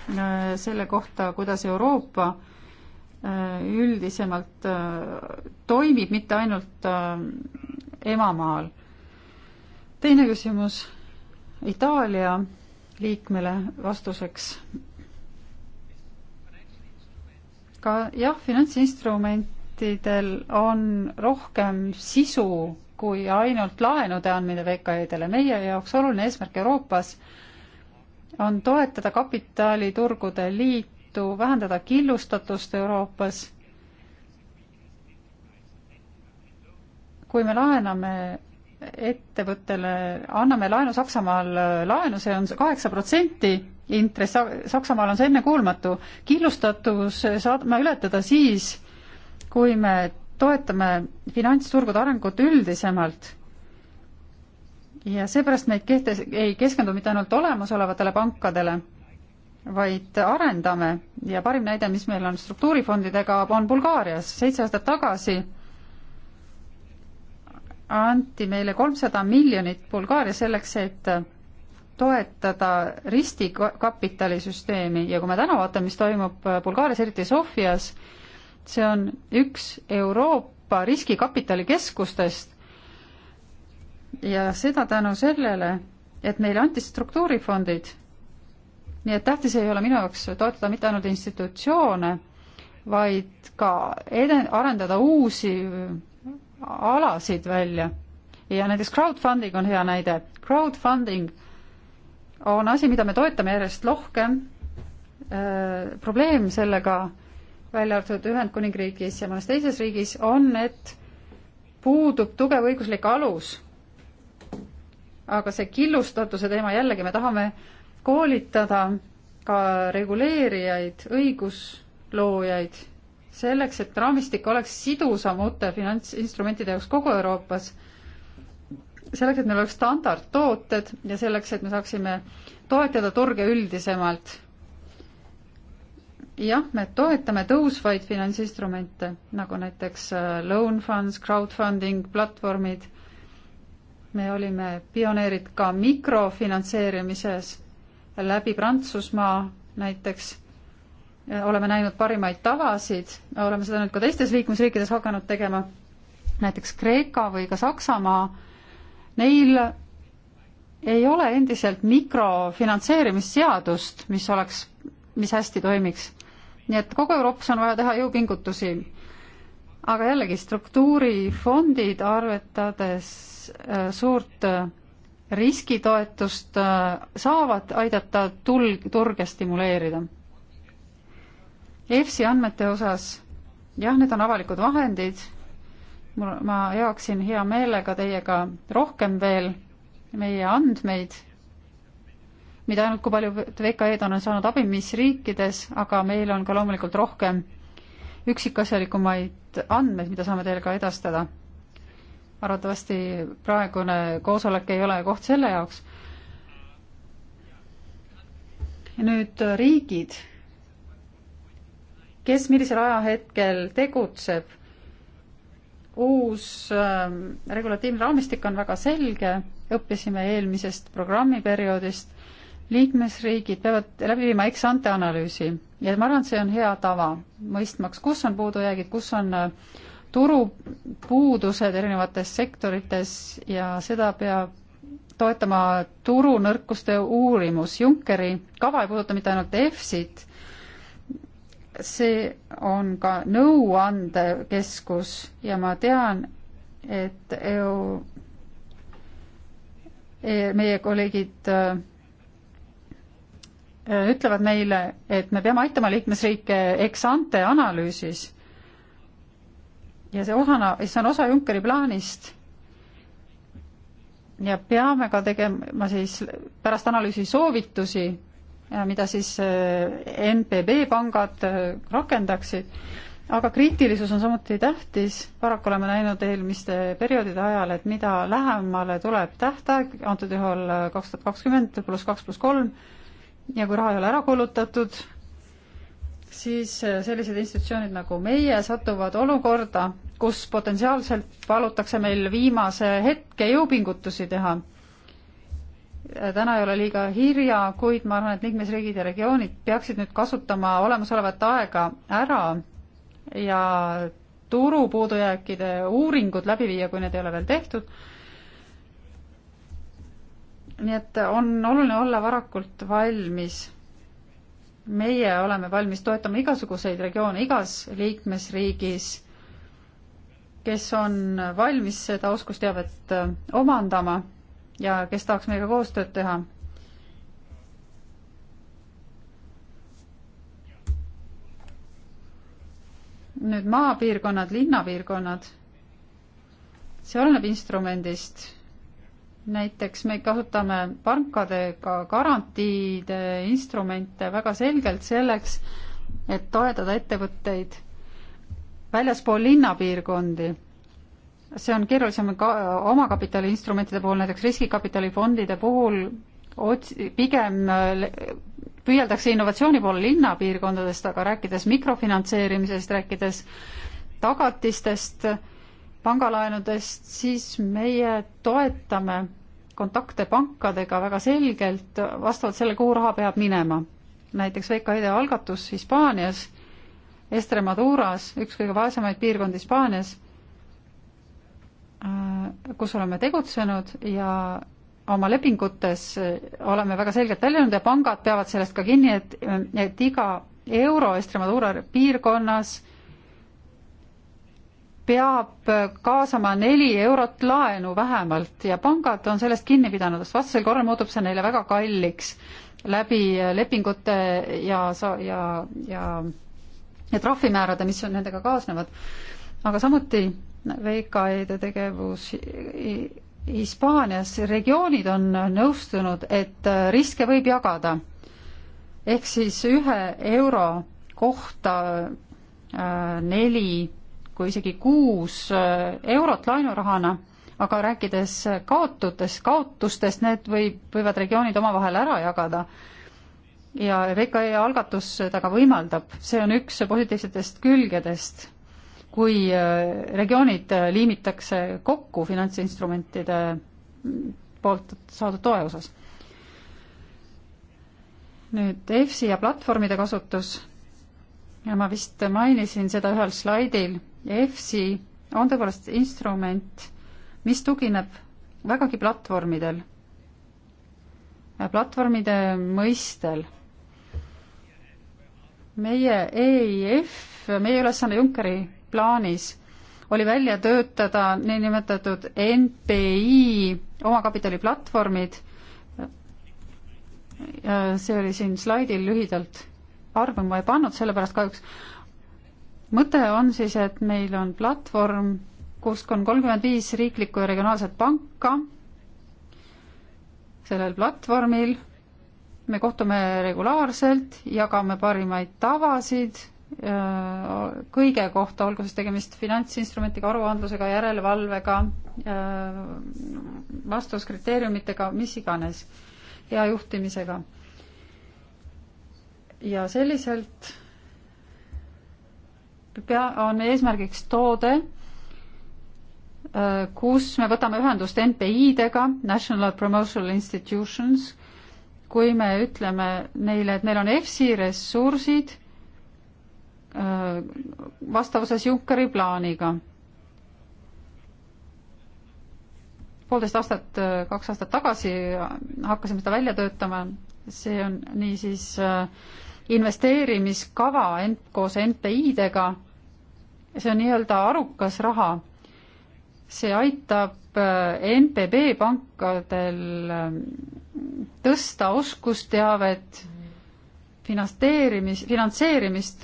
äh, selle kohta, kuidas Euroopa äh, üldisemalt äh, toimib, mitte ainult emamaal. teine küsimus Itaalia liikmele vastuseks. ka jah, finantsinstrumentidel on rohkem sisu kui ainult laenude andmine VKE-dele. meie jaoks oluline eesmärk Euroopas on toetada kapitaliturgude liitu, vähendada killustatust Euroopas. kui me laename ettevõttele, anname laenu Saksamaal laenu, see on kaheksa protsenti intress, Saksamaal on see ennekuulmatu. killustatus saame ületada siis, kui me toetame finantsturgude arengut üldisemalt ja seepärast me kehtes, ei keskendu mitte ainult olemasolevatele pankadele, vaid arendame ja parim näide, mis meil on struktuurifondidega, on Bulgaarias. seitse aastat tagasi anti meile kolmsada miljonit Bulgaaria selleks, et toetada ristikapitalisüsteemi ja kui me täna vaatame, mis toimub Bulgaarias, eriti Sofias, see on üks Euroopa riskikapitalikeskustest ja seda tänu sellele, et meile anti struktuurifondid. nii et tähtis ei ole minu jaoks toetada mitte ainult institutsioone, vaid ka eden-, arendada uusi alasid välja. ja näiteks crowdfunding on hea näide. Crowdfunding on asi, mida me toetame järjest rohkem, äh, probleem sellega välja arvatud Ühendkuningriigis ja mõnes teises riigis, on, et puudub tugev õiguslik alus. aga see killustatuse teema jällegi, me tahame koolitada ka reguleerijaid, õigusloojaid, selleks, et raamistik oleks sidusam uute finantsinstrumentide jaoks kogu Euroopas, selleks, et meil oleks standardtooted ja selleks, et me saaksime toetada turge üldisemalt jah, me toetame tõusvaid finantsinstrumente, nagu näiteks äh, loan funds, crowdfunding, platvormid. me olime pioneerid ka mikrofinantseerimises läbi Prantsusmaa näiteks. oleme näinud parimaid tavasid, oleme seda nüüd ka teistes liikmesriikides hakanud tegema, näiteks Kreeka või ka Saksamaa. Neil ei ole endiselt mikrofinantseerimisseadust, mis oleks, mis hästi toimiks nii et kogu Euroopas on vaja teha jõupingutusi. aga jällegi struktuurifondid, arvetades äh, suurt äh, riskitoetust, äh, saavad aidata tulg, turge stimuleerida. EFSI andmete osas, jah, need on avalikud vahendid, mul, ma jagaksin hea meelega teiega rohkem veel meie andmeid mitte ainult, kui palju VKE-d on saanud abi, mis riikides, aga meil on ka loomulikult rohkem üksikasjalikumaid andmeid, mida saame teile ka edastada. arvatavasti praegune koosolek ei ole koht selle jaoks. nüüd riigid, kes millisel ajahetkel tegutseb, uus ähm, regulatiivne raamistik on väga selge, õppisime eelmisest programmiperioodist, liikmesriigid peavad läbi viima ex-ante analüüsi ja ma arvan, et see on hea tava, mõistmaks, kus on puudujäägid, kus on äh, turupuudused erinevates sektorites ja seda peab toetama turunõrkuste uurimus. Junckeri kava ei puuduta mitte ainult EFSit, see on ka nõuandekeskus ja ma tean, et EU, e-, meie kolleegid äh, Äh, ütlevad meile, et me peame aitama liikmesriike ex-ante analüüsis ja see osana, see on osa Junckeri plaanist ja peame ka tegema siis pärast analüüsi soovitusi, äh, mida siis äh, NPB pangad rakendaksid, aga kriitilisus on samuti tähtis, paraku oleme näinud eelmiste perioodide ajal, et mida lähemale tuleb tähtaeg, antud juhul kaks tuhat kakskümmend pluss kaks pluss kolm, ja kui raha ei ole ära kulutatud, siis äh, sellised institutsioonid nagu meie satuvad olukorda, kus potentsiaalselt palutakse meil viimase hetke jõupingutusi teha. täna ei ole liiga hilja, kuid ma arvan, et liikmesriigid ja regioonid peaksid nüüd kasutama olemasolevat aega ära ja turu puudujääkide uuringud läbi viia, kui need ei ole veel tehtud nii et on oluline olla varakult valmis. meie oleme valmis toetama igasuguseid regioone igas liikmesriigis, kes on valmis seda oskusteavet äh, omandama ja kes tahaks meiega koostööd teha. nüüd maapiirkonnad, linnapiirkonnad, see oleneb instrumendist näiteks me kasutame pankadega garantiide instrumente väga selgelt selleks, et toetada ettevõtteid väljaspool linnapiirkondi. see on keerulisem ka omakapitali instrumentide puhul, näiteks riskikapitalifondide puhul ots-, pigem püüeldakse innovatsiooni poole linnapiirkondadest, aga rääkides mikrofinantseerimisest, rääkides tagatistest, pangalaenudest, siis meie toetame kontakte pankadega väga selgelt vastavalt sellele, kuhu raha peab minema. näiteks VKD algatus Hispaanias, Estremaduras, üks kõige vaesemaid piirkondi Hispaanias, äh, kus oleme tegutsenud ja oma lepingutes oleme väga selgelt välja öelnud ja pangad peavad sellest ka kinni, et, et iga euro Estremadura piirkonnas äh, peab kaasama neli eurot laenu vähemalt ja pangad on sellest kinni pidanud, sest vastasel korral muutub see neile väga kalliks läbi lepingute ja, ja, ja, ja trahvimäärade, mis on nendega kaasnevad. aga samuti VKE-de tegevus Hispaanias, regioonid on nõustunud, et riske võib jagada. ehk siis ühe euro kohta äh, neli kui isegi kuus äh, eurot laenurahana, aga rääkides kaotutest, kaotustest, need võib, võivad regioonid omavahel ära jagada. ja VKE algatus seda ka võimaldab, see on üks positiivsetest külgedest, kui äh, regioonid äh, liimitakse kokku finantsinstrumentide poolt saadud toe osas. nüüd EFSI ja platvormide kasutus ja ma vist mainisin seda ühel slaidil EFSI on tõepoolest instrument, mis tugineb vägagi platvormidel, platvormide mõistel. meie EIF, meie ülesanne Junckeri plaanis oli välja töötada niinimetatud NPI omakapitaliplatvormid. see oli siin slaidil lühidalt, arve ma ei pannud, sellepärast kahjuks, mõte on siis, et meil on platvorm, kus on kolmkümmend viis riiklikku ja regionaalset panka. sellel platvormil me kohtume regulaarselt, jagame parimaid tavasid äh, kõige kohta, olgu siis tegemist finantsinstrumentiga, aruandlusega, järelevalvega, äh, vastuskriteeriumitega, mis iganes ja juhtimisega. ja selliselt pea, on eesmärgiks toode, äh, kus me võtame ühendust NPI-dega, National Promotional Institutions, kui me ütleme neile, et meil on EFSI ressursid äh, vastavuses Junckeri plaaniga. poolteist aastat, äh, kaks aastat tagasi hakkasime seda välja töötama, see on niisiis investeerimiskava koos NPI-dega see on nii-öelda arukas raha. see aitab äh, NPB pankadel ähm, tõsta oskusteavet, finantseerimis, finantseerimist,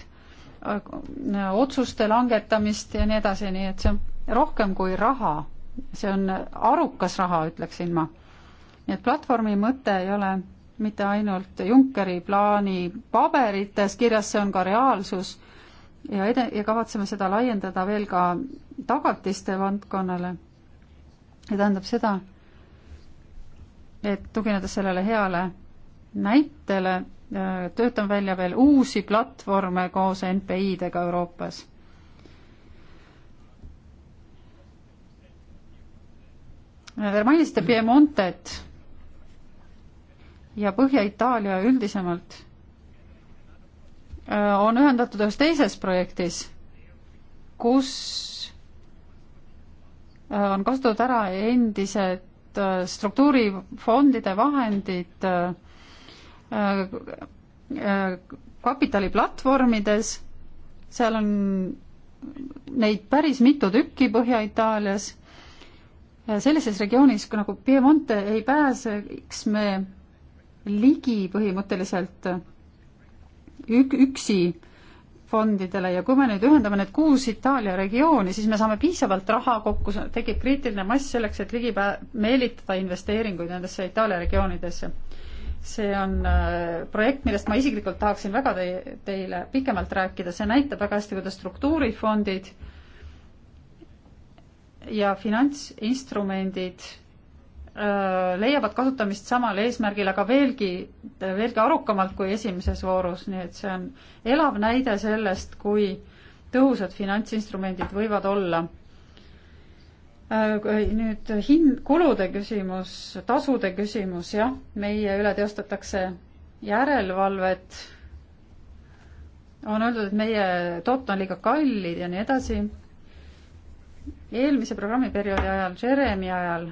äh, otsuste langetamist ja nii edasi, nii et see on rohkem kui raha. see on arukas raha, ütleksin ma. nii et platvormi mõte ei ole mitte ainult Junckeri plaani paberites kirjas, see on ka reaalsus ja ede-, ja kavatseme seda laiendada veel ka tagatiste valdkonnale. see tähendab seda, et tuginedes sellele heale näitele, äh, töötame välja veel uusi platvorme koos NPI-dega Euroopas. Te äh, mainisite Piemontet ja Põhja-Itaalia üldisemalt Äh, on ühendatud ühes teises projektis, kus äh, on kasutatud ära endised äh, struktuurifondide vahendid kapitaliplatvormides, seal on neid päris mitu tükki Põhja-Itaalias, sellises regioonis nagu Piemonte ei pääseks me ligi põhimõtteliselt äh, ük-, üksi fondidele ja kui me nüüd ühendame need kuus Itaalia regiooni, siis me saame piisavalt raha kokku, tekib kriitiline mass selleks, et ligipää-, meelitada investeeringuid nendesse Itaalia regioonidesse. see on äh, projekt, millest ma isiklikult tahaksin väga teie, teile pikemalt rääkida, see näitab väga hästi, kuidas struktuurifondid ja finantsinstrumendid leiavad kasutamist samal eesmärgil, aga veelgi, veelgi arukamalt kui esimeses voorus, nii et see on elav näide sellest, kui tõhusad finantsinstrumendid võivad olla. nüüd hind, kulude küsimus, tasude küsimus, jah, meie üle teostatakse järelevalvet, on öeldud, et meie toot on liiga kallid ja nii edasi. eelmise programmiperioodi ajal, Jeremy ajal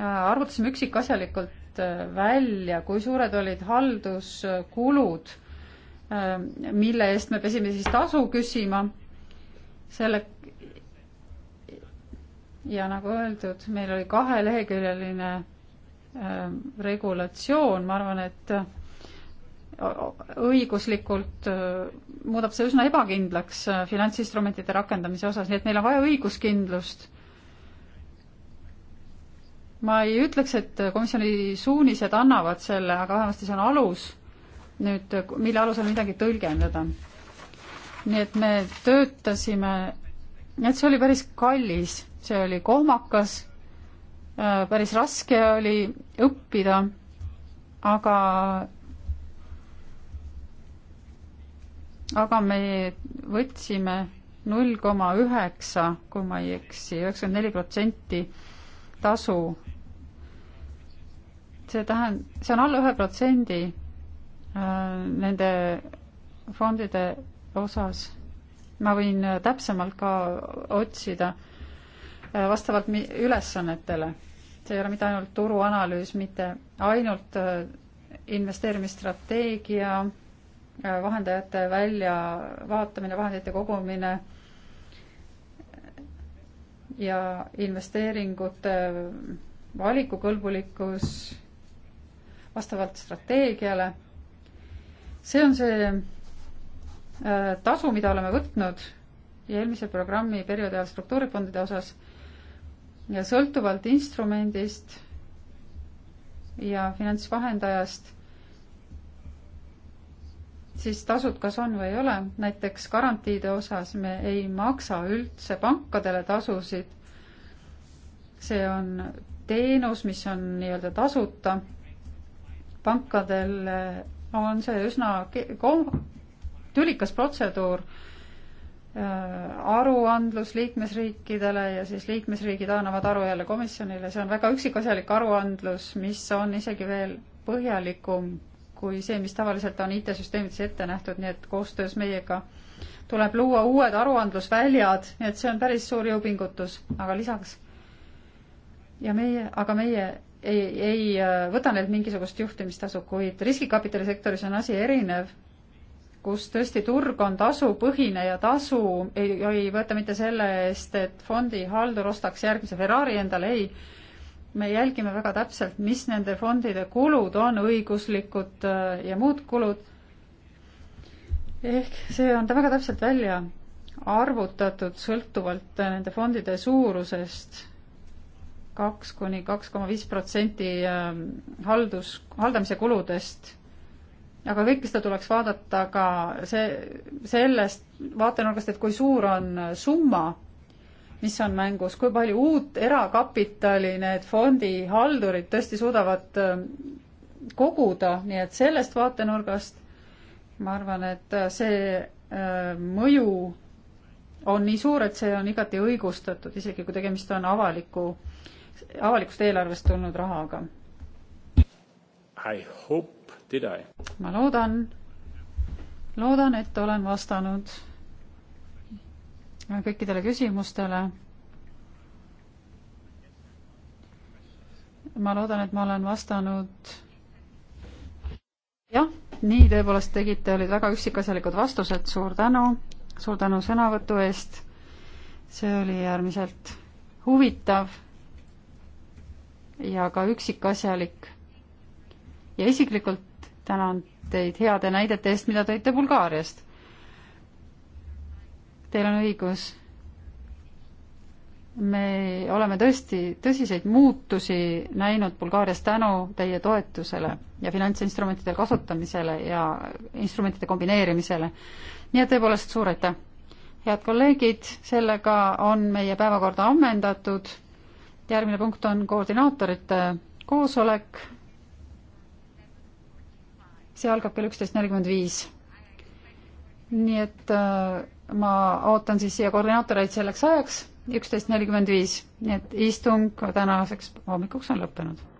arvutasime üksikasjalikult äh, välja, kui suured olid halduskulud, äh, mille eest me pesime siis tasu küsima, selle ja nagu öeldud, meil oli kaheleheküljeline äh, regulatsioon, ma arvan, et õiguslikult muudab see üsna ebakindlaks finantsinstrumentide rakendamise osas, nii et meil on vaja õiguskindlust ma ei ütleks, et komisjoni suunised annavad selle, aga vähemasti see on alus nüüd, mille alusel midagi tõlgendada. nii et me töötasime, et see oli päris kallis, see oli kohmakas, äh, päris raske oli õppida, aga aga me võtsime null koma üheksa, kui ma ei eksi, üheksakümmend neli protsenti tasu see tähend-, see on alla ühe protsendi äh, nende fondide osas. ma võin äh, täpsemalt ka otsida äh, vastavalt ülesannetele. see ei ole mitte ainult turuanalüüs, mitte ainult investeerimisstrateegia, vahendajate väljavaatamine, vahendite kogumine ja investeeringute valikukõlbulikkus vastavalt strateegiale. see on see äh, tasu, mida oleme võtnud eelmise programmi perioodi ajal struktuurifondide osas ja sõltuvalt instrumendist ja finantsvahendajast, siis tasud kas on või ei ole, näiteks garantiide osas me ei maksa üldse pankadele tasusid. see on teenus, mis on nii-öelda tasuta pankadel äh, on see üsna tülikas protseduur, äh, aruandlus liikmesriikidele ja siis liikmesriigid annavad aru jälle komisjonile, see on väga üksikasjalik aruandlus, mis on isegi veel põhjalikum kui see, mis tavaliselt on IT-süsteemides ette nähtud, nii et koostöös meiega tuleb luua uued aruandlusväljad, nii et see on päris suur jõupingutus, aga lisaks ja meie, aga meie ei, ei äh, võta neilt mingisugust juhtimistasu, kuid riskikapitalisektoris on asi erinev, kus tõesti turg on tasupõhine ja tasu ei, ei võeta mitte selle eest, et fondihaldur ostaks järgmise Ferrari endale, ei. me jälgime väga täpselt, mis nende fondide kulud on, õiguslikud äh, ja muud kulud. ehk see on ta väga täpselt välja arvutatud sõltuvalt äh, nende fondide suurusest kaks kuni kaks koma viis protsenti ähm, haldus, haldamise kuludest. aga kõike seda tuleks vaadata ka see, sellest vaatenurgast, et kui suur on äh, summa, mis on mängus, kui palju uut erakapitali need fondihaldurid tõesti suudavad ähm, koguda, nii et sellest vaatenurgast ma arvan, et äh, see äh, mõju on nii suur, et see on igati õigustatud, isegi kui tegemist on avaliku äh, avalikust eelarvest tulnud rahaga. I hope, did I? ma loodan, loodan, et olen vastanud kõikidele küsimustele. ma loodan, et ma olen vastanud jah, nii tõepoolest tegite, olid väga üksikasjalikud vastused, suur tänu, suur tänu sõnavõtu eest. see oli äärmiselt huvitav ja ka üksikasjalik. ja isiklikult tänan teid heade näidete eest, mida tõite Bulgaariast. Teil on õigus. me oleme tõesti tõsiseid muutusi näinud Bulgaarias tänu teie toetusele ja finantsinstrumentide kasutamisele ja instrumentide kombineerimisele. nii et tõepoolest suur aitäh! head kolleegid, sellega on meie päevakorda ammendatud järgmine punkt on koordinaatorite koosolek. see algab kell üksteist nelikümmend viis. nii et äh, ma ootan siis siia koordinaatoreid selleks ajaks, üksteist nelikümmend viis, nii et istung tänaseks hommikuks on lõppenud